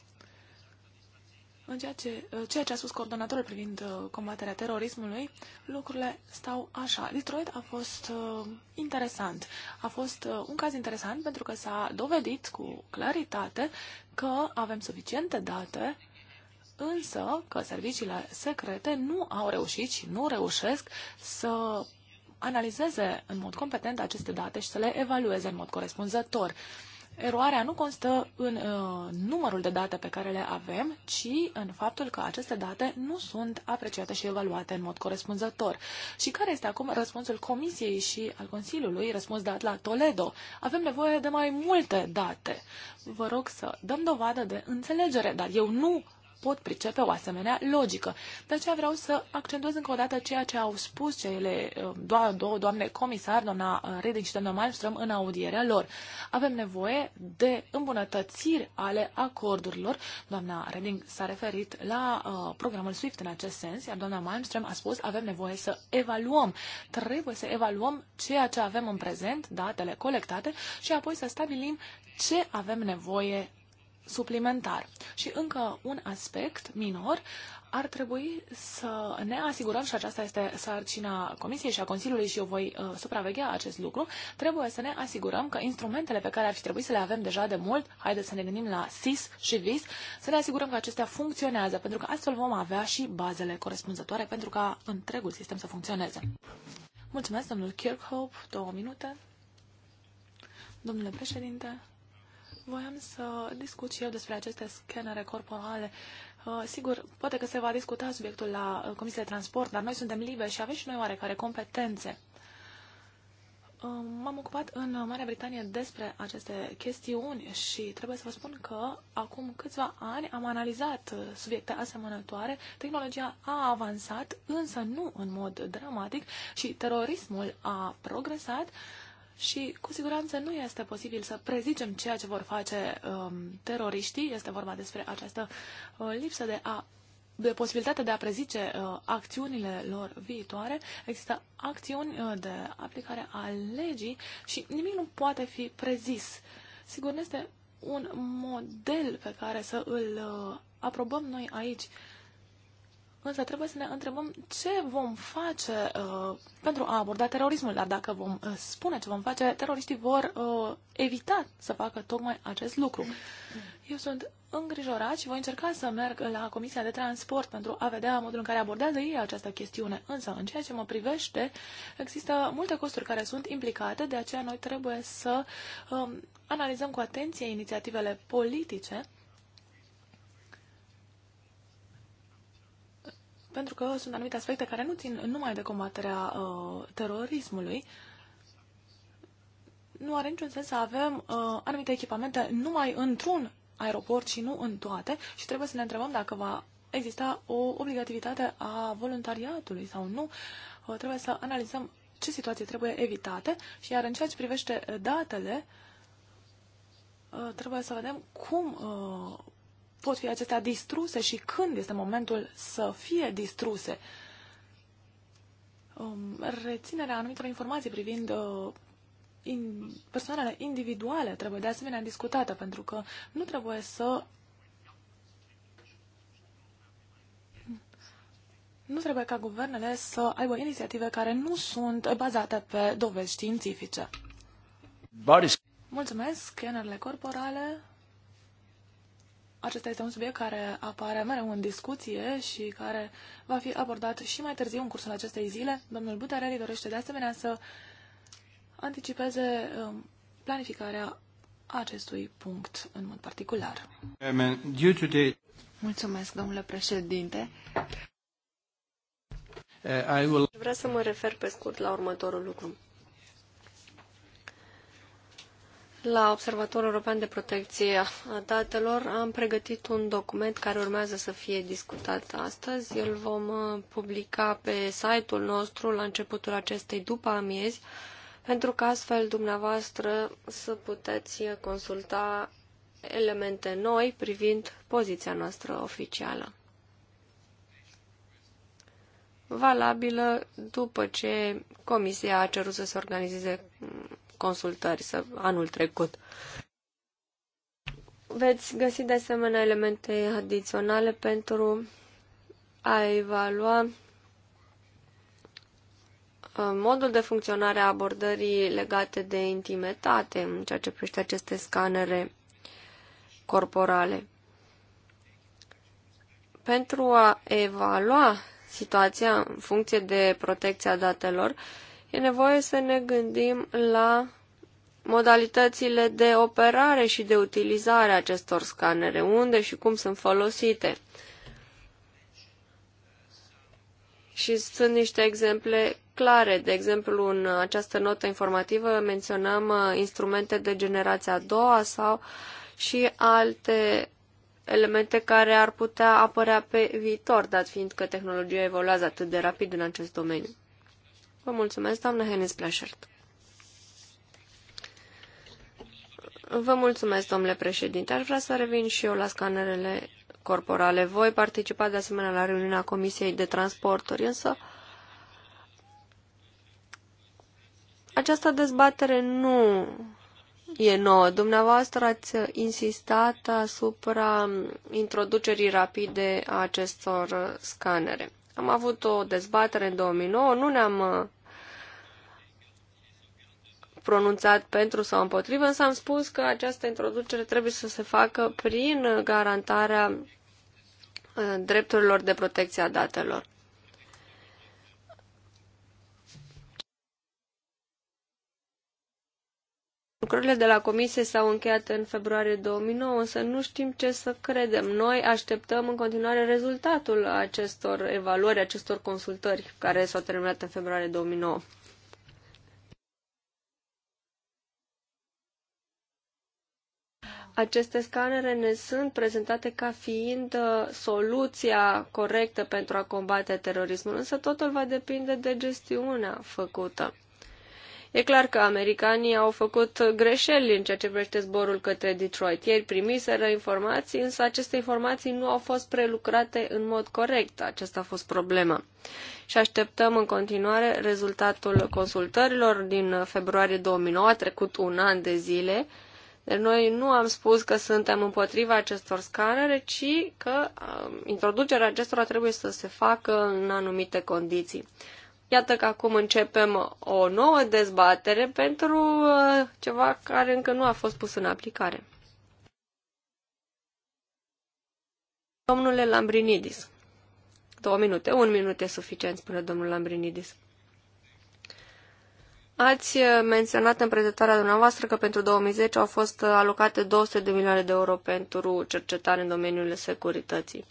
În ceea ce, uh, ceea ce a spus coordonatorul privind uh, combaterea terorismului, lucrurile stau așa. Detroit a fost uh, interesant. A fost uh, un caz interesant pentru că s-a dovedit cu claritate că avem suficiente date, însă că serviciile secrete nu au reușit și nu reușesc să analizeze în mod competent aceste date și să le evalueze în mod corespunzător. Uh, eroarea nu constă în uh, numărul de date pe care le avem, ci în faptul că aceste date nu sunt apreciate și evaluate în mod corespunzător. Și care este acum răspunsul Comisiei și al Consiliului, răspuns dat la Toledo? Avem nevoie de mai multe date. Vă rog să dăm dovadă de înțelegere, dar eu nu pot pricepe o asemenea logică. De aceea vreau să accentuez încă o dată ceea ce au spus cele uh, două, do- doamne comisar, doamna uh, Reding și doamna Malmström, în audierea lor. Avem nevoie de îmbunătățiri ale acordurilor. Doamna Reding s-a referit la uh, programul SWIFT în acest sens, iar doamna Malmström a spus avem nevoie să evaluăm. Trebuie să evaluăm ceea ce avem în prezent, datele colectate, și apoi să stabilim ce avem nevoie suplimentar. Și încă un aspect minor, ar trebui să ne asigurăm, și aceasta este sarcina Comisiei și a Consiliului și eu voi uh, supraveghea acest lucru, trebuie să ne asigurăm că instrumentele pe care ar fi trebuit să le avem deja de mult, haideți să ne gândim la SIS și VIS, să ne asigurăm că acestea funcționează, pentru că astfel vom avea și bazele corespunzătoare pentru ca întregul sistem să funcționeze. Mulțumesc, domnul Kirkhope, două minute. Domnule președinte, Voiam să discut și eu despre aceste scanere corporale. Uh, sigur, poate că se va discuta subiectul la uh, Comisia de Transport, dar noi suntem liberi și avem și noi oarecare competențe. Uh, m-am ocupat în Marea Britanie despre aceste chestiuni și trebuie să vă spun că acum câțiva ani am analizat subiecte asemănătoare. Tehnologia a avansat, însă nu în mod dramatic și terorismul a progresat și cu siguranță nu este posibil să prezicem ceea ce vor face um, teroriștii. Este vorba despre această uh, lipsă de a de posibilitatea de a prezice uh, acțiunile lor viitoare, există acțiuni uh, de aplicare a legii și nimic nu poate fi prezis. Sigur, nu este un model pe care să îl uh, aprobăm noi aici. Uh, Însă trebuie să ne întrebăm ce vom face uh, pentru a aborda terorismul, dar dacă vom uh, spune ce vom face, teroriștii vor uh, evita să facă tocmai acest lucru. Eu sunt îngrijorat și voi încerca să merg la Comisia de Transport pentru a vedea modul în care abordează ei această chestiune. Însă, în ceea ce mă privește, există multe costuri care sunt implicate, de aceea noi trebuie să um, analizăm cu atenție inițiativele politice pentru că sunt anumite aspecte care nu țin numai de combaterea uh, terorismului. Nu are niciun sens să avem uh, anumite echipamente numai într-un aeroport și nu în toate și trebuie să ne întrebăm dacă va exista o obligativitate a voluntariatului sau nu. Uh, trebuie să analizăm ce situații trebuie evitate și iar în ceea ce privește datele, uh, trebuie să vedem cum uh, pot fi acestea distruse și când este momentul să fie distruse. Um, reținerea anumitor informații privind uh, persoanele individuale trebuie de asemenea discutată, pentru că nu trebuie să Nu trebuie ca guvernele să aibă inițiative care nu sunt bazate pe dovezi științifice. Mulțumesc, scanerele corporale. Acesta este un subiect care apare mereu în discuție și care va fi abordat și mai târziu în cursul acestei zile. Domnul Butareli dorește de asemenea să anticipeze um, planificarea acestui punct în mod particular. Mulțumesc, domnule președinte. Uh, Vreau să mă refer pe scurt la următorul lucru. la Observatorul European de Protecție a Datelor am pregătit un document care urmează să fie discutat astăzi. Îl vom uh, publica pe site-ul nostru la începutul acestei după amiezi, pentru că astfel dumneavoastră să puteți uh, consulta elemente noi privind poziția noastră oficială. Valabilă după ce Comisia a cerut să se organizeze mm, consultări anul trecut. Veți găsi de asemenea elemente adiționale pentru a evalua uh, modul de funcționare a abordării legate de intimitate în ceea ce privește aceste scanere corporale. Pentru a evalua situația în funcție de protecția datelor, E nevoie să ne gândim la modalitățile de operare și de utilizare a acestor scanere, unde și cum sunt folosite. Și sunt niște exemple clare. De exemplu, în această notă informativă menționăm uh, instrumente de generație a doua sau și alte elemente care ar putea apărea pe viitor, dat fiind că tehnologia evoluează atât de rapid în acest domeniu. Vă mulțumesc, doamna Hennis Pleșert. Vă mulțumesc, domnule președinte. Aș vrea să revin și eu la scanerele corporale. Voi participa de asemenea la reuniunea Comisiei de Transporturi, însă această dezbatere nu e nouă. Dumneavoastră ați insistat asupra introducerii rapide a acestor scanere. Am avut o dezbatere în 2009, nu ne-am pronunțat pentru sau împotrivă, însă am spus că această introducere trebuie să se facă prin garantarea uh, drepturilor de protecție a datelor. Lucrurile de la comisie s-au încheiat în februarie 2009, însă nu știm ce să credem. Noi așteptăm în continuare rezultatul acestor evaluări, acestor consultări care s-au terminat în februarie 2009. Aceste scanere ne sunt prezentate ca fiind uh, soluția corectă pentru a combate terorismul, însă totul va depinde de gestiunea făcută. E clar că americanii au făcut greșeli în ceea ce privește zborul către Detroit. Ei primiseră informații, însă aceste informații nu au fost prelucrate în mod corect. Aceasta a fost problema. Și așteptăm în continuare rezultatul consultărilor din februarie 2009, a trecut un an de zile, deci noi nu am spus că suntem împotriva acestor scanere, ci că um, introducerea acestora trebuie să se facă în anumite condiții. Iată că acum începem o nouă dezbatere pentru uh, ceva care încă nu a fost pus în aplicare. Domnule Lambrinidis. Două minute, un minut e suficient, spune domnul Lambrinidis. Ați eh, menționat în prezentarea dumneavoastră că pentru 2010 au fost eh, alocate 200 de milioane de euro pentru cercetare în domeniul securității.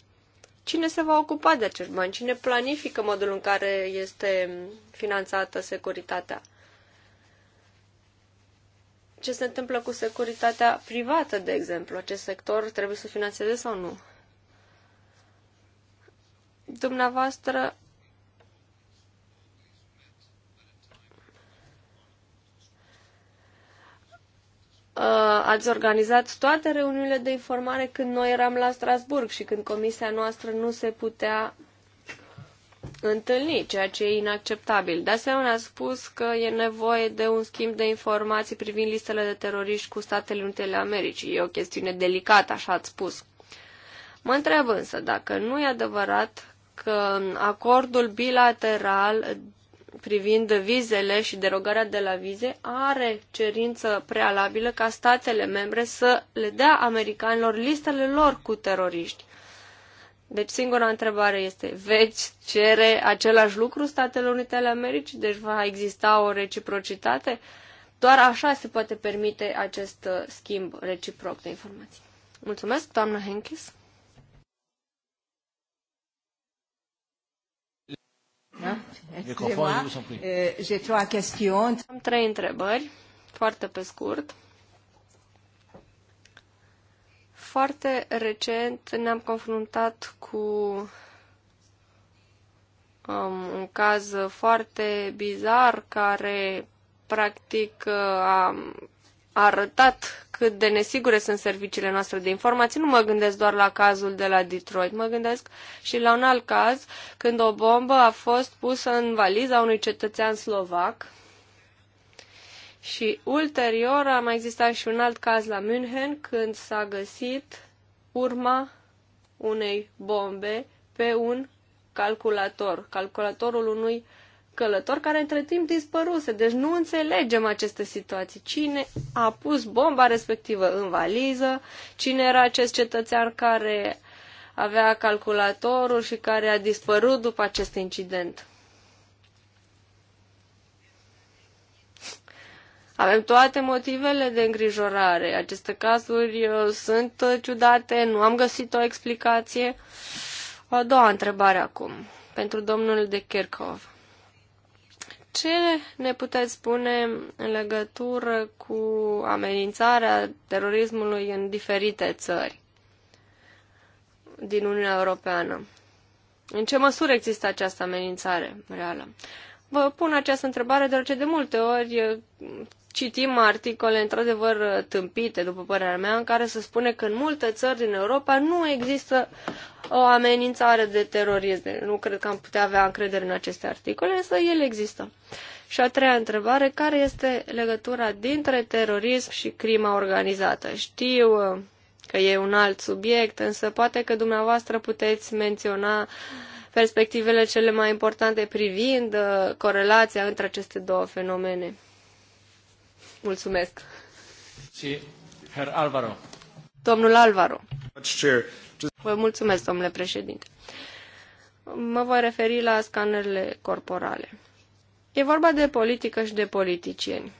Cine se va ocupa de acești bani? Cine planifică modul în care este finanțată securitatea? Ce se întâmplă cu securitatea privată, de exemplu? Acest sector trebuie să financeze sau nu? Dumneavoastră Uh, ați organizat toate reuniunile de informare când noi eram la Strasburg și când comisia noastră nu se putea întâlni, ceea ce e inacceptabil. De asemenea, a spus că e nevoie de un schimb de informații privind listele de teroriști cu Statele Unite ale Americii. E o chestiune delicată, așa ați spus. Mă întreb însă dacă nu e adevărat că acordul bilateral privind vizele și derogarea de la vize are cerință prealabilă ca statele membre să le dea americanilor listele lor cu teroriști. Deci singura întrebare este, veți cere același lucru Statele Unite ale Americii? Deci va exista o reciprocitate? Doar așa se poate permite acest uh, schimb reciproc de informații. Mulțumesc, doamna Henkis. Da? Microfonul nu sunt eh, Am trei întrebări, foarte pe scurt. Foarte recent ne-am confruntat cu um, un caz foarte bizar care practic uh, a arătat cât de nesigure sunt serviciile noastre de informații. Nu mă gândesc doar la cazul de la Detroit, mă gândesc și la un alt caz când o bombă a fost pusă în valiza unui cetățean slovac și ulterior a mai existat și un alt caz la München când s-a găsit urma unei bombe pe un calculator, calculatorul unui uh, călător care între timp dispăruse. Deci nu înțelegem aceste situații. Cine a pus bomba respectivă în valiză? Cine era acest cetățean care avea calculatorul și care a dispărut după acest incident? Avem toate motivele de îngrijorare. Aceste cazuri uh, sunt uh, ciudate, nu am găsit o explicație. O a doua întrebare acum, pentru domnul de Kirchhoff. Ce ne puteți spune în legătură cu amenințarea terorismului în diferite țări din Uniunea Europeană? În ce măsură există această amenințare reală? Vă pun această întrebare deoarece de multe ori citim articole într-adevăr tâmpite, după părerea mea, în care se spune că în multe țări din Europa nu există o amenințare de terorism. Nu cred că am putea avea încredere în aceste articole, însă ele există. Și a treia întrebare, care este legătura dintre terorism și crima organizată? Știu uh, că e un alt subiect, însă poate că dumneavoastră puteți menționa perspectivele cele mai importante privind uh, corelația între aceste două fenomene. Mulțumesc. Domnul Alvaro. mulțumesc, domnule președinte. Mă voi referi la scanerele corporale. E vorba de politică și de politicieni.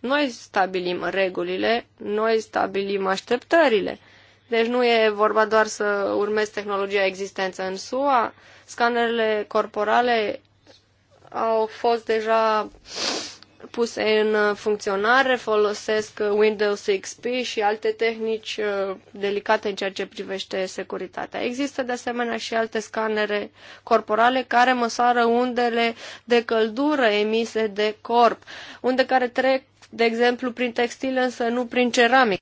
Noi stabilim regulile, noi stabilim așteptările. Deci nu e vorba doar să urmezi tehnologia existență în SUA. Scanerele corporale au fost deja puse în uh, funcționare, folosesc uh, Windows XP și alte tehnici uh, delicate în ceea ce privește securitatea. Există de asemenea și alte scanere corporale care măsoară undele de căldură emise de corp, unde care trec, de exemplu, prin textile, însă nu prin ceramic.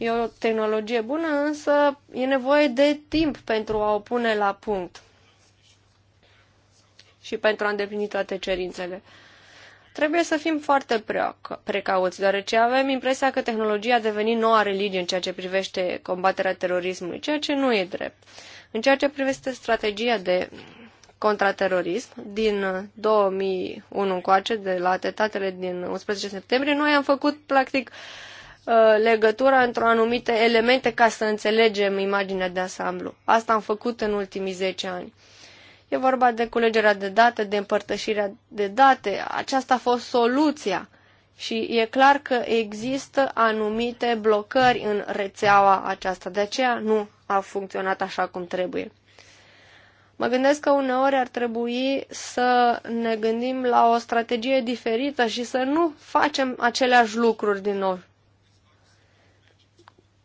E o tehnologie bună, însă e nevoie de timp pentru a o pune la punct și pentru a îndeplini toate cerințele. Trebuie să fim foarte precauți, deoarece avem impresia că tehnologia a devenit noua religie în ceea ce privește combaterea terorismului, ceea ce nu e drept. În ceea ce privește strategia de contraterorism din 2001 încoace, de la atentatele din 11 septembrie, noi am făcut practic uh, legătura într-o anumite elemente ca să înțelegem imaginea de asamblu. Asta am făcut în ultimii 10 ani. E vorba de culegerea de date, de împărtășirea de date. Aceasta a fost soluția. Și e clar că există anumite blocări în rețeaua aceasta. De aceea nu a funcționat așa cum trebuie. Mă gândesc că uneori ar trebui să ne gândim la o strategie diferită și să nu facem aceleași lucruri din nou.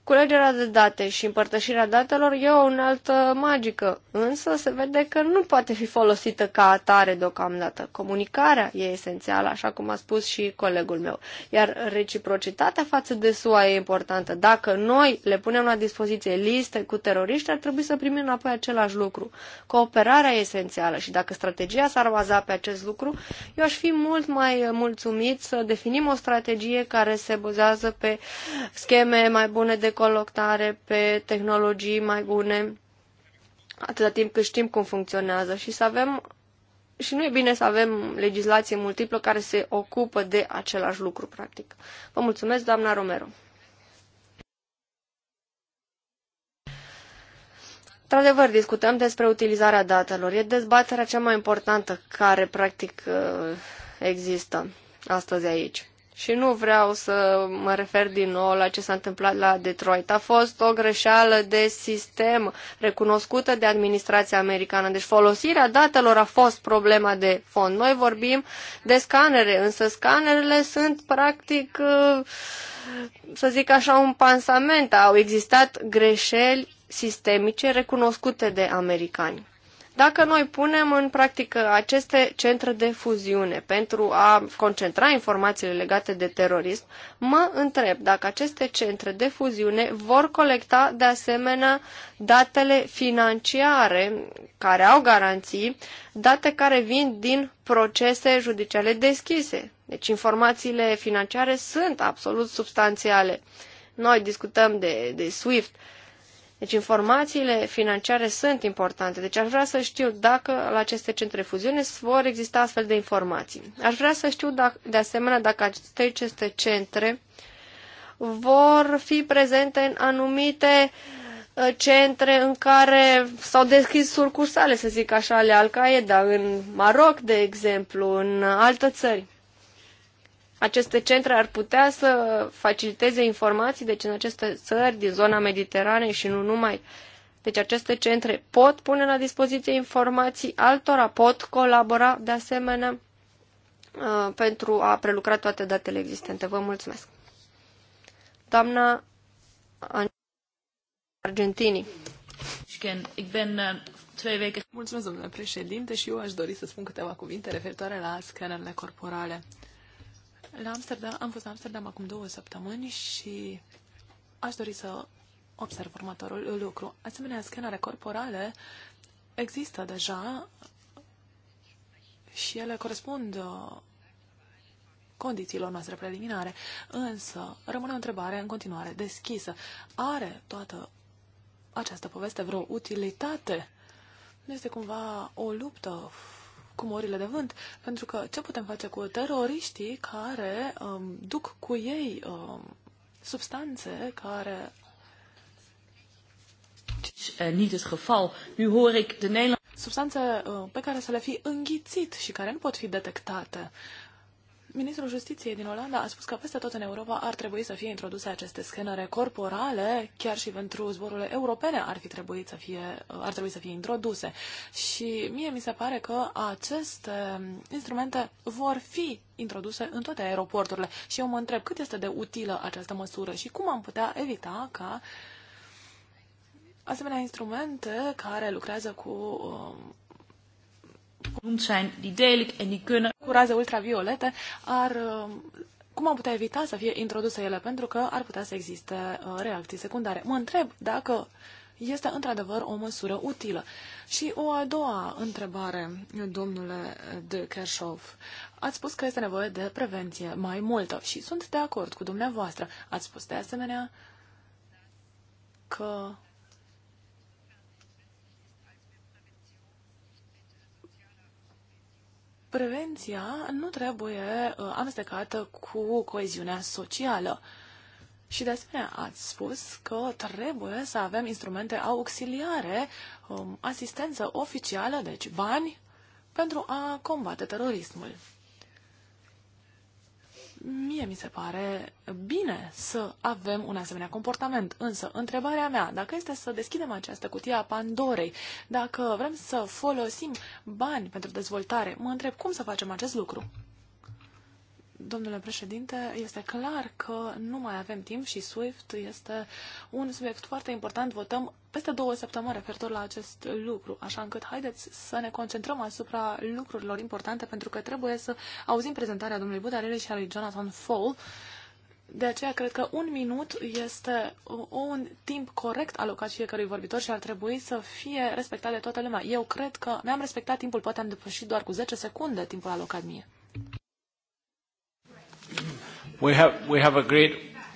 Culegerea de date și împărtășirea datelor e o unealtă magică, însă se vede că nu poate fi folosită ca atare deocamdată. Comunicarea e esențială, așa cum a spus și colegul meu. Iar reciprocitatea față de SUA e importantă. Dacă noi le punem la dispoziție liste cu teroriști, ar trebui să primim înapoi același lucru. Cooperarea e esențială și dacă strategia s-ar baza pe acest lucru, eu aș fi mult mai mulțumit să definim o strategie care se bazează pe scheme mai bune de colectare pe tehnologii mai bune, atâta timp cât știm cum funcționează și să avem și nu e bine să avem legislație multiplă care se ocupă de același lucru, practic. Vă mulțumesc, doamna Romero. Într-adevăr, discutăm despre utilizarea datelor. E dezbaterea cea mai importantă care, practic, uh, există astăzi aici. Și nu vreau să mă refer din nou la ce s-a întâmplat la Detroit. A fost o greșeală de sistem recunoscută de administrația americană. Deci folosirea datelor a fost problema de fond. Noi vorbim de scanere, însă scanerele sunt practic, uh, să zic așa, un pansament. Au existat greșeli sistemice recunoscute de americani. Dacă noi punem în practică aceste centre de fuziune pentru a concentra informațiile legate de terorism, mă întreb dacă aceste centre de fuziune vor colecta de asemenea datele financiare care au garanții, date care vin din procese judiciale deschise. Deci informațiile financiare sunt absolut substanțiale. Noi discutăm de, de SWIFT, uh, deci informațiile financiare sunt importante. Deci aș vrea să știu dacă la aceste centre fuziune vor exista astfel de informații. Aș vrea să știu dacă, de asemenea dacă aceste centre vor fi prezente în anumite uh, centre în care s-au deschis surcursale, să zic așa, ale Al-Qaeda, în Maroc, de exemplu, în alte țări. Aceste centre ar putea să faciliteze informații, deci în aceste țări din zona Mediteranei și nu numai. Deci aceste centre pot pune la dispoziție informații altora, pot colabora de asemenea uh, pentru a prelucra toate datele existente. Vă mulțumesc. Doamna Argentinii. Uh, mulțumesc, domnule președinte, și eu aș dori să spun câteva cuvinte referitoare la scanerele corporale. La Amsterdam, am fost la Amsterdam acum două săptămâni și aș dori să observ următorul lucru. Asemenea, scanare corporale există deja și ele corespund uh, condițiilor noastre preliminare, însă rămâne o întrebare în continuare deschisă. Are toată această poveste vreo utilitate? Nu este cumva o luptă cu morile de vânt, pentru că ce putem face cu teroriștii care um, duc cu ei um, substanțe care eh, Substanțe uh, Nu de Substanțe pe care să le fi înghițit și care nu pot fi detectate. Ministrul Justiției din Olanda a spus că peste tot în Europa ar trebui să fie introduse aceste scanere corporale, chiar și pentru zborurile europene ar, fi trebuit să fie, uh, ar trebui să fie introduse. Și mie mi se pare că aceste instrumente vor fi introduse în toate aeroporturile. Și eu mă întreb cât este de utilă această măsură și cum am putea evita ca asemenea instrumente care lucrează cu uh, zijn, die deel ik en die kunnen... Cu raze ultraviolete ar... Uh, cum am putea evita să fie introduse ele? Pentru că ar putea să existe uh, reacții secundare. Mă întreb dacă este într-adevăr o măsură utilă. Și o a doua întrebare, domnule de Kershov. Ați spus că este nevoie de prevenție mai multă și sunt de acord cu dumneavoastră. Ați spus de asemenea că prevenția nu trebuie uh, amestecată cu coeziunea socială. Și de asemenea ați spus că trebuie să avem instrumente auxiliare, um, asistență oficială, deci bani, pentru a combate terorismul. Mie mi se pare bine să avem un asemenea comportament, însă întrebarea mea, dacă este să deschidem această cutie a Pandorei, dacă vrem să folosim bani pentru dezvoltare, mă întreb cum să facem acest lucru. Domnule președinte, este clar că nu mai avem timp și SWIFT este un subiect foarte important. Votăm peste două săptămâni referitor la acest lucru, așa încât haideți să ne concentrăm asupra lucrurilor importante, pentru că trebuie să auzim prezentarea domnului Budarele și a lui Jonathan Fall. De aceea cred că un minut este un timp corect alocat fiecărui vorbitor și ar trebui să fie respectat de toată lumea. Eu cred că mi-am respectat timpul, poate am depășit doar cu 10 secunde timpul alocat mie. We have, we have agreed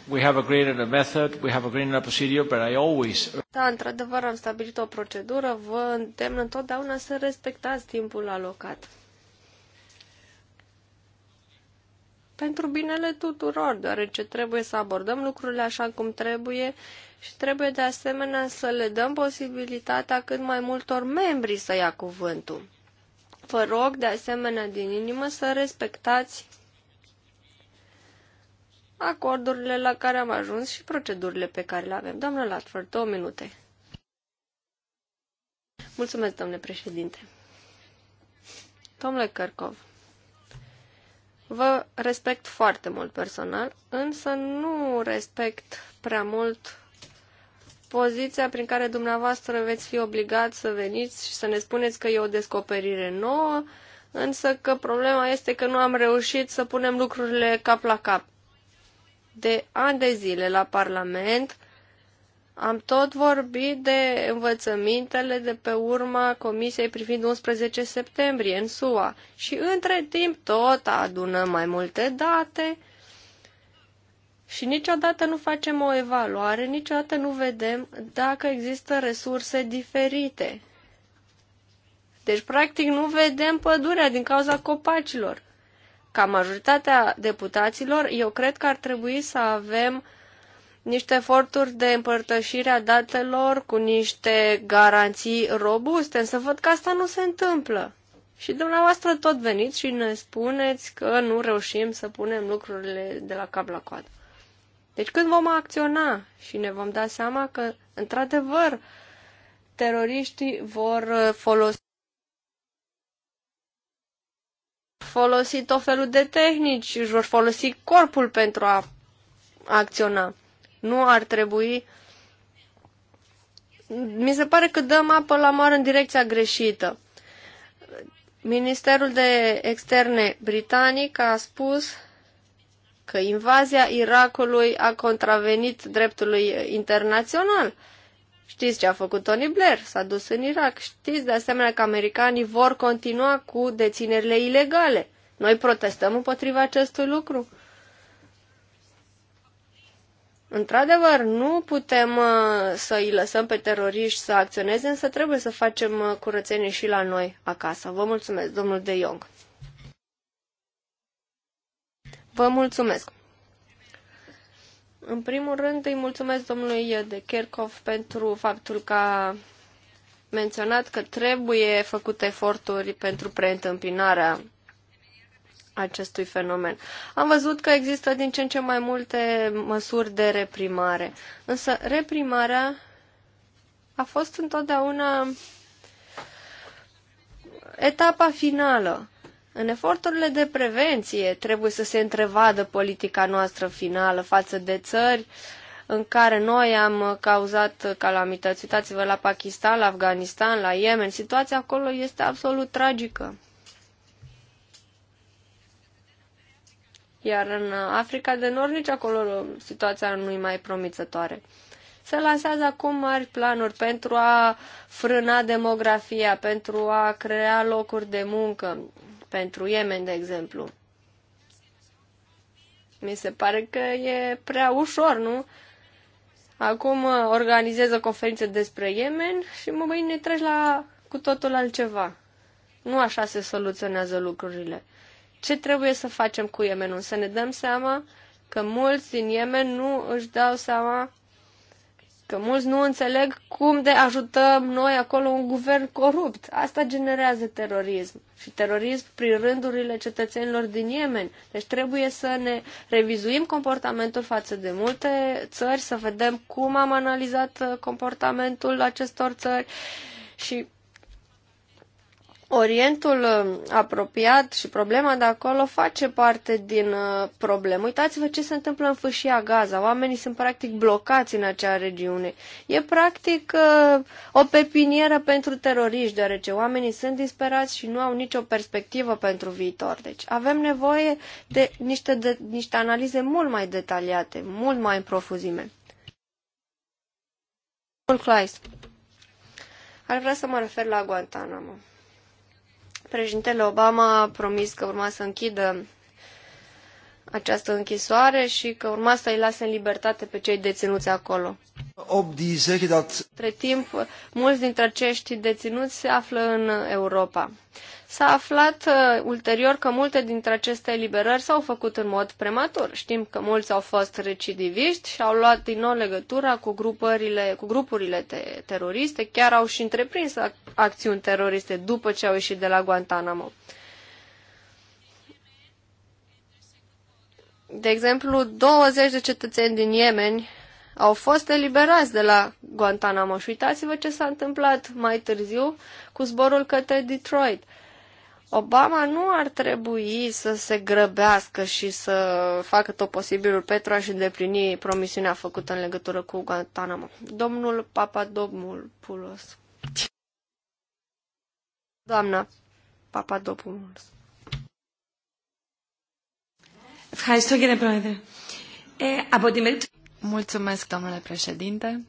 We have agreed on a method, we have agreed on a procedure, but I always... Da, într-adevăr am stabilit o procedură, vă îndemn întotdeauna să respectați timpul alocat. Pentru binele tuturor, deoarece trebuie să abordăm lucrurile așa cum trebuie și trebuie de asemenea să le dăm posibilitatea cât mai multor membri să ia cuvântul. Vă rog de asemenea din inimă să respectați acordurile la care am ajuns și procedurile pe care le avem. Doamna Latford, două minute. Mulțumesc, domnule președinte. Domnule Cărcov, vă respect foarte mult personal, însă nu respect prea mult poziția prin care dumneavoastră veți fi obligat să veniți și să ne spuneți că e o descoperire nouă, însă că problema este că nu am reușit să punem lucrurile cap la cap de ani de zile la Parlament am tot vorbit de învățămintele de pe urma Comisiei privind 11 septembrie în SUA și între timp tot adunăm mai multe date și niciodată nu facem o evaluare, niciodată nu vedem dacă există resurse diferite. Deci, practic, nu vedem pădurea din cauza copacilor ca majoritatea deputaților, eu cred că ar trebui să avem niște eforturi de împărtășire a datelor cu niște garanții robuste, însă văd că asta nu se întâmplă. Și dumneavoastră tot veniți și ne spuneți că nu reușim să punem lucrurile de la cap la coadă. Deci când vom acționa și ne vom da seama că, într-adevăr, teroriștii vor folosi folosi tot felul de tehnici, își vor folosi corpul pentru a acționa. Nu ar trebui. Mi se pare că dăm apă la moară în direcția greșită. Ministerul de Externe britanic a spus că invazia Irakului a contravenit dreptului internațional. Uh, Știți ce a făcut Tony Blair? S-a dus în Irak. Știți de asemenea că americanii vor continua cu deținerile ilegale. Noi protestăm împotriva acestui lucru. Într-adevăr, nu putem uh, să îi lăsăm pe teroriști să acționeze, însă trebuie să facem uh, curățenie și la noi acasă. Vă mulțumesc, domnul De Jong. Vă mulțumesc. În primul rând îi mulțumesc domnului de Kerkov pentru faptul că a menționat că trebuie făcute eforturi pentru preîntâmpinarea acestui fenomen. Am văzut că există din ce în ce mai multe măsuri de reprimare, însă reprimarea a fost întotdeauna etapa finală. În eforturile de prevenție trebuie să se întrevadă politica noastră finală față de țări în care noi am cauzat calamități. Uitați-vă la Pakistan, la Afganistan, la Yemen. Situația acolo este absolut tragică. Iar în Africa de Nord nici acolo situația nu e mai promițătoare se lansează acum mari planuri pentru a frâna demografia, pentru a crea locuri de muncă pentru Yemen, de exemplu. Mi se pare că e prea ușor, nu? Acum uh, organizez o conferință despre Yemen și mă mâine treci la cu totul altceva. Nu așa se soluționează lucrurile. Ce trebuie să facem cu Yemenul? Să ne dăm seama că mulți din Yemen nu își dau seama Că mulți nu înțeleg cum de ajutăm noi acolo un guvern corupt. Asta generează terorism. Și terorism prin rândurile cetățenilor din Yemen. Deci trebuie să ne revizuim comportamentul față de multe țări, să vedem cum am analizat uh, comportamentul acestor țări și Orientul uh, apropiat și problema de acolo face parte din uh, problemă. Uitați-vă ce se întâmplă în fâșia Gaza. Oamenii sunt practic blocați în acea regiune. E practic uh, o pepinieră pentru teroriști, deoarece oamenii sunt disperați și nu au nicio perspectivă pentru viitor. Deci avem nevoie de niște, de, niște analize mult mai detaliate, mult mai în profuzime. Ar vrea să mă refer la Guantanamo. Președintele Obama a promis că urma să închidă această închisoare și că urma să îi lase în libertate pe cei deținuți acolo. Între timp, mulți dintre acești deținuți se află în Europa. S-a aflat uh, ulterior că multe dintre aceste eliberări s-au făcut în mod prematur. Știm că mulți au fost recidiviști și au luat din nou legătura cu, grupările, cu grupurile te- teroriste, chiar au și întreprins ac- acțiuni teroriste după ce au ieșit de la Guantanamo. De exemplu, 20 de cetățeni din Yemen au fost eliberați de la Guantanamo și uitați-vă ce s-a întâmplat mai târziu cu zborul către Detroit. Uh, Obama nu ar trebui să se grăbească și să facă tot posibilul pentru a-și îndeplini promisiunea făcută în legătură cu Guantanamo. Domnul Pulos. Doamna Papadomopoulos. Mulțumesc, domnule președinte.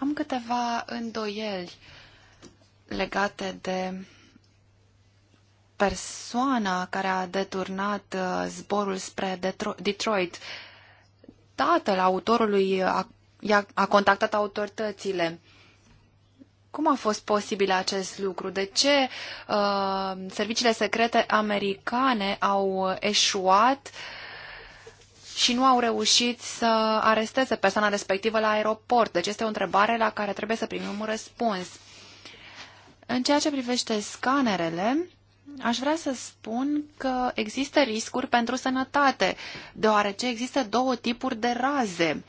Am câteva îndoieli legate de persoana care a deturnat uh, zborul spre Detroit. Tatăl autorului a, a contactat autoritățile. Cum a fost posibil acest lucru? De ce uh, serviciile secrete americane au eșuat și nu au reușit să aresteze persoana respectivă la aeroport? Deci este o întrebare la care trebuie să primim un răspuns. În ceea ce privește scanerele, aș vrea să spun că există riscuri pentru sănătate, deoarece există două tipuri de raze.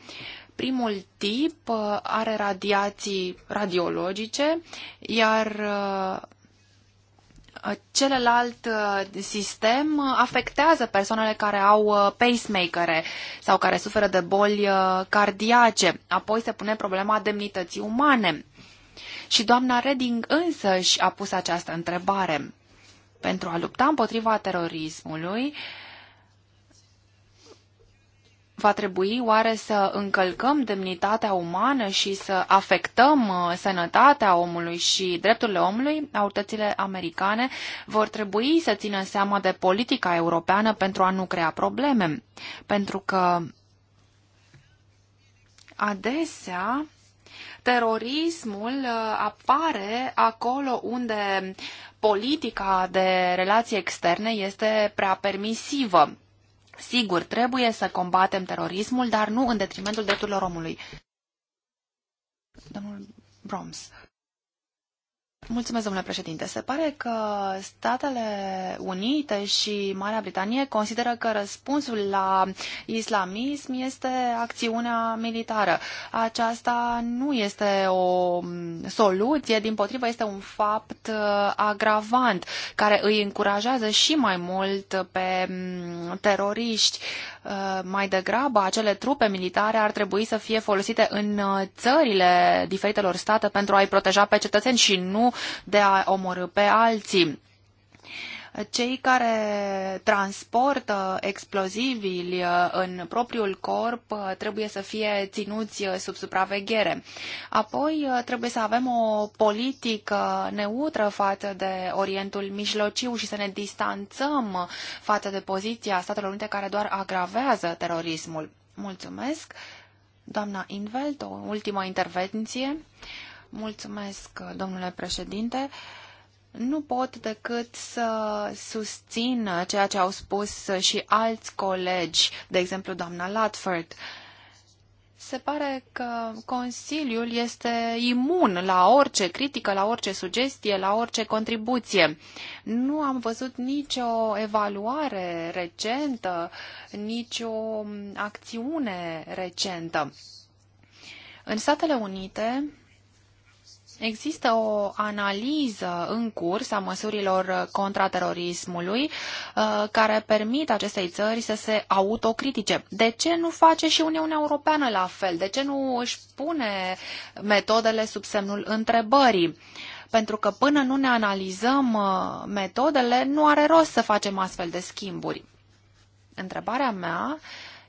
Primul tip uh, are radiații radiologice, iar uh, celălalt uh, sistem afectează persoanele care au pacemaker sau care suferă de boli cardiace. Apoi se pune problema demnității umane. Și doamna Reding însă și a pus această întrebare. Pentru a lupta împotriva terorismului, va trebui oare să încălcăm demnitatea umană și să afectăm uh, sănătatea omului și drepturile omului, autoritățile americane vor trebui să țină seama de politica europeană pentru a nu crea probleme. Pentru că adesea terorismul uh, apare acolo unde politica de relații externe este prea permisivă. Sigur, trebuie să combatem terorismul, dar nu în detrimentul drepturilor omului. Domnul Broms. Mulțumesc, domnule președinte. Se pare că Statele Unite și Marea Britanie consideră că răspunsul la islamism este acțiunea militară. Aceasta nu este o soluție, din potrivă este un fapt uh, agravant care îi încurajează și mai mult pe mm, teroriști Uh, mai degrabă acele trupe militare ar trebui să fie folosite în uh, țările diferitelor state pentru a-i proteja pe cetățeni și nu de a omorâ pe alții cei care transportă explozivii uh, în propriul corp uh, trebuie să fie ținuți uh, sub supraveghere. Apoi trebuie să avem o politică neutră față de Orientul Mijlociu și să ne distanțăm față de poziția Statelor Unite care doar agravează terorismul. Mulțumesc. Doamna Invelt, o ultimă intervenție. Mulțumesc, domnule președinte. Nu pot decât să susțin ceea ce au spus și alți colegi, de exemplu doamna Latford. Se pare că Consiliul este imun la orice critică, la orice sugestie, la orice contribuție. Nu am văzut nicio evaluare recentă, nicio acțiune recentă. În Statele Unite, Există o analiză în curs a măsurilor contraterorismului uh, care permit acestei țări să se autocritice. De ce nu face și Uniunea Europeană la fel? De ce nu își pune metodele sub semnul întrebării? Pentru că până nu ne analizăm uh, metodele, nu are rost să facem astfel de schimburi. Întrebarea mea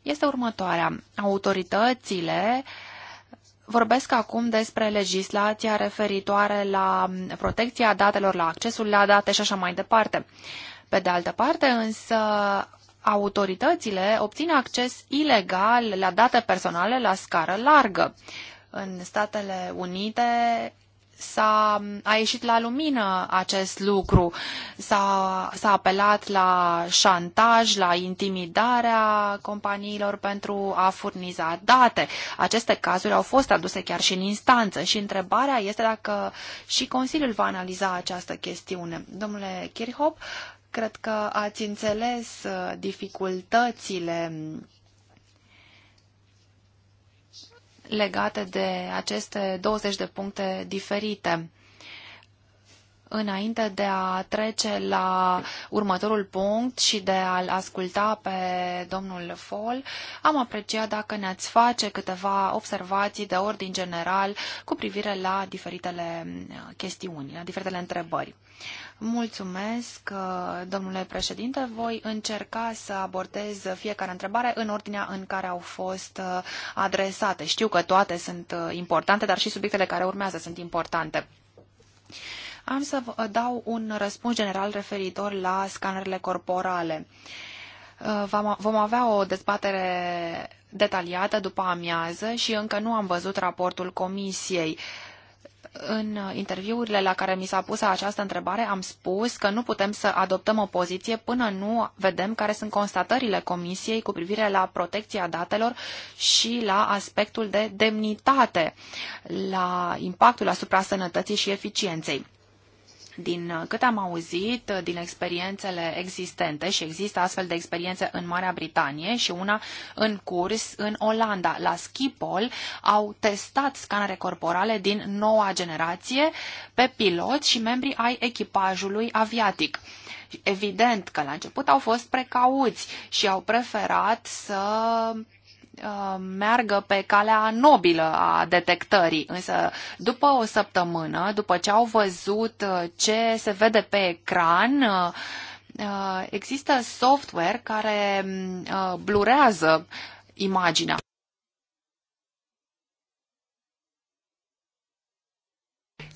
este următoarea. Autoritățile uh, Vorbesc acum despre legislația referitoare la protecția datelor, la accesul la date și așa mai departe. Pe de altă parte, însă, autoritățile obțin acces ilegal la date personale la scară largă. În Statele Unite s-a a ieșit la lumină acest lucru. S-a, s-a apelat la șantaj, la intimidarea companiilor pentru a furniza date. Aceste cazuri au fost aduse chiar și în instanță și întrebarea este dacă și Consiliul va analiza această chestiune. Domnule Kirchhoff, cred că ați înțeles uh, dificultățile legate de aceste 20 de puncte diferite înainte de a trece la următorul punct și de a-l asculta pe domnul Fol, am apreciat dacă ne-ați face câteva observații de ordin general cu privire la diferitele uh, chestiuni, la diferitele întrebări. Mulțumesc, uh, domnule președinte. Voi încerca să abordez fiecare întrebare în ordinea în care au fost uh, adresate. Știu că toate sunt importante, dar și subiectele care urmează sunt importante. Am să vă dau un răspuns general referitor la scanerele corporale. Uh, vom avea o dezbatere detaliată după amiază și încă nu am văzut raportul comisiei. În interviurile la care mi s-a pus această întrebare am spus că nu putem să adoptăm o poziție până nu vedem care sunt constatările Comisiei cu privire la protecția datelor și la aspectul de demnitate, la impactul asupra sănătății și eficienței. Din uh, cât am auzit, uh, din experiențele existente și există astfel de experiențe în Marea Britanie și una în curs în Olanda. La Schiphol au testat scanere corporale din noua generație pe piloți și membrii ai echipajului aviatic. Evident că la început au fost precauți și au preferat să Uh, meargă pe calea nobilă a detectării, însă după o săptămână, după ce au văzut uh, ce se vede pe ecran, uh, există software care mm, blurează imaginea.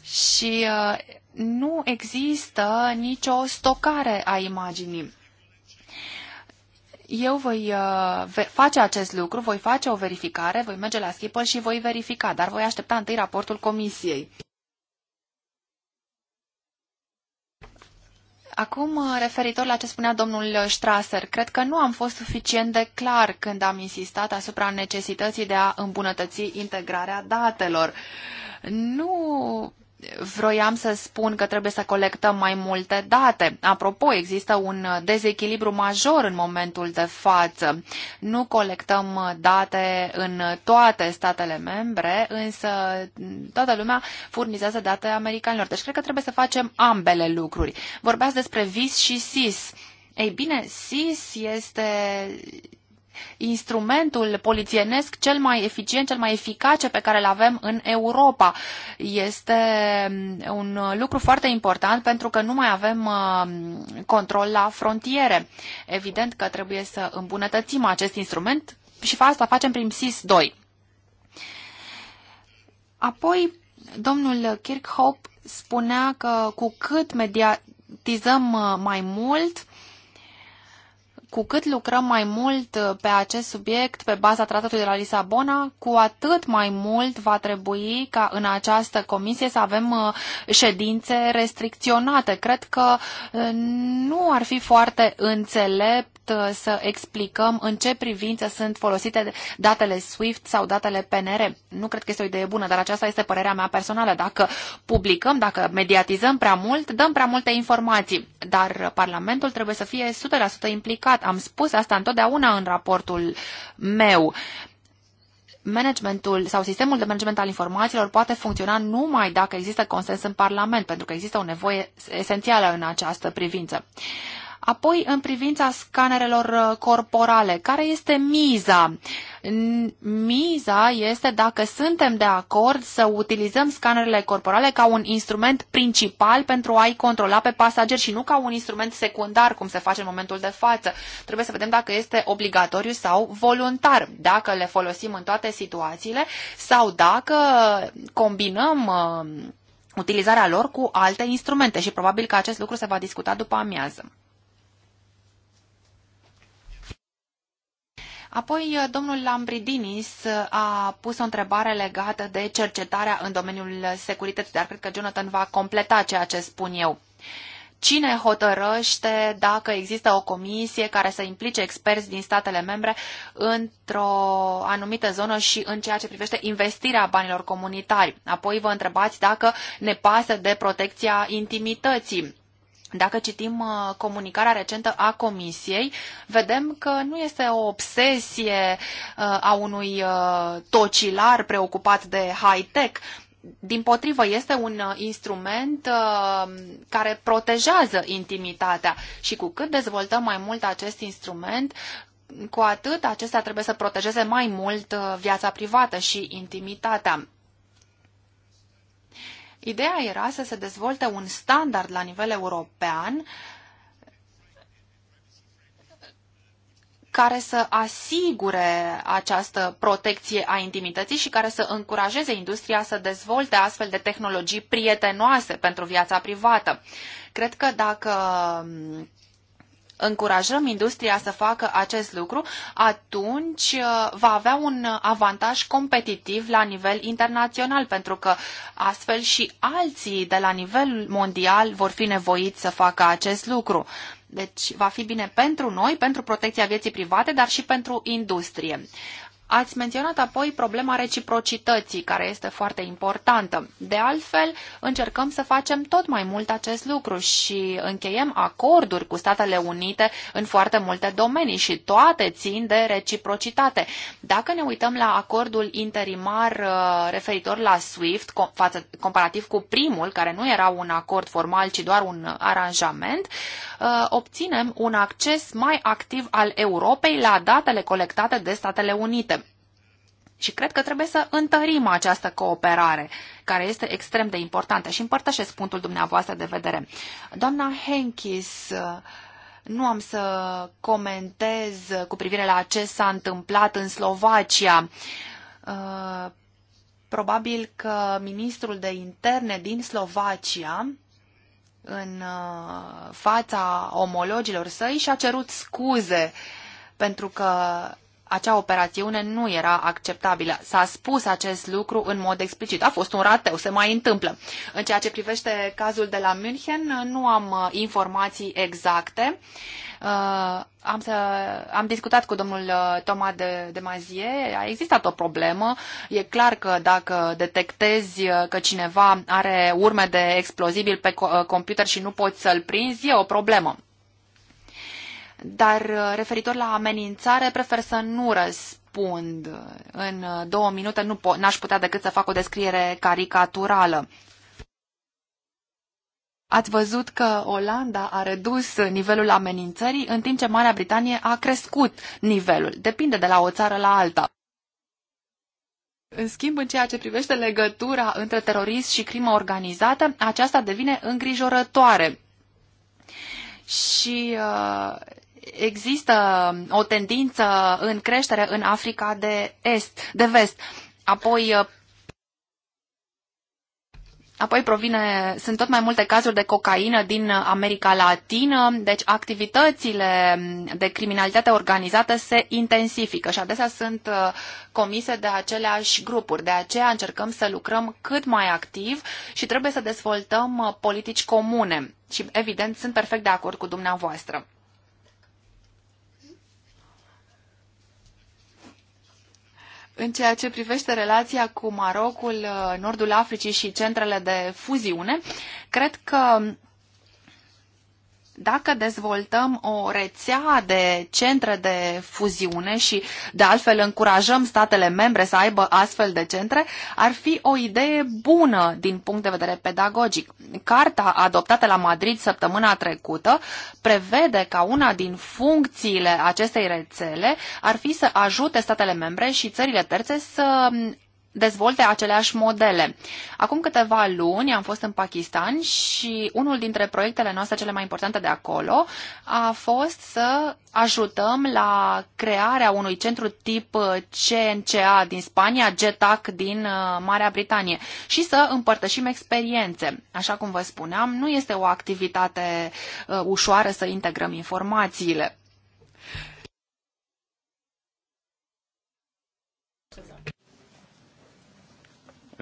Și nu există nicio stocare a imaginii eu voi uh, face acest lucru, voi face o verificare, voi merge la Schiphol și voi verifica, dar voi aștepta întâi raportul comisiei. Acum, uh, referitor la ce spunea domnul Strasser, cred că nu am fost suficient de clar când am insistat asupra necesității de a îmbunătăți integrarea datelor. Nu vroiam să spun că trebuie să colectăm mai multe date. Apropo, există un dezechilibru major în momentul de față. Nu colectăm date în toate statele membre, însă toată lumea furnizează date americanilor. Deci cred că trebuie să facem ambele lucruri. Vorbeați despre vis și sis. Ei bine, SIS este instrumentul polițienesc cel mai eficient, cel mai eficace pe care îl avem în Europa. Este mm, un lucru foarte important pentru că nu mai avem mm, control la frontiere. Evident că trebuie să îmbunătățim acest instrument și asta facem prin SIS-2. Apoi, domnul Kirkhope spunea că cu cât mediatizăm uh, mai mult, cu cât lucrăm mai mult uh, pe acest subiect, pe baza tratatului de la Lisabona, cu atât mai mult va trebui ca în această comisie să avem uh, ședințe restricționate. Cred că uh, nu ar fi foarte înțelept să explicăm în ce privință sunt folosite datele SWIFT sau datele PNR. Nu cred că este o idee bună, dar aceasta este părerea mea personală. Dacă publicăm, dacă mediatizăm prea mult, dăm prea multe informații. Dar Parlamentul trebuie să fie 100% implicat am spus asta întotdeauna în raportul meu managementul sau sistemul de management al informațiilor poate funcționa numai dacă există consens în Parlament, pentru că există o nevoie esențială în această privință. Apoi, în privința scanerelor uh, corporale, care este miza? Miza este dacă suntem de acord să utilizăm scanerele corporale ca un instrument principal pentru a-i controla pe pasageri și nu ca un instrument secundar, cum se face în momentul de față. Trebuie să vedem dacă este obligatoriu sau voluntar, dacă le folosim în toate situațiile sau dacă combinăm uh, utilizarea lor cu alte instrumente și probabil că acest lucru se va discuta după amiază. Apoi, uh, domnul Lambridinis uh, a pus o întrebare legată de cercetarea în domeniul securității, dar cred că Jonathan va completa ceea ce spun eu. Cine hotărăște dacă există o comisie care să implice experți din statele membre într-o anumită zonă și în ceea ce privește investirea banilor comunitari? Apoi vă întrebați dacă ne pasă de protecția intimității dacă citim uh, comunicarea recentă a Comisiei, vedem că nu este o obsesie uh, a unui uh, tocilar preocupat de high-tech. Din potrivă, este un instrument care protejează intimitatea și cu cât dezvoltăm mai mult acest instrument, cu atât acestea trebuie să protejeze mai mult viața privată și intimitatea. Ideea era să se dezvolte un standard la nivel european care să asigure această protecție a intimității și care să încurajeze industria să dezvolte astfel de tehnologii prietenoase pentru viața privată. Cred că dacă încurajăm industria să facă acest lucru, atunci uh, va avea un avantaj competitiv la nivel internațional, pentru că astfel și alții de la nivel mondial vor fi nevoiți să facă acest lucru. Deci va fi bine pentru noi, pentru protecția vieții private, dar și pentru industrie. Ați menționat apoi problema reciprocității, care este foarte importantă. De altfel, încercăm să facem tot mai mult acest lucru și încheiem acorduri cu Statele Unite în foarte multe domenii și toate țin de reciprocitate. Dacă ne uităm la acordul interimar uh, referitor la SWIFT, comparativ cu primul, care nu era un acord formal, ci doar un aranjament, uh, obținem un acces mai activ al Europei la datele colectate de Statele Unite. Și cred că trebuie să întărim această cooperare, care este extrem de importantă și împărtășesc punctul dumneavoastră de vedere. Doamna Henkis, nu am să comentez cu privire la ce s-a întâmplat în Slovacia. Uh, probabil că ministrul de interne din Slovacia în uh, fața omologilor săi și a cerut scuze pentru că acea operațiune nu era acceptabilă. S-a spus acest lucru în mod explicit. A fost un rateu, se mai întâmplă. În ceea ce privește cazul de la München, nu am uh, informații exacte. Uh, am, să, am discutat cu domnul uh, Toma de, de Mazie, a existat o problemă. E clar că dacă detectezi uh, că cineva are urme de explozibil pe computer și nu poți să-l prinzi, e o problemă. Dar uh, referitor la amenințare, prefer să nu răspund. În uh, două minute nu po- n-aș putea decât să fac o descriere caricaturală. Ați văzut că Olanda a redus nivelul amenințării, în timp ce Marea Britanie a crescut nivelul. Depinde de la o țară la alta. În schimb, în ceea ce privește legătura între terorism și crimă organizată, aceasta devine îngrijorătoare. Și uh, există o tendință în creștere în Africa de est, de vest. Apoi uh, Apoi provine, sunt tot mai multe cazuri de cocaină din America Latină, deci activitățile de criminalitate organizată se intensifică și adesea sunt uh, comise de aceleași grupuri. De aceea încercăm să lucrăm cât mai activ și trebuie să dezvoltăm uh, politici comune. Și evident, sunt perfect de acord cu dumneavoastră. În ceea ce privește relația cu Marocul, uh, Nordul Africii și centrele de fuziune, cred că dacă dezvoltăm o rețea de centre de fuziune și de altfel încurajăm statele membre să aibă astfel de centre, ar fi o idee bună din punct de vedere pedagogic. Carta adoptată la Madrid săptămâna trecută prevede ca una din funcțiile acestei rețele ar fi să ajute statele membre și țările terțe să dezvolte aceleași modele. Acum câteva luni am fost în Pakistan și unul dintre proiectele noastre cele mai importante de acolo a fost să ajutăm la crearea unui centru tip CNCA din Spania, GETAC din uh, Marea Britanie și să împărtășim experiențe. Așa cum vă spuneam, nu este o activitate uh, ușoară să integrăm informațiile.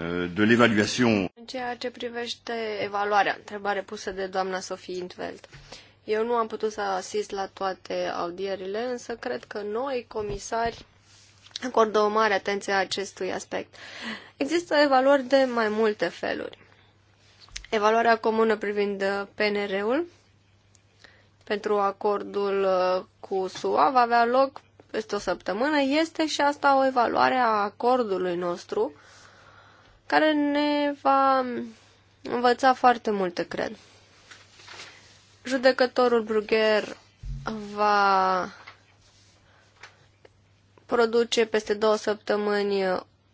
Euh, de l'évaluation. În ceea ce privește evaluarea, întrebare pusă de doamna Sofie Intveld. Eu nu am putut să asist la toate audierile, însă cred că noi, comisari, acordă o mare atenție a acestui aspect. Există evaluări de mai multe feluri. Evaluarea comună privind PNR-ul pentru acordul uh, cu SUA va avea loc peste o săptămână. Este și asta o evaluare a acordului nostru care ne va învăța foarte multe, cred. Judecătorul Brugger va produce peste două săptămâni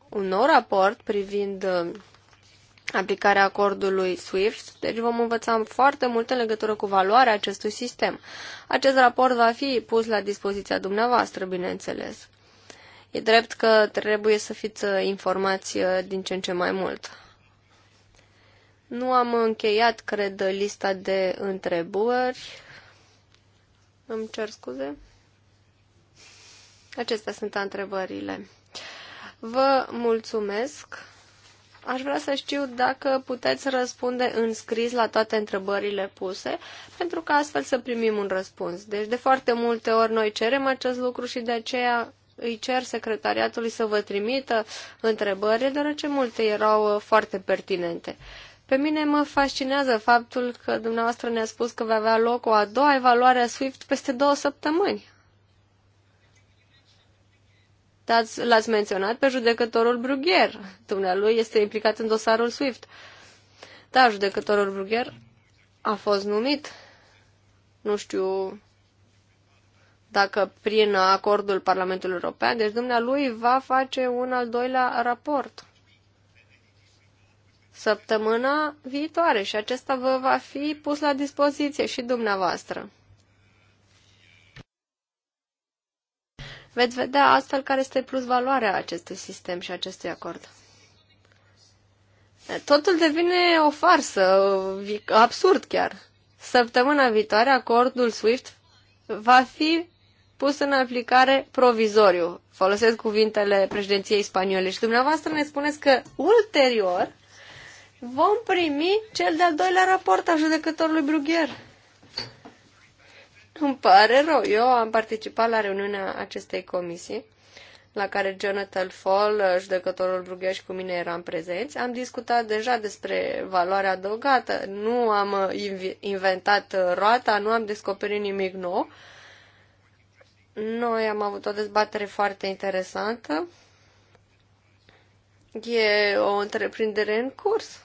un nou raport privind uh, aplicarea acordului SWIFT, deci vom învăța foarte mult în legătură cu valoarea acestui sistem. Acest raport va fi pus la dispoziția dumneavoastră, bineînțeles. E drept că trebuie să fiți uh, informați uh, din ce în ce mai mult. Nu am încheiat, cred, lista de întrebări. Îmi cer scuze. Acestea sunt întrebările. Vă mulțumesc. Aș vrea să știu dacă puteți răspunde în scris la toate întrebările puse, pentru că astfel să primim un răspuns. Deci de foarte multe ori noi cerem acest lucru și de aceea îi cer secretariatului să vă trimită întrebările, deoarece multe erau uh, foarte pertinente. Pe mine mă fascinează faptul că dumneavoastră ne-a spus că va avea loc o a doua evaluare a SWIFT peste două săptămâni. L-ați menționat pe judecătorul Brugher. Dumnealui este implicat în dosarul SWIFT. Da, judecătorul Brugher a fost numit. Nu știu dacă prin acordul Parlamentului European, deci dumnealui va face un al doilea raport săptămâna viitoare și acesta vă va fi pus la dispoziție și dumneavoastră. Veți vedea astfel care este plus valoarea acestui sistem și acestui acord. Totul devine o farsă, absurd chiar. Săptămâna viitoare acordul SWIFT va fi pus în aplicare provizoriu. Folosesc cuvintele președinției spaniole și dumneavoastră ne spuneți că ulterior vom primi cel de-al doilea raport al judecătorului Brugher. Îmi pare rău. Eu am participat la reuniunea acestei comisii la care Jonathan Fall, judecătorul Brugher și cu mine eram prezenți. Am discutat deja despre valoarea adăugată. Nu am inventat roata, nu am descoperit nimic nou. Noi am avut o dezbatere foarte interesantă. E o întreprindere în curs.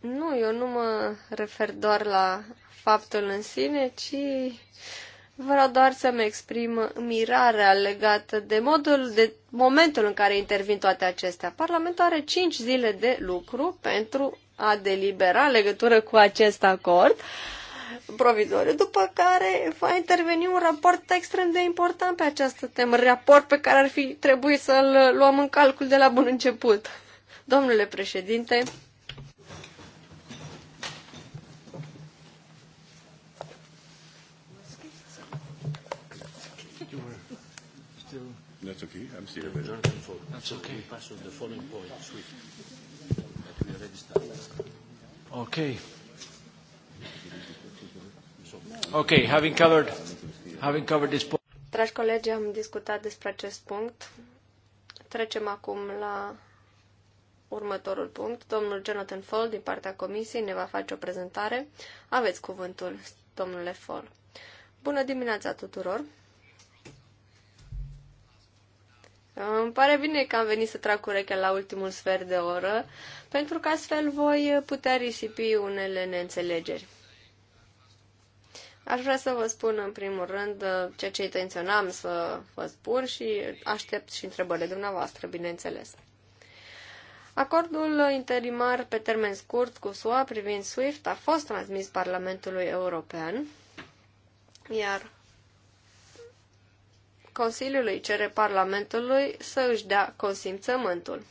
Nu, eu nu mă refer doar la faptul în sine, ci Vreau doar să-mi exprim mirarea legată de modul, de momentul în care intervin toate acestea. Parlamentul are cinci zile de lucru pentru a delibera legătură cu acest acord provizoriu, după care va interveni un raport extrem de important pe această temă, raport pe care ar fi trebuit să-l luăm în calcul de la bun început. Domnule președinte, That's okay. I'm still available. Jordan Ford. That's okay. We pass on the following point swiftly. But we already started. Okay. Okay, having covered, having covered this point. Dragi colegi, am discutat despre acest punct. Trecem acum la următorul punct. Domnul Jonathan Fall, din partea comisiei, ne va face o prezentare. Aveți cuvântul, domnule Fall. Bună dimineața tuturor! Îmi pare bine că am venit să trag urechea la ultimul sfert de oră, pentru că astfel voi putea risipi unele neînțelegeri. Aș vrea să vă spun în primul rând ceea ce intenționam să vă spun și aștept și întrebările dumneavoastră, bineînțeles. Acordul interimar pe termen scurt cu SUA privind SWIFT a fost transmis Parlamentului European, iar Consiliului cere Parlamentului să își dea consimțământul.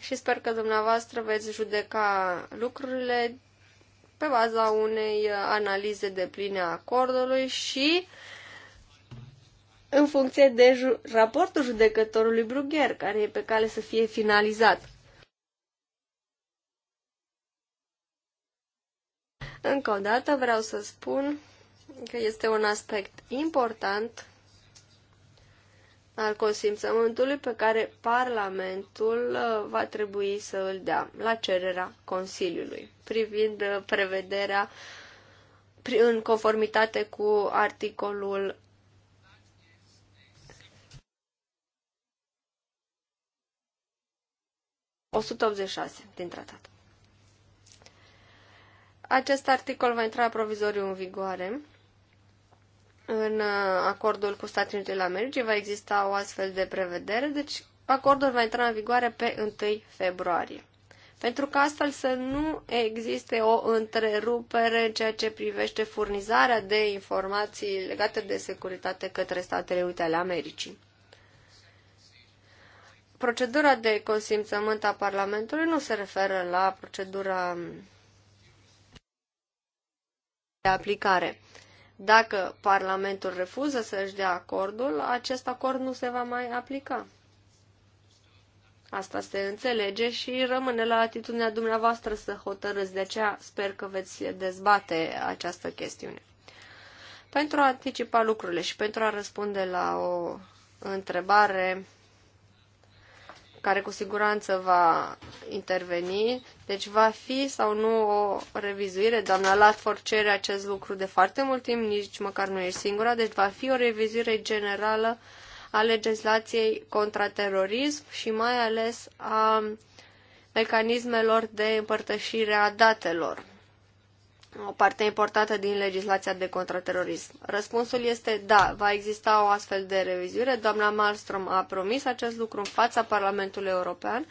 Și sper că dumneavoastră veți judeca lucrurile pe baza unei analize de pline a acordului și în funcție de ju raportul judecătorului Brugher, care e pe cale să fie finalizat. Încă o dată vreau să spun că este un aspect important al consimțământului pe care Parlamentul uh, va trebui să îl dea la cererea Consiliului, privind uh, prevederea în conformitate cu articolul ...186 din tratat. Acest articol va intra provizoriu în vigoare în uh, acordul cu Statele Unite ale Americii va exista o astfel de prevedere, deci acordul va intra în vigoare pe 1 februarie. Pentru că astfel să nu existe o întrerupere în ceea ce privește furnizarea de informații legate de securitate către Statele Unite ale Americii. Procedura de consimțământ a Parlamentului nu se referă la procedura de aplicare. Dacă Parlamentul refuză să-și dea acordul, acest acord nu se va mai aplica. Asta se înțelege și rămâne la atitudinea dumneavoastră să hotărâți. De aceea sper că veți dezbate această chestiune. Pentru a anticipa lucrurile și pentru a răspunde la o întrebare care cu siguranță va interveni. Deci va fi sau nu o revizuire. Doamna Latford cere acest lucru de foarte mult timp, nici măcar nu e singura. Deci va fi o revizuire generală a legislației contra terorism și mai ales a mecanismelor de împărtășire a datelor o parte importantă din legislația de contraterorism? Răspunsul este da, va exista o astfel de revizuire. Doamna Malmström a promis acest lucru în fața Parlamentului European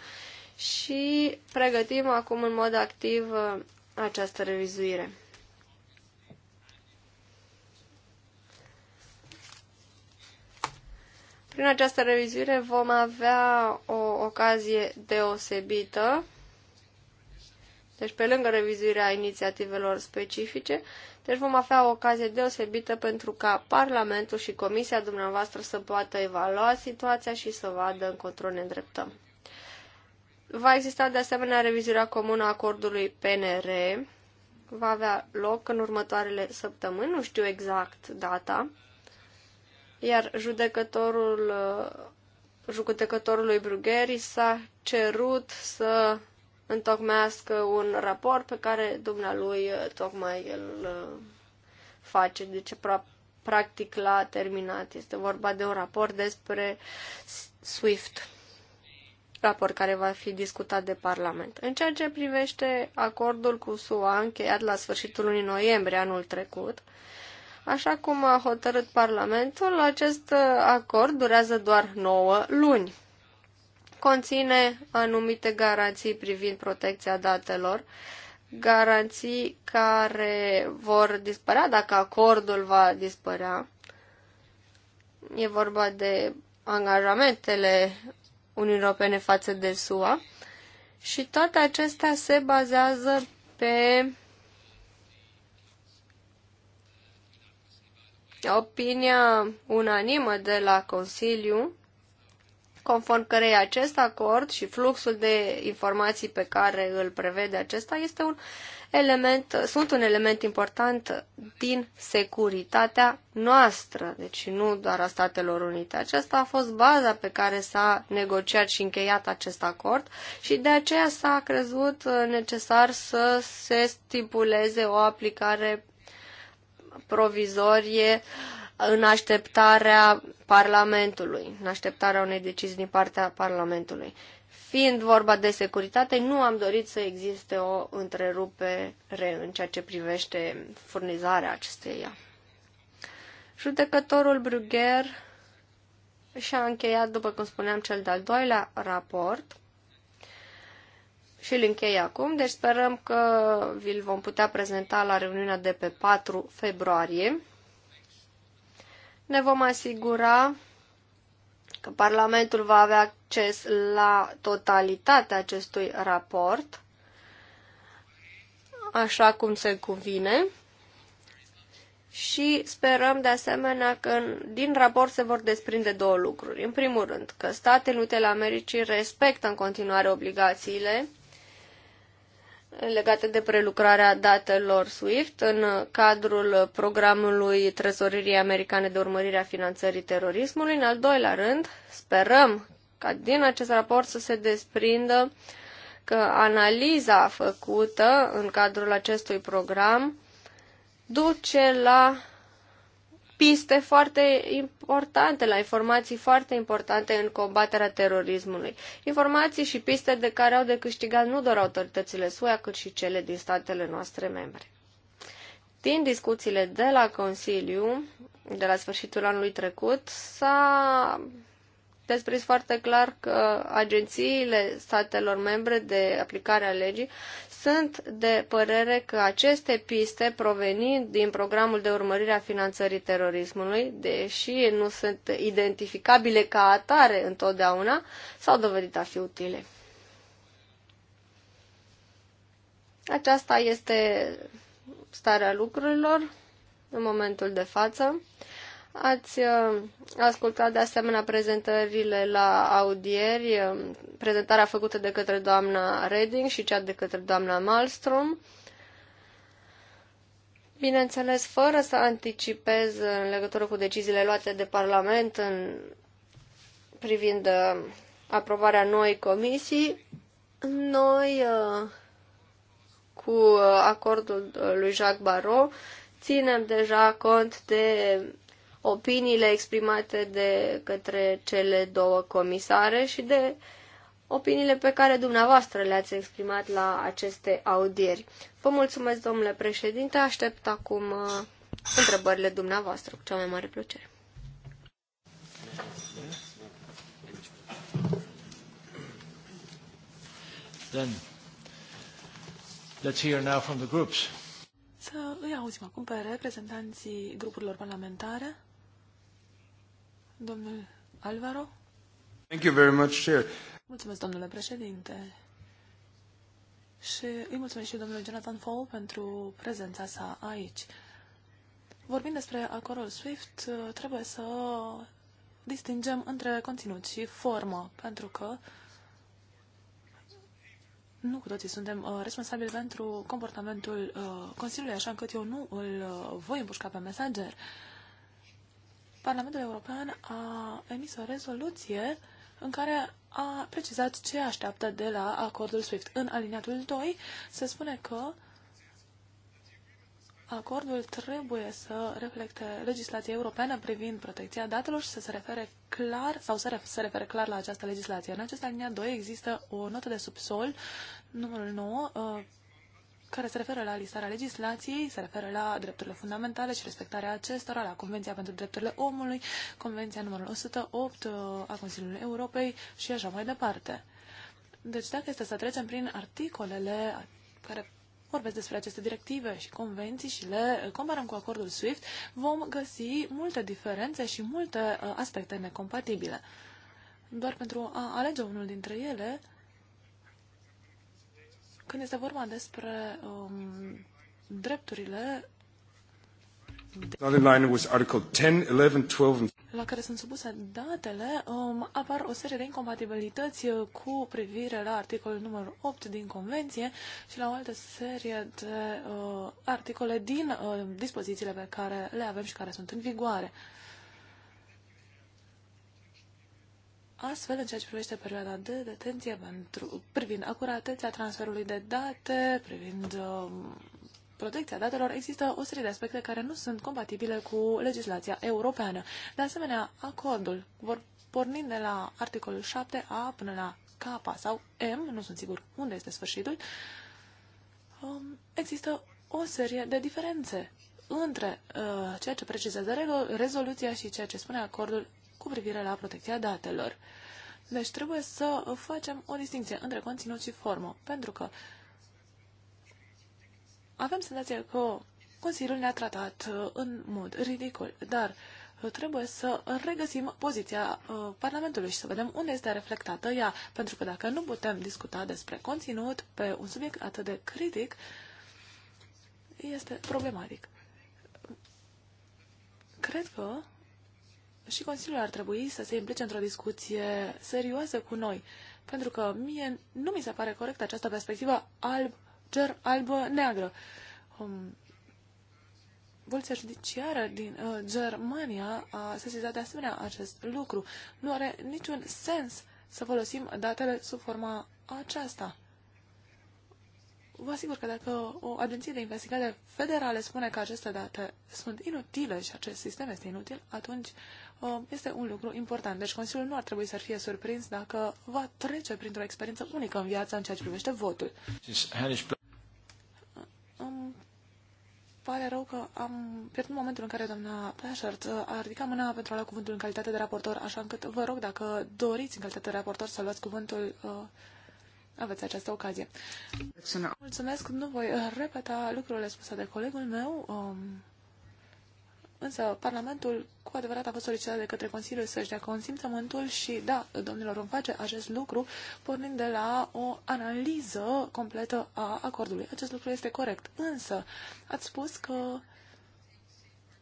și pregătim acum în mod activ uh, această revizuire. Prin această revizuire vom avea o ocazie deosebită deci, pe lângă revizuirea inițiativelor specifice, deci vom avea o ocazie deosebită pentru ca Parlamentul și Comisia dumneavoastră să poată evalua situația și să vadă în control ne îndreptăm. Va exista de asemenea revizuirea comună a acordului PNR. Va avea loc în următoarele săptămâni, nu știu exact data, iar judecătorul judecătorului Brugheri s-a cerut să întocmească un raport pe care dumnealui uh, tocmai îl uh, face. Deci, practic, l-a terminat. Este vorba de un raport despre SWIFT, raport care va fi discutat de Parlament. În ceea ce privește acordul cu SUA încheiat la sfârșitul lunii noiembrie anul trecut, Așa cum a hotărât Parlamentul, acest uh, acord durează doar 9 luni conține anumite garanții privind protecția datelor, garanții care vor dispărea dacă acordul va dispărea. E vorba de angajamentele Uniunii Europene față de SUA și toate acestea se bazează pe opinia unanimă de la Consiliu conform cărei acest acord și fluxul de informații pe care îl prevede acesta este un element, sunt un element important din securitatea noastră, deci nu doar a Statelor Unite. Aceasta a fost baza pe care s-a negociat și încheiat acest acord și de aceea s-a crezut necesar să se stipuleze o aplicare provizorie uh, în așteptarea Parlamentului, în așteptarea unei decizii din partea Parlamentului. Fiind vorba de securitate, nu am dorit să existe o întrerupere în ceea ce privește furnizarea acesteia. Judecătorul Brugger și-a încheiat, după cum spuneam, cel de-al doilea raport și îl încheie acum, deci sperăm că vi-l vom putea prezenta la reuniunea de pe 4 februarie ne vom asigura că Parlamentul va avea acces la totalitatea acestui raport, așa cum se cuvine, și sperăm de asemenea că din raport se vor desprinde două lucruri. În primul rând, că Statele Unite ale Americii respectă în continuare obligațiile legate de prelucrarea datelor SWIFT în cadrul programului Trezoririi Americane de Urmărire a Finanțării Terorismului. În al doilea rând, sperăm ca din acest raport să se desprindă că analiza făcută în cadrul acestui program duce la piste foarte importante, la informații foarte importante în combaterea terorismului. Informații și piste de care au de câștigat nu doar autoritățile SUA, cât și cele din statele noastre membre. Din discuțiile de la Consiliu, de la sfârșitul anului trecut, s-a desprins foarte clar că agențiile statelor membre de aplicare a legii sunt de părere că aceste piste provenind din programul de urmărire a finanțării terorismului, deși nu sunt identificabile ca atare întotdeauna, s-au dovedit a fi utile. Aceasta este starea lucrurilor în momentul de față. Ați uh, ascultat de asemenea prezentările la audieri, uh, prezentarea făcută de către doamna Reding și cea de către doamna Malmström. Bineînțeles, fără să anticipez în legătură cu deciziile luate de Parlament în privind uh, aprobarea noi comisii, noi, cu acordul lui Jacques Barrot, ținem deja cont de opiniile exprimate de către cele două comisare și de opiniile pe care dumneavoastră le-ați exprimat la aceste audieri. Vă mulțumesc, domnule președinte, aștept acum uh, întrebările dumneavoastră cu cea mai mare plăcere. Then, let's hear now from the groups. Să îi auzim acum pe reprezentanții grupurilor parlamentare. Domnul Alvaro? Thank you very much, Chair. Mulțumesc, domnule președinte. Și îi mulțumesc și domnului Jonathan Fall pentru prezența sa aici. Vorbind despre acordul SWIFT, trebuie să distingem între conținut și formă, pentru că nu cu toții suntem uh, responsabili pentru comportamentul uh, Consiliului, așa încât eu nu îl uh, voi împușca pe mesager. Uh, Parlamentul European a emis o rezoluție în care a precizat ce așteaptă de la acordul SWIFT. În aliniatul 2 se spune că acordul trebuie să reflecte legislația europeană privind protecția datelor și să se refere clar sau să se refere clar la această legislație. În acest aliniat 2 există o notă de subsol, numărul 9, care se referă la listarea legislației, se referă la drepturile fundamentale și respectarea acestora, la Convenția pentru Drepturile Omului, Convenția numărul 108 uh, a Consiliului Europei și așa mai departe. Deci dacă este să trecem prin articolele care vorbesc despre aceste directive și convenții și le comparăm cu acordul SWIFT, vom găsi multe diferențe și multe uh, aspecte necompatibile. Doar pentru a alege unul dintre ele, când este vorba despre um, drepturile la care sunt supuse datele, um, apar o serie de incompatibilități uh, cu privire la articolul numărul 8 din Convenție și la o altă serie de uh, articole din uh, dispozițiile pe care le avem și care sunt în vigoare. Uh, Astfel, în ceea ce privește perioada de detenție pentru, privind acuratețea transferului de date, privind uh, protecția datelor, există o serie de aspecte care nu sunt compatibile cu legislația europeană. De asemenea, acordul, vor pornind de la articolul 7a până la K sau M, nu sunt sigur unde este sfârșitul, um, există o serie de diferențe între uh, ceea ce precizează rezoluția și ceea ce spune acordul cu privire la protecția datelor. Deci trebuie să facem o distinție între conținut și formă, pentru că avem senzația că Consiliul ne-a tratat uh, în mod ridicol, dar uh, trebuie să regăsim poziția uh, Parlamentului și să vedem unde este reflectată ea, pentru că dacă nu putem discuta despre conținut pe un subiect atât de critic, este problematic. Cred că și Consiliul ar trebui să se implice într-o discuție serioasă cu noi, pentru că mie nu mi se pare corect această perspectivă alb, ger, albă-neagră. Um, Volția judiciară din uh, Germania a sesizat de asemenea acest lucru. Nu are niciun sens să folosim datele sub forma aceasta. Vă asigur că dacă o agenție de investigare federală spune că aceste date sunt inutile și acest sistem este inutil, atunci uh, Uh, este un lucru important. Deci Consiliul nu ar trebui să fie surprins dacă va trece printr-o experiență unică în viața în ceea ce privește votul. Uh, pare rău că am pierdut momentul în care doamna Plashert uh, a ridicat mâna pentru a lua cuvântul în calitate de raportor, așa încât vă rog, dacă doriți în calitate de raportor să luați cuvântul aveți această ocazie. Mulțumesc, nu voi repeta lucrurile spuse de colegul meu. Um, Însă Parlamentul cu adevărat a fost solicitat de către Consiliul să-și dea consimțământul și, da, domnilor, vom face acest lucru pornind de la o analiză completă a acordului. Acest lucru este corect, însă ați spus că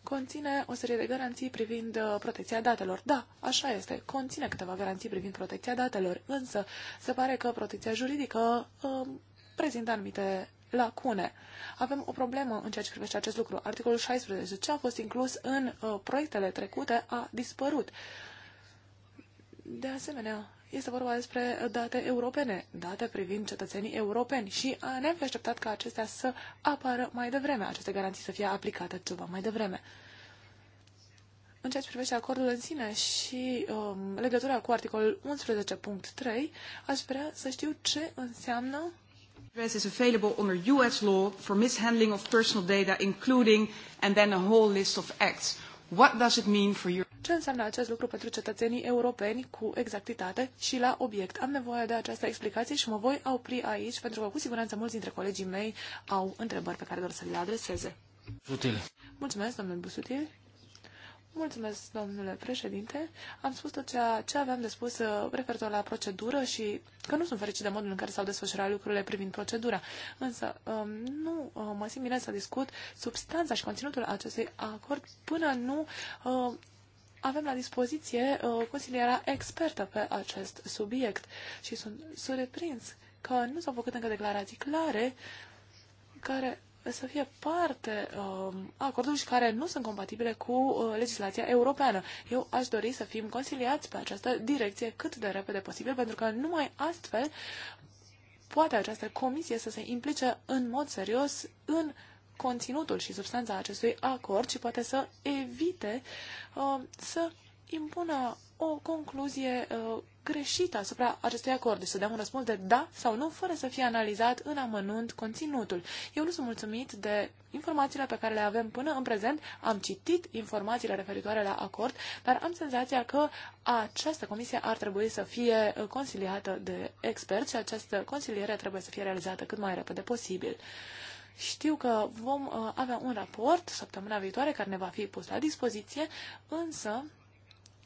conține o serie de garanții privind uh, protecția datelor. Da, așa este, conține câteva garanții privind protecția datelor, însă se pare că protecția juridică uh, prezintă anumite lacune. Avem o problemă în ceea ce privește acest lucru. Articolul 16, ce a fost inclus în uh, proiectele trecute, a dispărut. De asemenea, este vorba despre date europene, date privind cetățenii europeni și ne-am fi așteptat ca acestea să apară mai devreme, aceste garanții să fie aplicate ceva mai devreme. În ceea ce privește acordul în sine și um, legătura cu articolul 11.3, aș vrea să știu ce înseamnă address is available under US law for mishandling of personal data, including and then a whole list of acts. What does it mean for Europe? Ce înseamnă acest lucru pentru cetățenii europeni cu exactitate și la obiect? Am nevoie de această explicație și mă voi opri aici, pentru că cu siguranță mulți dintre colegii mei au întrebări pe care doar să le adreseze. Busutil. Mulțumesc, domnul Busutil. Mulțumesc, domnule președinte. Am spus tot ceea ce aveam de spus uh, referitor la procedură și că nu sunt fericit de modul în care s-au desfășurat lucrurile privind procedura. Însă um, nu uh, mă simt bine să discut substanța și conținutul acestui acord până nu uh, avem la dispoziție consilierea expertă pe acest subiect și sunt surprins că nu s-au făcut încă declarații clare care să fie parte um, a acorduri care nu sunt compatibile cu uh, legislația europeană. Eu aș dori să fim conciliați pe această direcție cât de repede posibil, pentru că numai astfel poate această comisie să se implice în mod serios în conținutul și substanța acestui acord și poate să evite uh, să impună o concluzie uh, greșită asupra acestui acord, să dăm un răspuns de da sau nu, fără să fie analizat în amănunt conținutul. Eu nu sunt mulțumit de informațiile pe care le avem până în prezent. Am citit informațiile referitoare la acord, dar am senzația că această comisie ar trebui să fie uh, consiliată de experți și această consiliere trebuie să fie realizată cât mai repede posibil. Știu că vom uh, avea un raport săptămâna viitoare care ne va fi pus la dispoziție, însă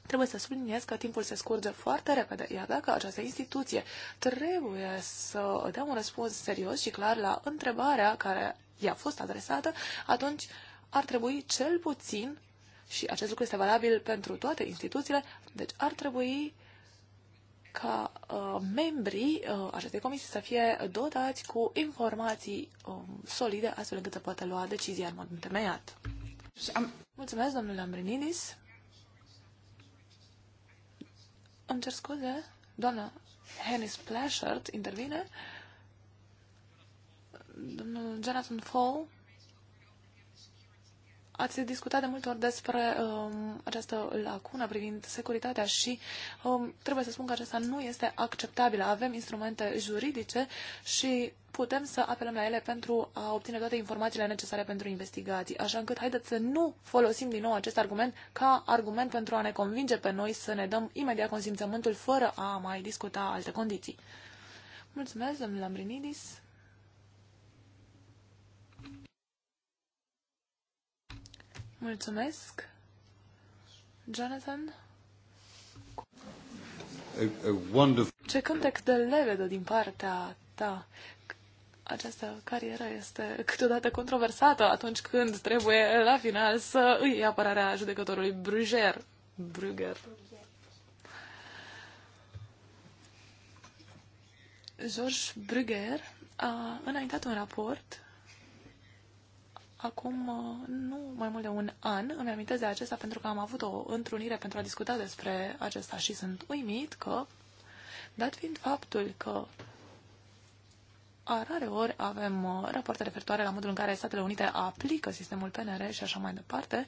Trebuie să subliniez că timpul se scurge foarte repede, iar dacă această instituție trebuie să dea un răspuns serios și clar la întrebarea care i-a fost adresată, atunci ar trebui cel puțin, și acest lucru este valabil pentru toate instituțiile, deci ar trebui ca uh, membrii uh, acestei comisii să fie dotați cu informații um, solide, astfel încât să poată lua decizia în mod întemeiat. Mulțumesc, domnule Ambrininis. Îmi cer scuze, doamna Hennis Plashard intervine. Domnul Jonathan Fall Ați discutat de multe ori despre um, această lacună privind securitatea și um, trebuie să spun că acesta nu este acceptabil. Avem instrumente juridice și putem să apelăm la ele pentru a obține toate informațiile necesare pentru investigații. Așa încât haideți să nu folosim din nou acest argument ca argument pentru a ne convinge pe noi să ne dăm imediat consimțământul fără a mai discuta alte condiții. Mulțumesc, domnul Lambrinidis. Mulțumesc. Jonathan? A, a wonderful... Ce cântec de levedă din partea ta. Această carieră este câteodată controversată atunci când trebuie la final să îi iei apărarea judecătorului Bruger. Bruger. George Bruger a înaintat un raport acum uh, nu mai mult de un an. Îmi amintesc de acesta pentru că am avut o întrunire pentru a discuta despre acesta și sunt uimit că, dat fiind faptul că a rare ori avem uh, rapoarte referitoare la modul în care Statele Unite aplică sistemul PNR și așa mai departe.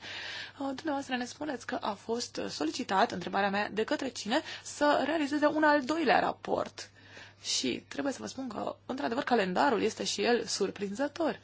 Uh, dumneavoastră ne spuneți că a fost solicitat, întrebarea mea, de către cine să realizeze un al doilea raport. Și trebuie să vă spun că, într-adevăr, calendarul este și el surprinzător.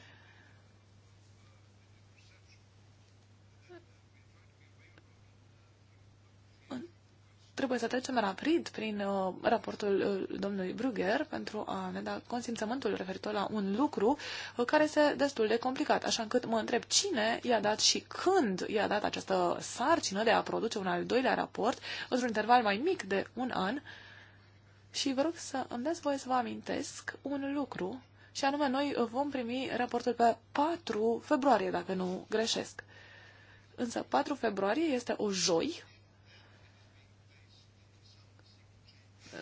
trebuie să trecem rapid prin uh, raportul uh, domnului Brugger pentru a ne da consimțământul referitor la un lucru uh, care este destul de complicat, așa încât mă întreb cine i-a dat și când i-a dat această sarcină de a produce un al doilea raport într-un interval mai mic de un an și vă rog să îmi dați voie să vă amintesc un lucru și anume noi vom primi raportul pe 4 februarie, dacă nu greșesc. Însă 4 februarie este o joi,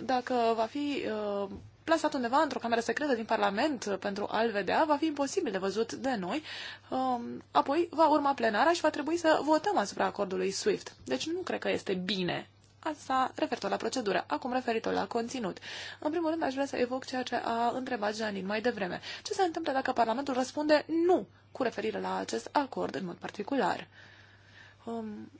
dacă va fi uh, plasat undeva într-o cameră secretă din Parlament pentru a-l vedea, va fi imposibil de văzut de noi. Uh, apoi va urma plenara și va trebui să votăm asupra acordului SWIFT. Deci nu cred că este bine Asta referitor la procedură, acum referitor la conținut. În primul rând, aș vrea să evoc ceea ce a întrebat Janin mai devreme. Ce se întâmplă dacă Parlamentul răspunde nu cu referire la acest acord în mod particular? Um,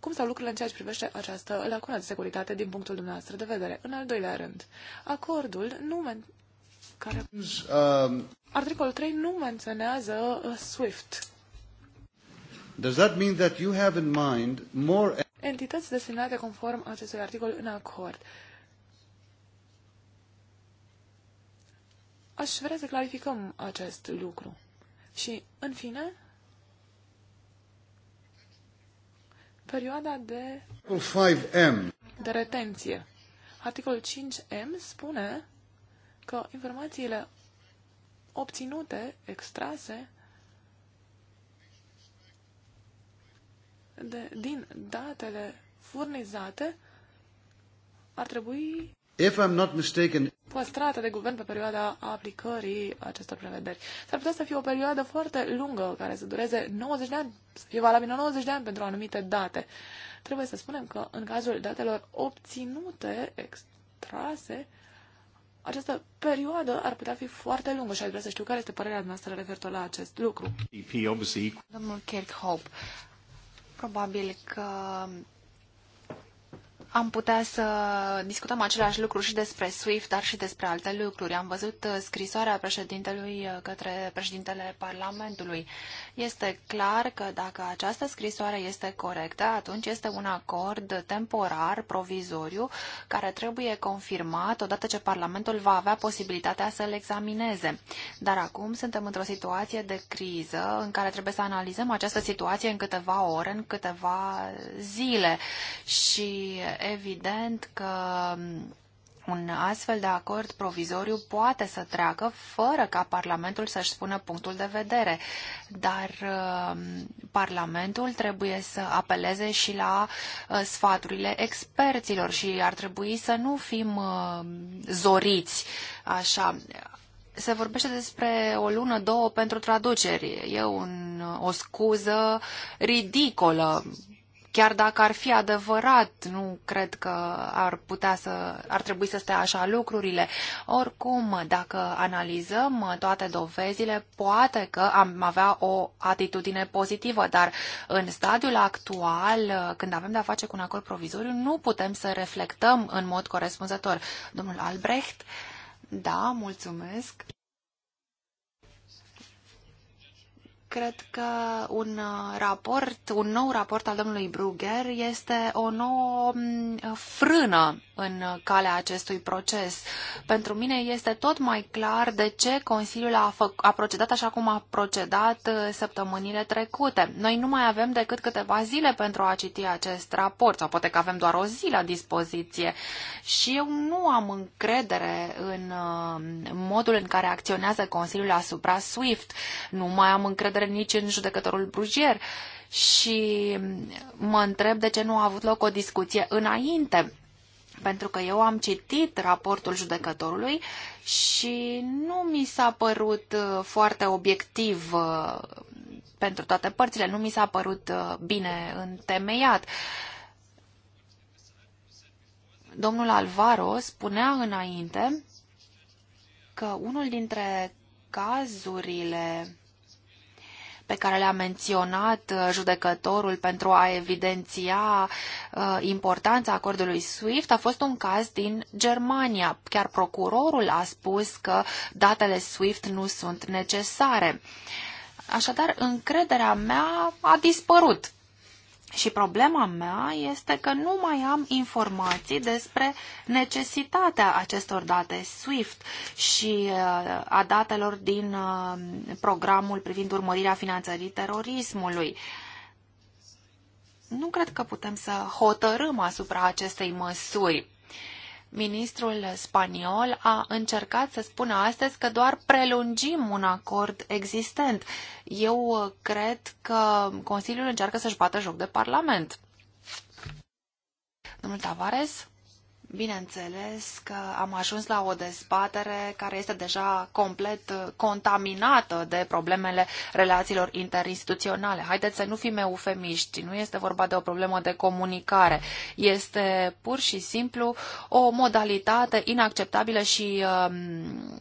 cum stau lucrurile în ceea ce privește această lacună de securitate din punctul dumneavoastră de vedere. În al doilea rând, acordul nu men- care... uh... Articolul 3 nu menționează uh, SWIFT. Does that mean that you have in mind more... Entități desemnate conform acestui articol în acord. Aș vrea să clarificăm acest lucru. Și, în fine, Perioada de... 5M. De retenție. Articolul 5M spune că informațiile obținute, extrase de, din datele furnizate ar trebui if I'm not mistaken, păstrată de guvern pe perioada aplicării acestor prevederi. S-ar putea să fie o perioadă foarte lungă, care să dureze 90 de ani, să fie valabilă 90 de ani pentru anumite date. Trebuie să spunem că în cazul datelor obținute, extrase, această perioadă ar putea fi foarte lungă și aș vrea să știu care este părerea noastră referitor la acest lucru. Domnul Hope, probabil că am putea să discutăm același lucru și despre SWIFT, dar și despre alte lucruri. Am văzut uh, scrisoarea președintelui uh, către președintele Parlamentului. Este clar că dacă această scrisoare este corectă, atunci este un acord temporar, provizoriu, care trebuie confirmat odată ce Parlamentul va avea posibilitatea să-l examineze. Dar acum suntem într-o situație de criză în care trebuie să analizăm această situație în câteva ore, în câteva zile și evident că um, un astfel de acord provizoriu poate să treacă fără ca Parlamentul să-și spună punctul de vedere, dar um, Parlamentul trebuie să apeleze și la uh, sfaturile experților și ar trebui să nu fim uh, zoriți așa. Se vorbește despre o lună, două pentru traduceri. E un, o scuză ridicolă Chiar dacă ar fi adevărat, nu cred că ar putea să, ar trebui să stea așa lucrurile. Oricum, dacă analizăm toate dovezile, poate că am avea o atitudine pozitivă, dar în stadiul actual, când avem de-a face cu un acord provizoriu, nu putem să reflectăm în mod corespunzător. Domnul Albrecht, da, mulțumesc. Cred că un uh, raport, un nou raport al domnului Brugger este o nouă mm, frână în uh, calea acestui proces. Pentru mine este tot mai clar de ce Consiliul a, fă, a procedat așa cum a procedat uh, săptămânile trecute. Noi nu mai avem decât câteva zile pentru a citi acest raport, sau poate că avem doar o zi la dispoziție. Și eu nu am încredere în modul în care acționează Consiliul asupra SWIFT. Nu mai am încredere încredere nici în judecătorul Brugier și mă întreb de ce nu a avut loc o discuție înainte pentru că eu am citit raportul judecătorului și nu mi s-a părut uh, foarte obiectiv uh, pentru toate părțile, nu mi s-a părut uh, bine întemeiat. Domnul Alvaro spunea înainte că unul dintre cazurile pe care le-a menționat uh, judecătorul pentru a evidenția uh, importanța acordului SWIFT a fost un caz din Germania. Chiar procurorul a spus că datele SWIFT nu sunt necesare. Așadar, încrederea mea a dispărut și problema mea este că nu mai am informații despre necesitatea acestor date SWIFT și uh, a datelor din uh, programul privind urmărirea finanțării terorismului. Nu cred că putem să hotărâm asupra acestei măsuri. Ministrul spaniol a încercat să spună astăzi că doar prelungim un acord existent. Eu uh, cred că Consiliul încearcă să-și bată joc de Parlament. Domnul Tavares? Bineînțeles că am ajuns la o dezbatere care este deja complet uh, contaminată de problemele relațiilor interinstituționale. Haideți să nu fim eufemiști, nu este vorba de o problemă de comunicare. Este pur și simplu o modalitate inacceptabilă și um,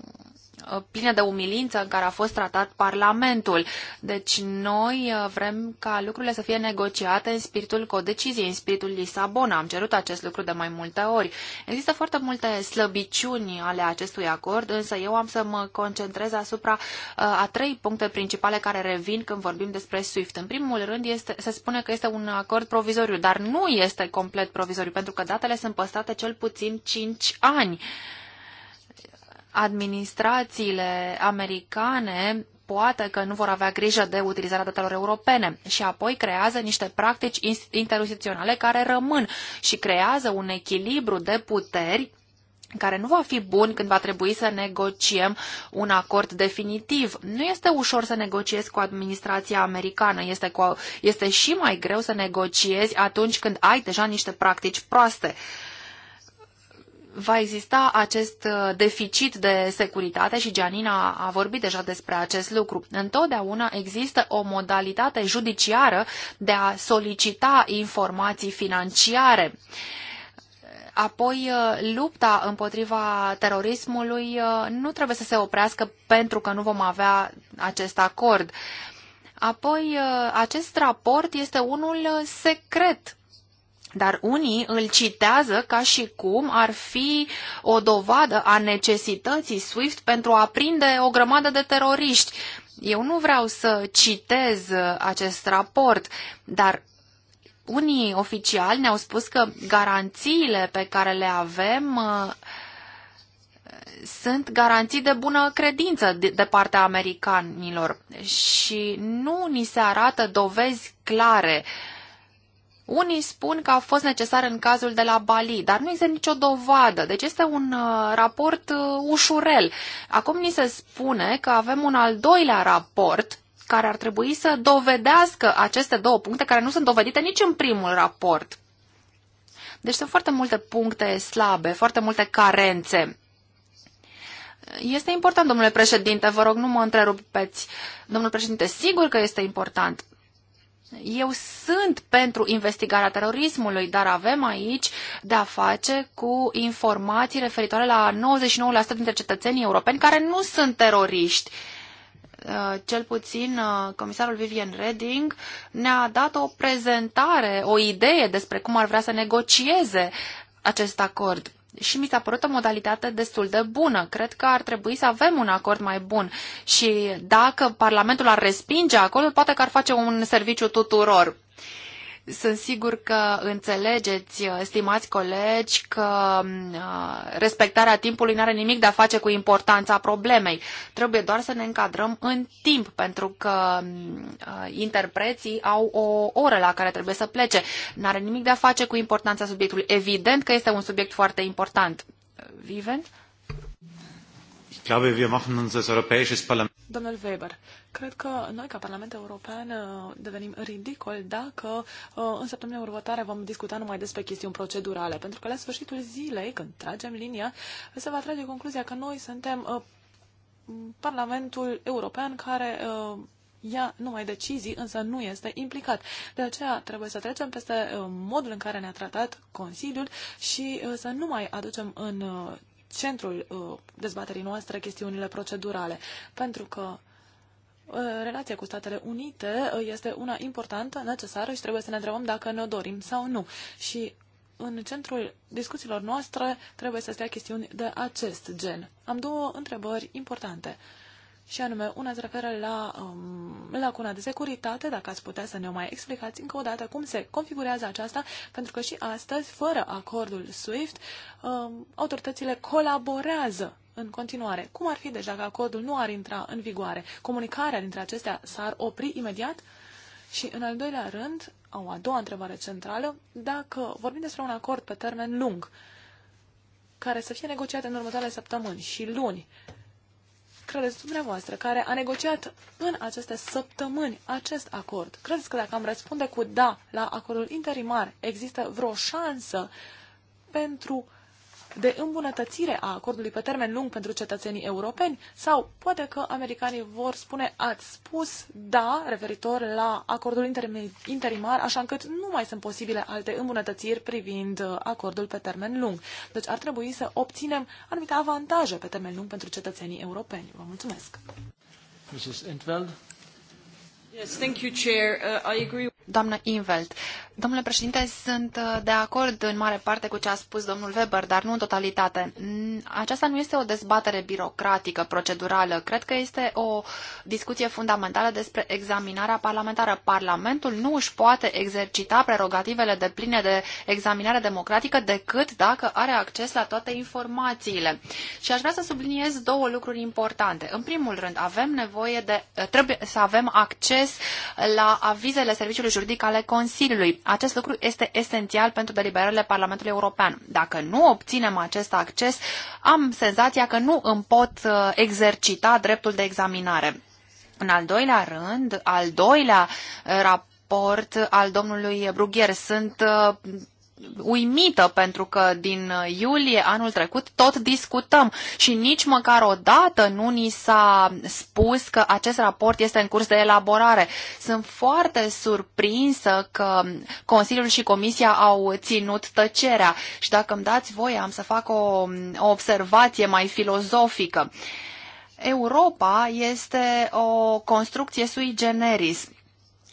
Uh, plină de umilință în care a fost tratat Parlamentul. Deci noi uh, vrem ca lucrurile să fie negociate în spiritul codeciziei, în spiritul Lisabona. Am cerut acest lucru de mai multe ori. Există foarte multe slăbiciuni ale acestui acord, însă eu am să mă concentrez asupra uh, a trei puncte principale care revin când vorbim despre SWIFT. În primul rând este, se spune că este un acord provizoriu, dar nu este complet provizoriu, pentru că datele sunt păstrate cel puțin 5 ani administrațiile americane poate că nu vor avea grijă de utilizarea datelor europene și apoi creează niște practici interinstituționale care rămân și creează un echilibru de puteri care nu va fi bun când va trebui să negociem un acord definitiv. Nu este ușor să negociezi cu administrația americană, este, cu, este și mai greu să negociezi atunci când ai deja niște practici proaste. Uh, va exista acest uh, deficit de securitate și Gianina a vorbit deja despre acest lucru. Întotdeauna există o modalitate judiciară de a solicita informații financiare. Apoi, uh, lupta împotriva terorismului uh, nu trebuie să se oprească pentru că nu vom avea acest acord. Apoi, acest raport este unul secret dar unii îl citează ca și cum ar fi o dovadă a necesității SWIFT pentru a prinde o grămadă de teroriști. Eu nu vreau să citez uh, acest raport, dar unii oficiali ne-au spus că garanțiile pe care le avem uh, sunt garanții de bună credință de partea americanilor și nu ni se arată dovezi clare uh, unii spun că a fost necesar în cazul de la Bali, dar nu este nicio dovadă, deci este un uh, raport uh, ușurel. Acum ni se spune că avem un al doilea raport care ar trebui să dovedească aceste două puncte care nu sunt dovedite nici în primul raport. Deci sunt foarte multe puncte slabe, foarte multe carențe. Este important, domnule președinte, vă rog, nu mă întrerupeți. Domnul președinte, sigur că este important, eu sunt pentru investigarea terorismului, dar avem aici de-a face cu informații referitoare la 99% dintre cetățenii europeni care nu sunt teroriști. Uh, cel puțin uh, comisarul Vivian Reding ne-a dat o prezentare, o idee despre cum ar vrea să negocieze acest acord și mi s-a părut o modalitate destul de bună. Cred că ar trebui să avem un acord mai bun și dacă Parlamentul ar respinge acordul, poate că ar face un serviciu tuturor. Sunt sigur că înțelegeți, uh, stimați colegi, că mm, uh, respectarea timpului nu are nimic de a face cu importanța problemei. Trebuie doar să ne încadrăm în timp, pentru că mm, uh, interpreții au o oră la care trebuie să plece. Nu are nimic de a face cu importanța subiectului. Evident că este un subiect foarte important. Viven? glaube, wir machen uns als Europäisches Parlament. Domnul Weber, cred că noi, ca Parlament European, devenim ridicol dacă uh, în săptămâna următoare vom discuta numai despre chestiuni procedurale, pentru că la sfârșitul zilei, când tragem linia, se va trage concluzia că noi suntem uh, Parlamentul European care uh, ia numai decizii, însă nu este implicat. De aceea trebuie să trecem peste modul în care ne-a tratat Consiliul și să nu mai aducem în centrul uh, dezbaterii noastre chestiunile procedurale, pentru că uh, relația cu Statele Unite uh, este una importantă, necesară și trebuie să ne întrebăm dacă ne-o dorim sau nu. Și în centrul discuțiilor noastre trebuie să stea chestiuni de acest gen. Am două întrebări importante. Uh, și anume una se referă la um, lacuna de securitate, dacă ați putea să ne mai explicați încă o dată cum se configurează aceasta, pentru că și astăzi, fără acordul SWIFT, um, autoritățile colaborează în continuare. Cum ar fi deja dacă acordul nu ar intra în vigoare? Comunicarea dintre acestea s-ar opri imediat? Și în al doilea rând, au a doua întrebare centrală, dacă vorbim despre un acord pe termen lung, care să fie negociat în următoarele săptămâni și luni, credeți dumneavoastră, care a negociat în aceste săptămâni acest acord, credeți că dacă am răspunde cu da la acordul interimar, există vreo șansă pentru de îmbunătățire a acordului pe termen lung pentru cetățenii europeni? Sau poate că americanii vor spune, ați spus da, referitor la acordul interimar, așa încât nu mai sunt posibile alte îmbunătățiri privind uh, acordul pe termen lung. Deci ar trebui să obținem anumite avantaje pe termen lung pentru cetățenii europeni. Vă mulțumesc! Mrs. Entveld? Yes, thank you, Chair. Uh, I agree. Doamnă Invelt, domnule președinte, sunt uh, de acord în mare parte cu ce a spus domnul Weber, dar nu în totalitate. Aceasta nu este o dezbatere birocratică, procedurală. Cred că este o discuție fundamentală despre examinarea parlamentară. Parlamentul nu își poate exercita prerogativele de pline de examinare democratică decât dacă are acces la toate informațiile. Și aș vrea să subliniez două lucruri importante. În primul rând, avem nevoie de, trebuie să avem acces la avizele serviciului juridic ale Consiliului. Acest lucru este esențial pentru deliberările Parlamentului European. Dacă nu obținem acest acces, am senzația că nu îmi pot uh, exercita dreptul de examinare. În al doilea rând, al doilea uh, raport al domnului Brugher sunt uh, uimită pentru că din uh, iulie anul trecut tot discutăm și nici măcar o dată nu ni s-a spus că acest raport este în curs de elaborare. Sunt foarte surprinsă că Consiliul și Comisia au ținut tăcerea și dacă îmi dați voie am să fac o, o observație mai filozofică. Europa este o construcție sui generis,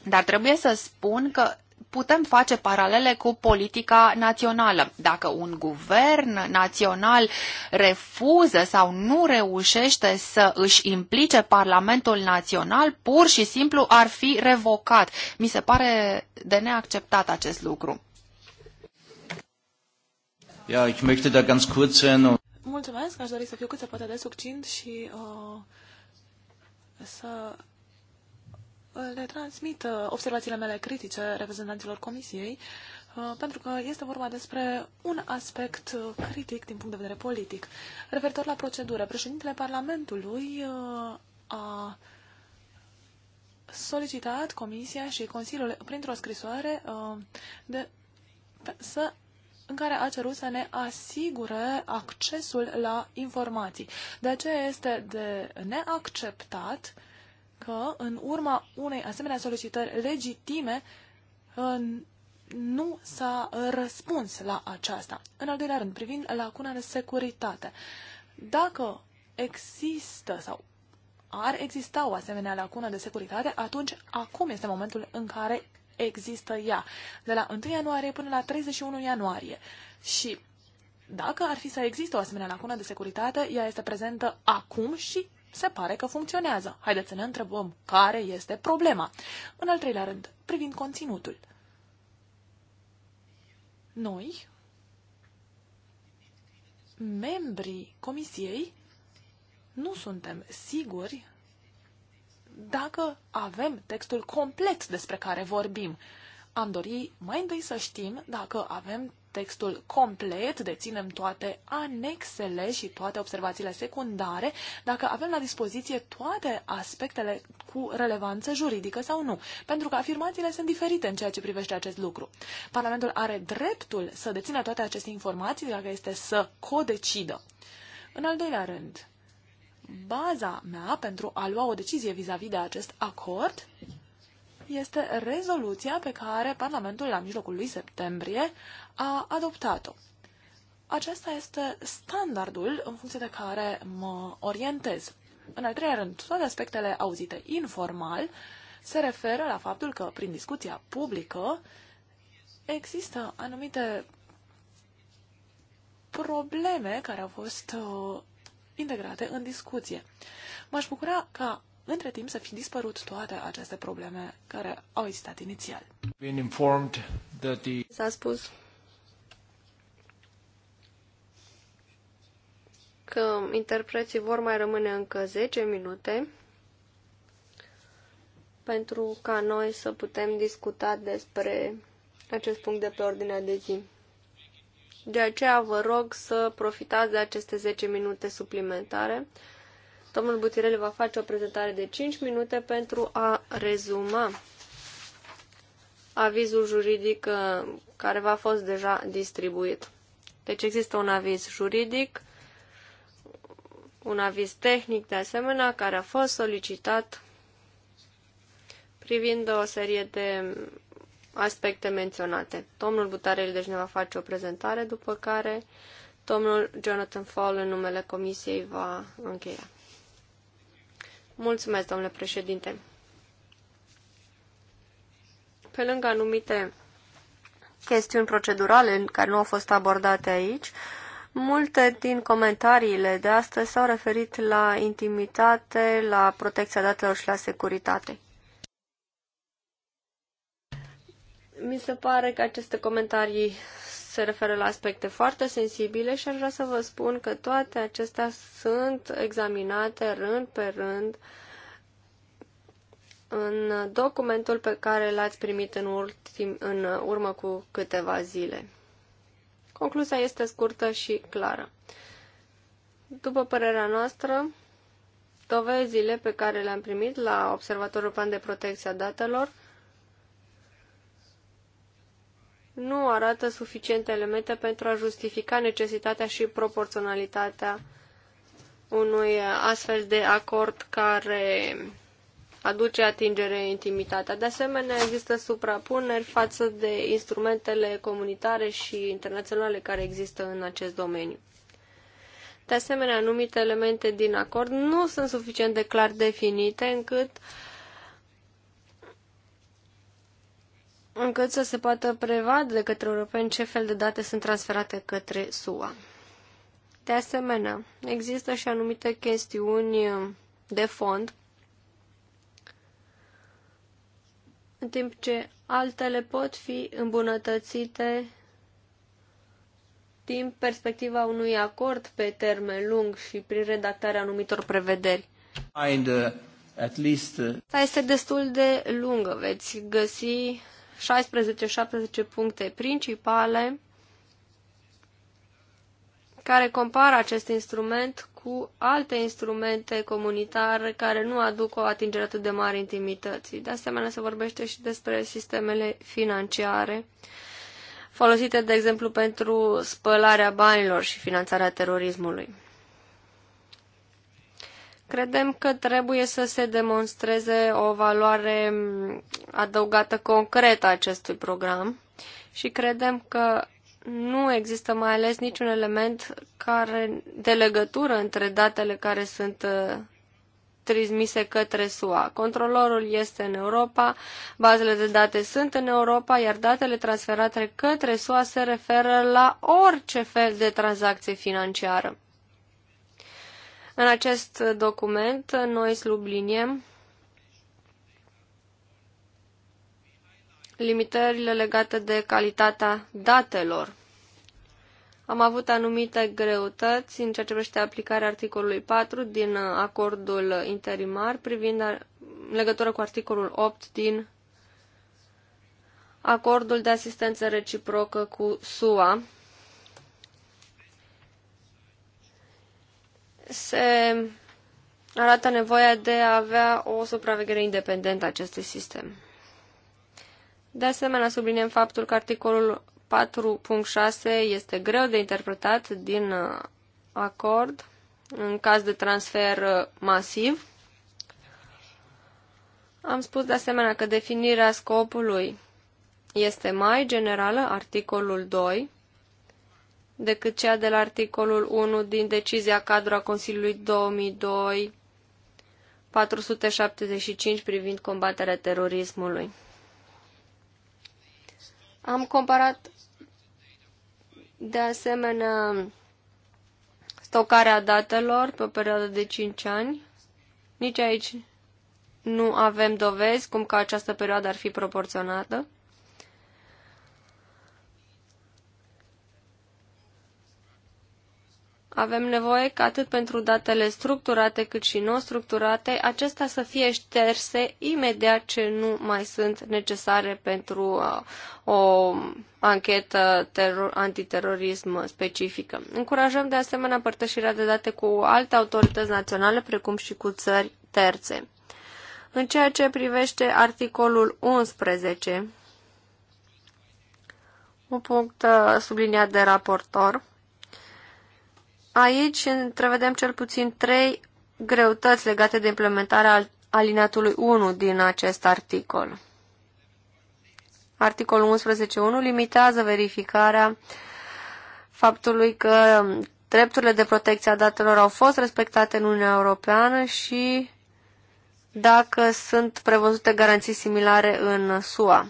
dar trebuie să spun că putem face paralele cu politica națională. Dacă un guvern național refuză sau nu reușește să își implice Parlamentul Național, pur și simplu ar fi revocat. Mi se pare de neacceptat acest lucru. Ja, ich möchte da ganz kurz sein. Mulțumesc, aș dori să fiu cât se poate de succint și uh, să le transmit uh, observațiile mele critice reprezentanților Comisiei, uh, pentru că este vorba despre un aspect uh, critic din punct de vedere politic. Referitor la procedură, președintele Parlamentului a solicitat Comisia și Consiliul printr-o scrisoare de, să în care a cerut să ne asigure accesul la informații. De aceea este de neacceptat că în urma unei asemenea solicitări legitime uh, nu s-a uh, răspuns la aceasta. În al doilea rând, privind lacuna de securitate. Dacă există sau ar exista o asemenea lacună de securitate, atunci acum este momentul în care există ea, de la 1 ianuarie până la 31 ianuarie. Și dacă ar fi să existe o asemenea lacună de securitate, ea este prezentă acum și se pare că funcționează. Haideți să ne întrebăm care este problema. În al treilea rând, privind conținutul. Noi, membrii comisiei, nu suntem siguri dacă avem textul complet despre care vorbim. Am dori mai întâi să știm dacă avem textul complet, deținem toate anexele și toate observațiile secundare, dacă avem la dispoziție toate aspectele cu relevanță juridică sau nu, pentru că afirmațiile sunt diferite în ceea ce privește acest lucru. Parlamentul are dreptul să dețină toate aceste informații dacă este să codecidă. În al doilea rând, baza mea pentru a lua o decizie vis-a-vis -vis de acest acord este rezoluția pe care Parlamentul la mijlocul lui septembrie a adoptat-o. Acesta este standardul în funcție de care mă orientez. În al treilea rând, toate aspectele auzite informal se referă la faptul că prin discuția publică există anumite probleme care au fost uh, integrate în discuție. M-aș bucura ca între timp să fi dispărut toate aceste probleme care au existat inițial. S-a spus că interpreții vor mai rămâne încă 10 minute pentru ca noi să putem discuta despre acest punct de pe ordinea de zi. De aceea vă rog să profitați de aceste 10 minute suplimentare Domnul Butirel va face o prezentare de 5 minute pentru a rezuma avizul juridic uh, care va fost deja distribuit. Deci există un aviz juridic, un aviz tehnic de asemenea, care a fost solicitat privind o serie de aspecte menționate. Domnul Butarel deci ne va face o prezentare, după care domnul Jonathan Fall în numele comisiei va încheia. Mulțumesc, domnule președinte. Pe lângă anumite chestiuni procedurale care nu au fost abordate aici, multe din comentariile de astăzi s-au referit la intimitate, la protecția datelor și la securitate. Mi se pare că aceste comentarii se referă la aspecte foarte sensibile și aș vrea să vă spun că toate acestea sunt examinate rând pe rând în documentul pe care l-ați primit în, ultim, în urmă cu câteva zile. Concluzia este scurtă și clară. După părerea noastră, dovezile pe care le-am primit la Observatorul Plan de Protecție a Datelor – nu arată suficiente elemente pentru a justifica necesitatea și proporționalitatea unui astfel de acord care aduce atingere intimitatea. De asemenea, există suprapuneri față de instrumentele comunitare și internaționale care există în acest domeniu. De asemenea, anumite elemente din acord nu sunt suficient de clar definite încât uh, încât să se poată prevadă de către europeni ce fel de date sunt transferate către SUA. De asemenea, există și anumite chestiuni uh, de fond, în timp ce altele pot fi îmbunătățite din perspectiva unui acord pe termen lung și prin redactarea anumitor prevederi. And, uh, uh... Asta este destul de lungă. Veți găsi 16-17 puncte principale care compară acest instrument cu alte instrumente comunitare care nu aduc o atingere atât de mare intimității. De asemenea, se vorbește și despre sistemele financiare folosite, de exemplu, pentru spălarea banilor și finanțarea terorismului. Credem că trebuie să se demonstreze o valoare mm, adăugată concretă a acestui program și credem că nu există mai ales niciun element care, de legătură între datele care sunt uh, trimise către SUA. Controlorul este în Europa, bazele de date sunt în Europa, iar datele transferate către SUA se referă la orice fel de tranzacție financiară. În acest document noi subliniem limitările legate de calitatea datelor. Am avut anumite greutăți în ceea ce privește aplicarea articolului 4 din acordul interimar privind legătură cu articolul 8 din acordul de asistență reciprocă cu SUA se arată nevoia de a avea o supraveghere independentă a acestui sistem. De asemenea, subliniem faptul că articolul 4.6 este greu de interpretat din uh, acord în caz de transfer uh, masiv. Am spus de asemenea că definirea scopului este mai generală, articolul 2, decât cea de la articolul 1 din decizia cadru a Consiliului 2002 475 privind combaterea terorismului. Am comparat de asemenea stocarea datelor pe o perioadă de 5 ani. Nici aici nu avem dovezi cum că această perioadă ar fi proporționată. Avem nevoie ca atât pentru datele structurate cât și non-structurate, acestea să fie șterse imediat ce nu mai sunt necesare pentru uh, o anchetă teror, antiterorism specifică. Încurajăm de asemenea părtășirea de date cu alte autorități naționale, precum și cu țări terțe. În ceea ce privește articolul 11, un punct uh, subliniat de raportor, Aici întrevedem cel puțin trei greutăți legate de implementarea alineatului 1 din acest articol. Articolul 11.1 limitează verificarea faptului că drepturile de protecție a datelor au fost respectate în Uniunea Europeană și dacă sunt prevăzute garanții similare în SUA.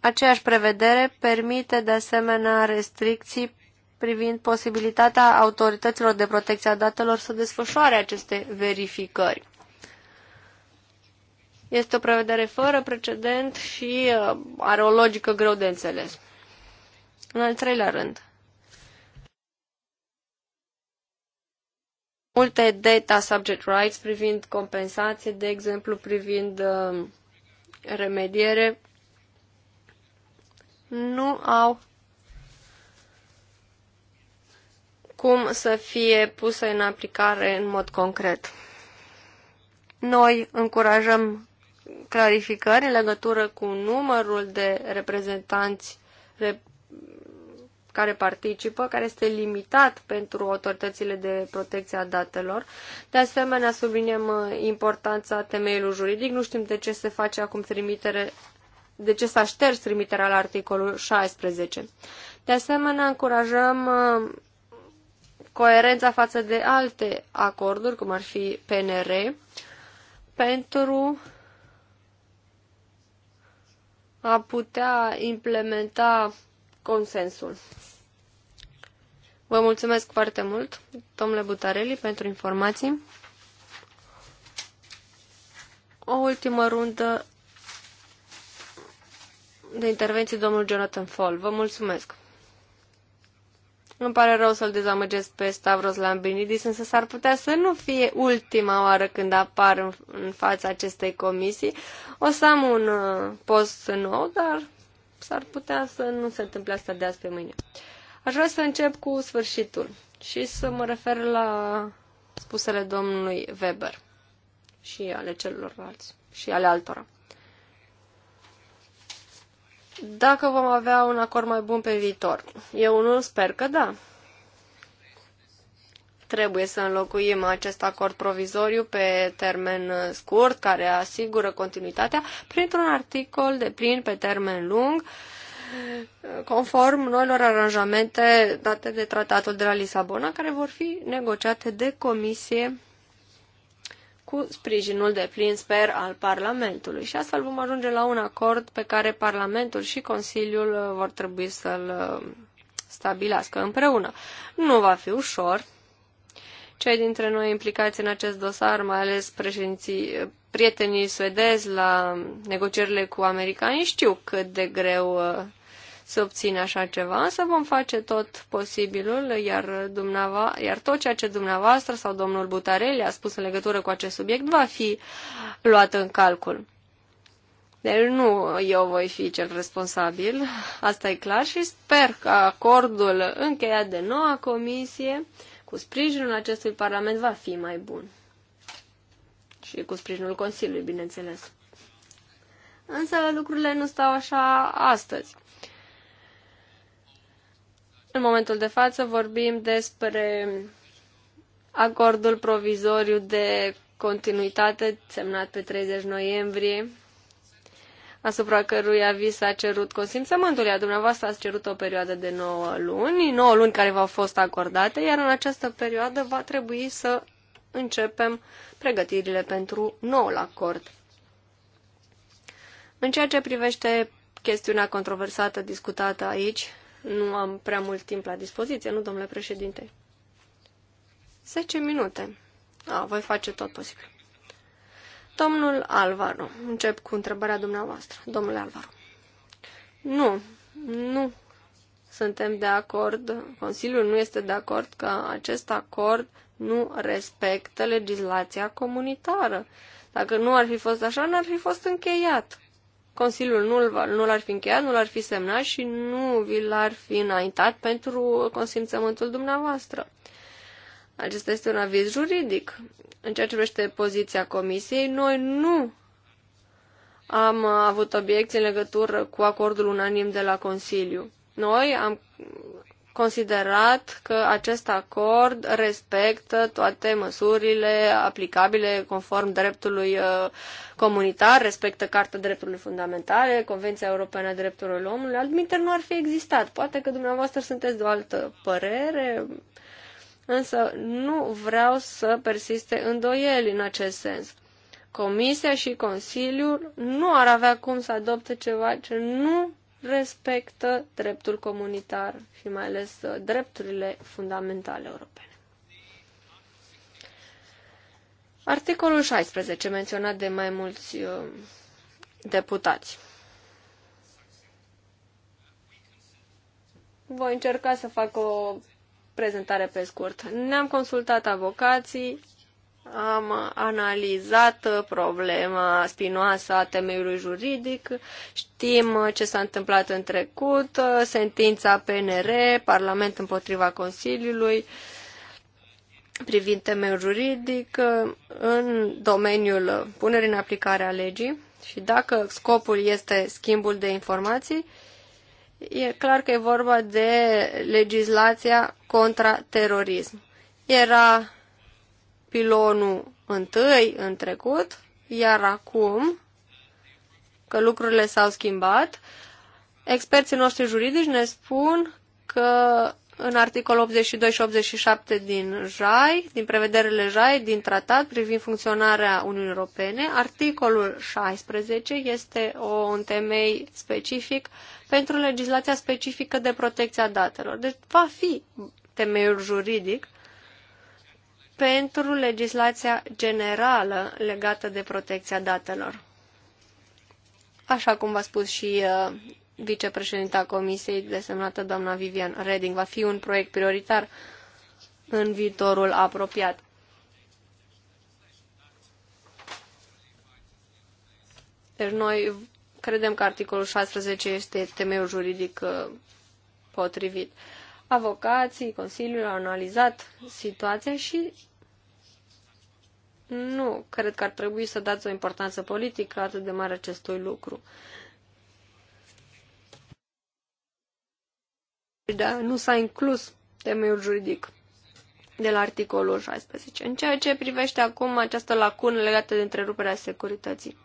Aceeași prevedere permite de asemenea restricții privind posibilitatea autorităților de protecție a datelor să desfășoare aceste verificări. Este o prevedere fără precedent și uh, are o logică greu de înțeles. În al treilea rând, multe data subject rights privind compensație, de exemplu privind uh, remediere, nu au cum să fie pusă în aplicare în mod concret. Noi încurajăm clarificări în legătură cu numărul de reprezentanți care participă, care este limitat pentru autoritățile de protecție a datelor. De asemenea, subliniem uh, importanța temeiului juridic. Nu știm de ce se face acum trimitere, de ce s-a șters trimiterea la articolul 16. De asemenea, încurajăm uh, coerența față de alte acorduri, cum ar fi PNR, pentru a putea implementa consensul. Vă mulțumesc foarte mult, domnule Butareli, pentru informații. O ultimă rundă de intervenții, domnul Jonathan Fall. Vă mulțumesc. Îmi pare rău să-l dezamăgesc pe Stavros Lambinidis, însă s-ar putea să nu fie ultima oară când apar în, în fața acestei comisii. O să am un uh, post nou, dar s-ar putea să nu se întâmple asta de azi pe mâine. Aș vrea să încep cu sfârșitul și să mă refer la spusele domnului Weber și ale celorlalți și ale altora dacă vom avea un acord mai bun pe viitor. Eu nu sper că da. Trebuie să înlocuim acest acord provizoriu pe termen uh, scurt, care asigură continuitatea, printr-un articol de plin pe termen lung, uh, conform noilor aranjamente date de tratatul de la Lisabona, care vor fi negociate de Comisie cu sprijinul de plin, sper, al Parlamentului. Și astfel vom ajunge la un acord pe care Parlamentul și Consiliul uh, vor trebui să-l uh, stabilească împreună. Nu va fi ușor. Cei dintre noi implicați în acest dosar, mai ales președinții, uh, prietenii suedezi la negocierile cu americanii, știu cât de greu să obține așa ceva, însă vom face tot posibilul, iar, dumneava, iar tot ceea ce dumneavoastră sau domnul Butarelli a spus în legătură cu acest subiect va fi luat în calcul. Deci nu eu voi fi cel responsabil, asta e clar și sper că acordul încheiat de noua comisie cu sprijinul acestui parlament va fi mai bun. Și cu sprijinul Consiliului, bineînțeles. Însă lucrurile nu stau așa astăzi. În momentul de față vorbim despre acordul provizoriu de continuitate semnat pe 30 noiembrie, asupra căruia vi s-a cerut consimțământul, iar dumneavoastră ați cerut o perioadă de 9 luni, 9 luni care v-au fost acordate, iar în această perioadă va trebui să începem pregătirile pentru noul acord. În ceea ce privește chestiunea controversată discutată aici, nu am prea mult timp la dispoziție, nu, domnule președinte? 10 minute. A, voi face tot posibil. Domnul Alvaro, încep cu întrebarea dumneavoastră. Domnule Alvaro. Nu, nu suntem de acord, Consiliul nu este de acord că acest acord nu respectă legislația comunitară. Dacă nu ar fi fost așa, n-ar fi fost încheiat. Consiliul nu, nu l-ar fi încheiat, nu l-ar fi semnat și nu vi l-ar fi înaintat pentru consimțământul dumneavoastră. Acesta este un aviz juridic. În ceea ce privește poziția Comisiei, noi nu am avut obiecții în legătură cu acordul unanim de la Consiliu. Noi am considerat că acest acord respectă toate măsurile aplicabile conform dreptului uh, comunitar, respectă Carta Drepturilor Fundamentale, Convenția Europeană a Drepturilor Omului, altminteri nu ar fi existat. Poate că dumneavoastră sunteți de o altă părere, însă nu vreau să persiste îndoieli în acest sens. Comisia și Consiliul nu ar avea cum să adopte ceva ce nu respectă dreptul comunitar și mai ales uh, drepturile fundamentale europene. Articolul 16, menționat de mai mulți uh, deputați. Voi încerca să fac o prezentare pe scurt. Ne-am consultat avocații, am analizat uh, problema spinoasă a temeiului juridic, știm uh, ce s-a întâmplat în trecut, uh, sentința PNR, Parlament împotriva Consiliului, privind temeiul juridic în domeniul punerii în aplicare a legii și dacă scopul este schimbul de informații, e clar că e vorba de legislația contra terorism. Era pilonul întâi în trecut, iar acum că lucrurile s-au schimbat, experții noștri juridici ne spun că în articolul 82 și 87 din JAI, din prevederile JAI, din tratat privind funcționarea Uniunii Europene, articolul 16 este o, un temei specific pentru legislația specifică de protecția datelor. Deci va fi temeiul juridic pentru legislația generală legată de protecția datelor. Așa cum v-a spus și uh, vicepreședinta Comisiei desemnată doamna Vivian Reding, va fi un proiect prioritar în viitorul apropiat. Deci noi credem că articolul 16 este temeiul juridic uh, potrivit. Avocații Consiliul au analizat situația și nu cred că ar trebui să dați o importanță politică atât de mare acestui lucru. Da, nu s-a inclus temeiul juridic de la articolul 16. În ceea ce privește acum această lacună legată de întreruperea securității.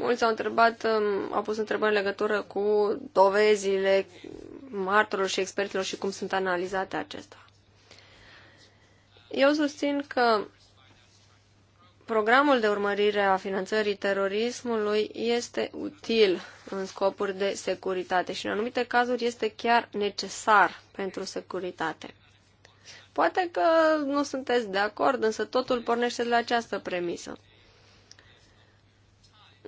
mulți au întrebat, au pus întrebări în legătură cu dovezile martorilor și experților și cum sunt analizate acestea. Eu susțin că programul de urmărire a finanțării terorismului este util în scopuri de securitate și în anumite cazuri este chiar necesar pentru securitate. Poate că nu sunteți de acord, însă totul pornește de la această premisă.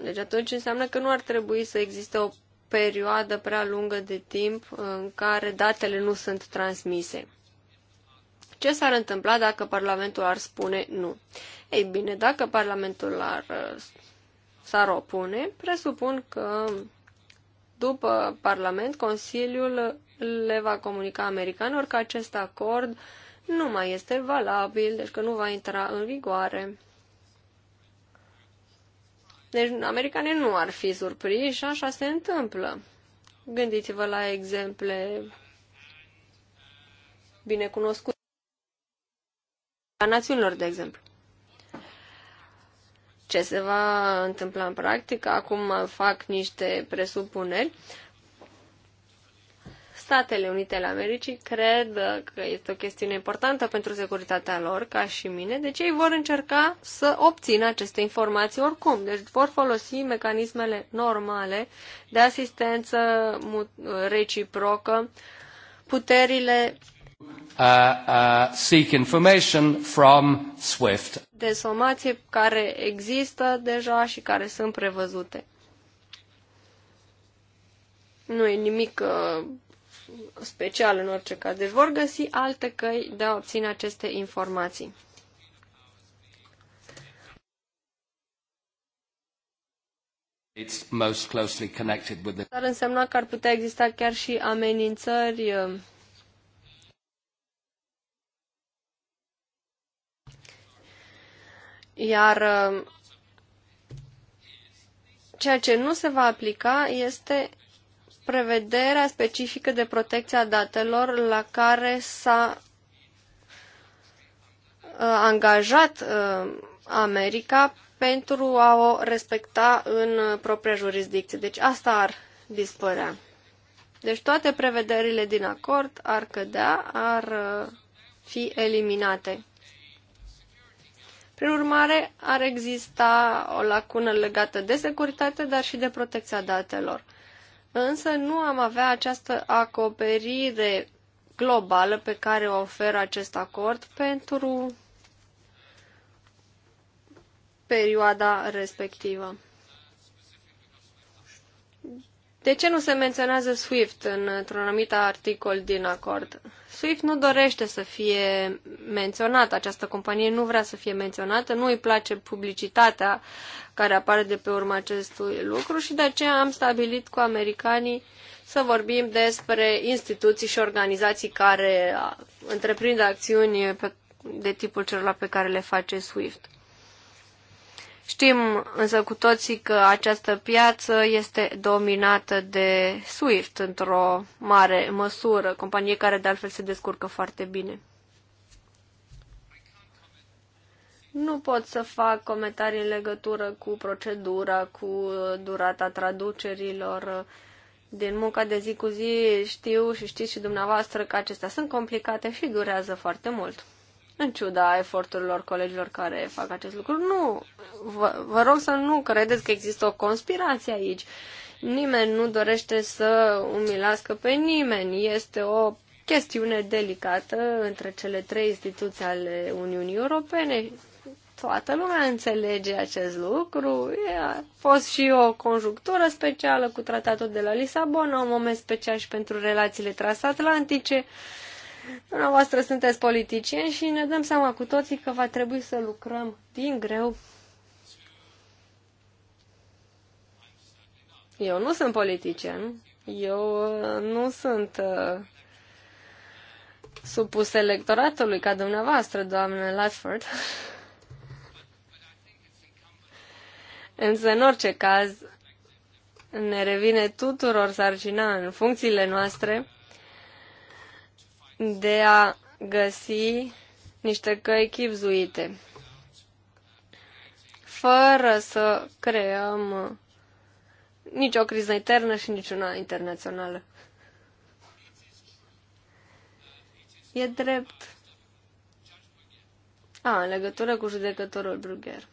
Deci atunci înseamnă că nu ar trebui să existe o perioadă prea lungă de timp în care datele nu sunt transmise. Ce s-ar întâmpla dacă Parlamentul ar spune nu? Ei bine, dacă Parlamentul ar, s-ar opune, presupun că după Parlament, Consiliul le va comunica americanilor că acest acord nu mai este valabil, deci că nu va intra în vigoare. Deci americanii nu ar fi surprinși și așa se întâmplă. Gândiți-vă la exemple binecunoscute a națiunilor, de exemplu. Ce se va întâmpla în practică? Acum fac niște presupuneri. Statele Unite ale Americii cred că este o chestiune importantă pentru securitatea lor, ca și mine, deci ei vor încerca să obțină aceste informații oricum. Deci vor folosi mecanismele normale de asistență reciprocă, puterile uh, uh, seek information from SWIFT. De somație care există deja și care sunt prevăzute nu e nimic uh, special în orice caz. Deci vor găsi alte căi de a obține aceste informații. It's most closely connected with the... Ar însemna că ar putea exista chiar și amenințări uh, Iar uh, ceea ce nu se va aplica este prevederea specifică de protecție a datelor la care s-a uh, angajat uh, America pentru a o respecta în propria jurisdicție. Deci asta ar dispărea. Deci toate prevederile din acord ar cădea, ar uh, fi eliminate. Prin urmare, ar exista o lacună legată de securitate, dar și de protecția datelor însă nu am avea această acoperire globală pe care o oferă acest acord pentru perioada respectivă. De ce nu se menționează SWIFT într-un anumit articol din acord? SWIFT nu dorește să fie menționată, această companie nu vrea să fie menționată, nu îi place publicitatea care apare de pe urma acestui lucru și de aceea am stabilit cu americanii să vorbim despre instituții și organizații care întreprind acțiuni de tipul celor pe care le face SWIFT. Știm însă cu toții că această piață este dominată de SWIFT într-o mare măsură, companie care de altfel se descurcă foarte bine. Nu pot să fac comentarii în legătură cu procedura, cu durata traducerilor. Din munca de zi cu zi știu și știți și dumneavoastră că acestea sunt complicate și durează foarte mult în ciuda eforturilor colegilor care fac acest lucru. Nu, vă, vă rog să nu credeți că există o conspirație aici. Nimeni nu dorește să umilească pe nimeni. Este o chestiune delicată între cele trei instituții ale Uniunii Europene. Toată lumea înțelege acest lucru. A fost și o conjunctură specială cu tratatul de la Lisabona, un moment special și pentru relațiile transatlantice. Uh, Dumneavoastră sunteți politicieni și ne dăm seama cu toții că va trebui să lucrăm din greu. Eu nu sunt politician. Eu uh, nu sunt uh, supus electoratului ca dumneavoastră, doamne Latford. *laughs* Însă, în orice caz, ne revine tuturor sarcina în funcțiile noastre de a găsi niște căi chipzuite, fără să creăm nici o criză internă și nici una internațională. E drept. A, în legătură cu judecătorul Brugger.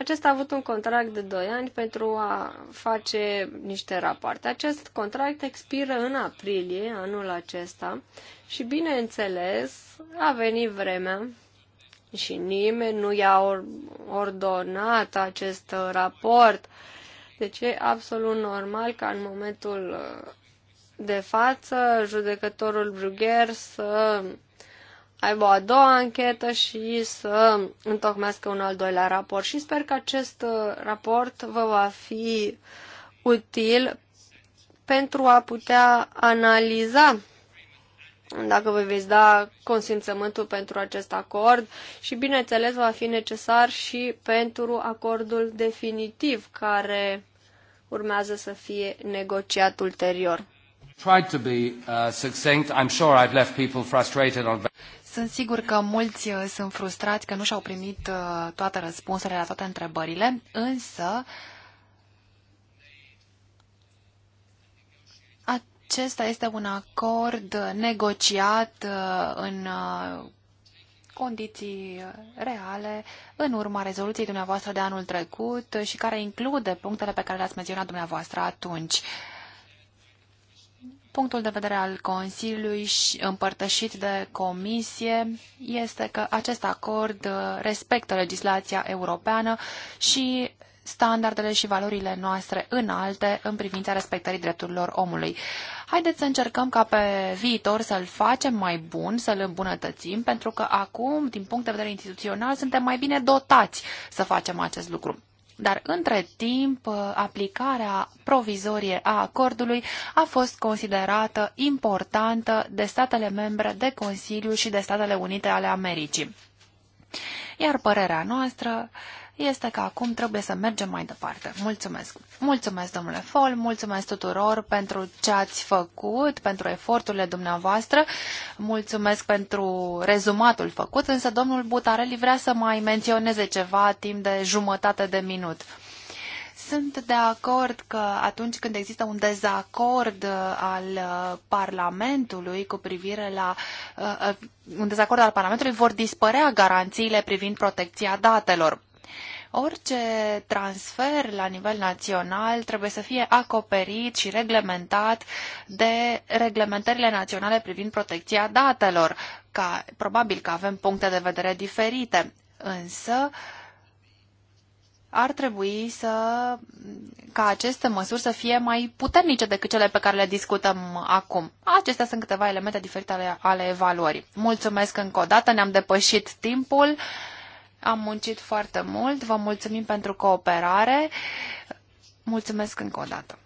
Acesta a avut un contract de 2 ani pentru a face niște rapoarte. Acest contract expiră în aprilie anul acesta și, bineînțeles, a venit vremea și nimeni nu i-a ordonat acest raport. Deci e absolut normal ca în momentul de față judecătorul Brugher să aibă o a doua anchetă și să întocmească un al doilea raport. Și sper că acest uh, raport vă va fi util pentru a putea analiza dacă vă veți da consimțământul pentru acest acord și, bineînțeles, va fi necesar și pentru acordul definitiv care urmează să fie negociat ulterior. Sunt sigur că mulți uh, sunt frustrați că nu și-au primit uh, toate răspunsurile la toate întrebările, însă acesta este un acord negociat uh, în condiții reale în urma rezoluției dumneavoastră de anul trecut și care include punctele pe care le-ați menționat dumneavoastră atunci. Punctul de vedere al Consiliului și împărtășit de Comisie este că acest acord uh, respectă legislația europeană și standardele și valorile noastre înalte în privința respectării drepturilor omului. Haideți să încercăm ca pe viitor să-l facem mai bun, să-l îmbunătățim, pentru că acum, din punct de vedere instituțional, suntem mai bine dotați să facem acest lucru. Dar între timp, uh, aplicarea provizorie a acordului a fost considerată importantă de statele membre, de Consiliu și de Statele Unite ale Americii. Iar părerea noastră este că acum trebuie să mergem mai departe. Mulțumesc! Mulțumesc, domnule Fol, mulțumesc tuturor pentru ce ați făcut, pentru eforturile dumneavoastră, mulțumesc pentru rezumatul făcut, însă domnul Butareli vrea să mai menționeze ceva timp de jumătate de minut sunt de acord că atunci când există un dezacord uh, al uh, Parlamentului cu privire la uh, un dezacord al Parlamentului vor dispărea garanțiile privind protecția datelor. Orice transfer la nivel național trebuie să fie acoperit și reglementat de reglementările naționale privind protecția datelor, ca probabil că avem puncte de vedere diferite, însă ar trebui să, ca aceste măsuri să fie mai puternice decât cele pe care le discutăm acum. Acestea sunt câteva elemente diferite ale, ale evaluării. Mulțumesc încă o dată, ne-am depășit timpul. Am muncit foarte mult, vă mulțumim pentru cooperare. Mulțumesc încă o dată.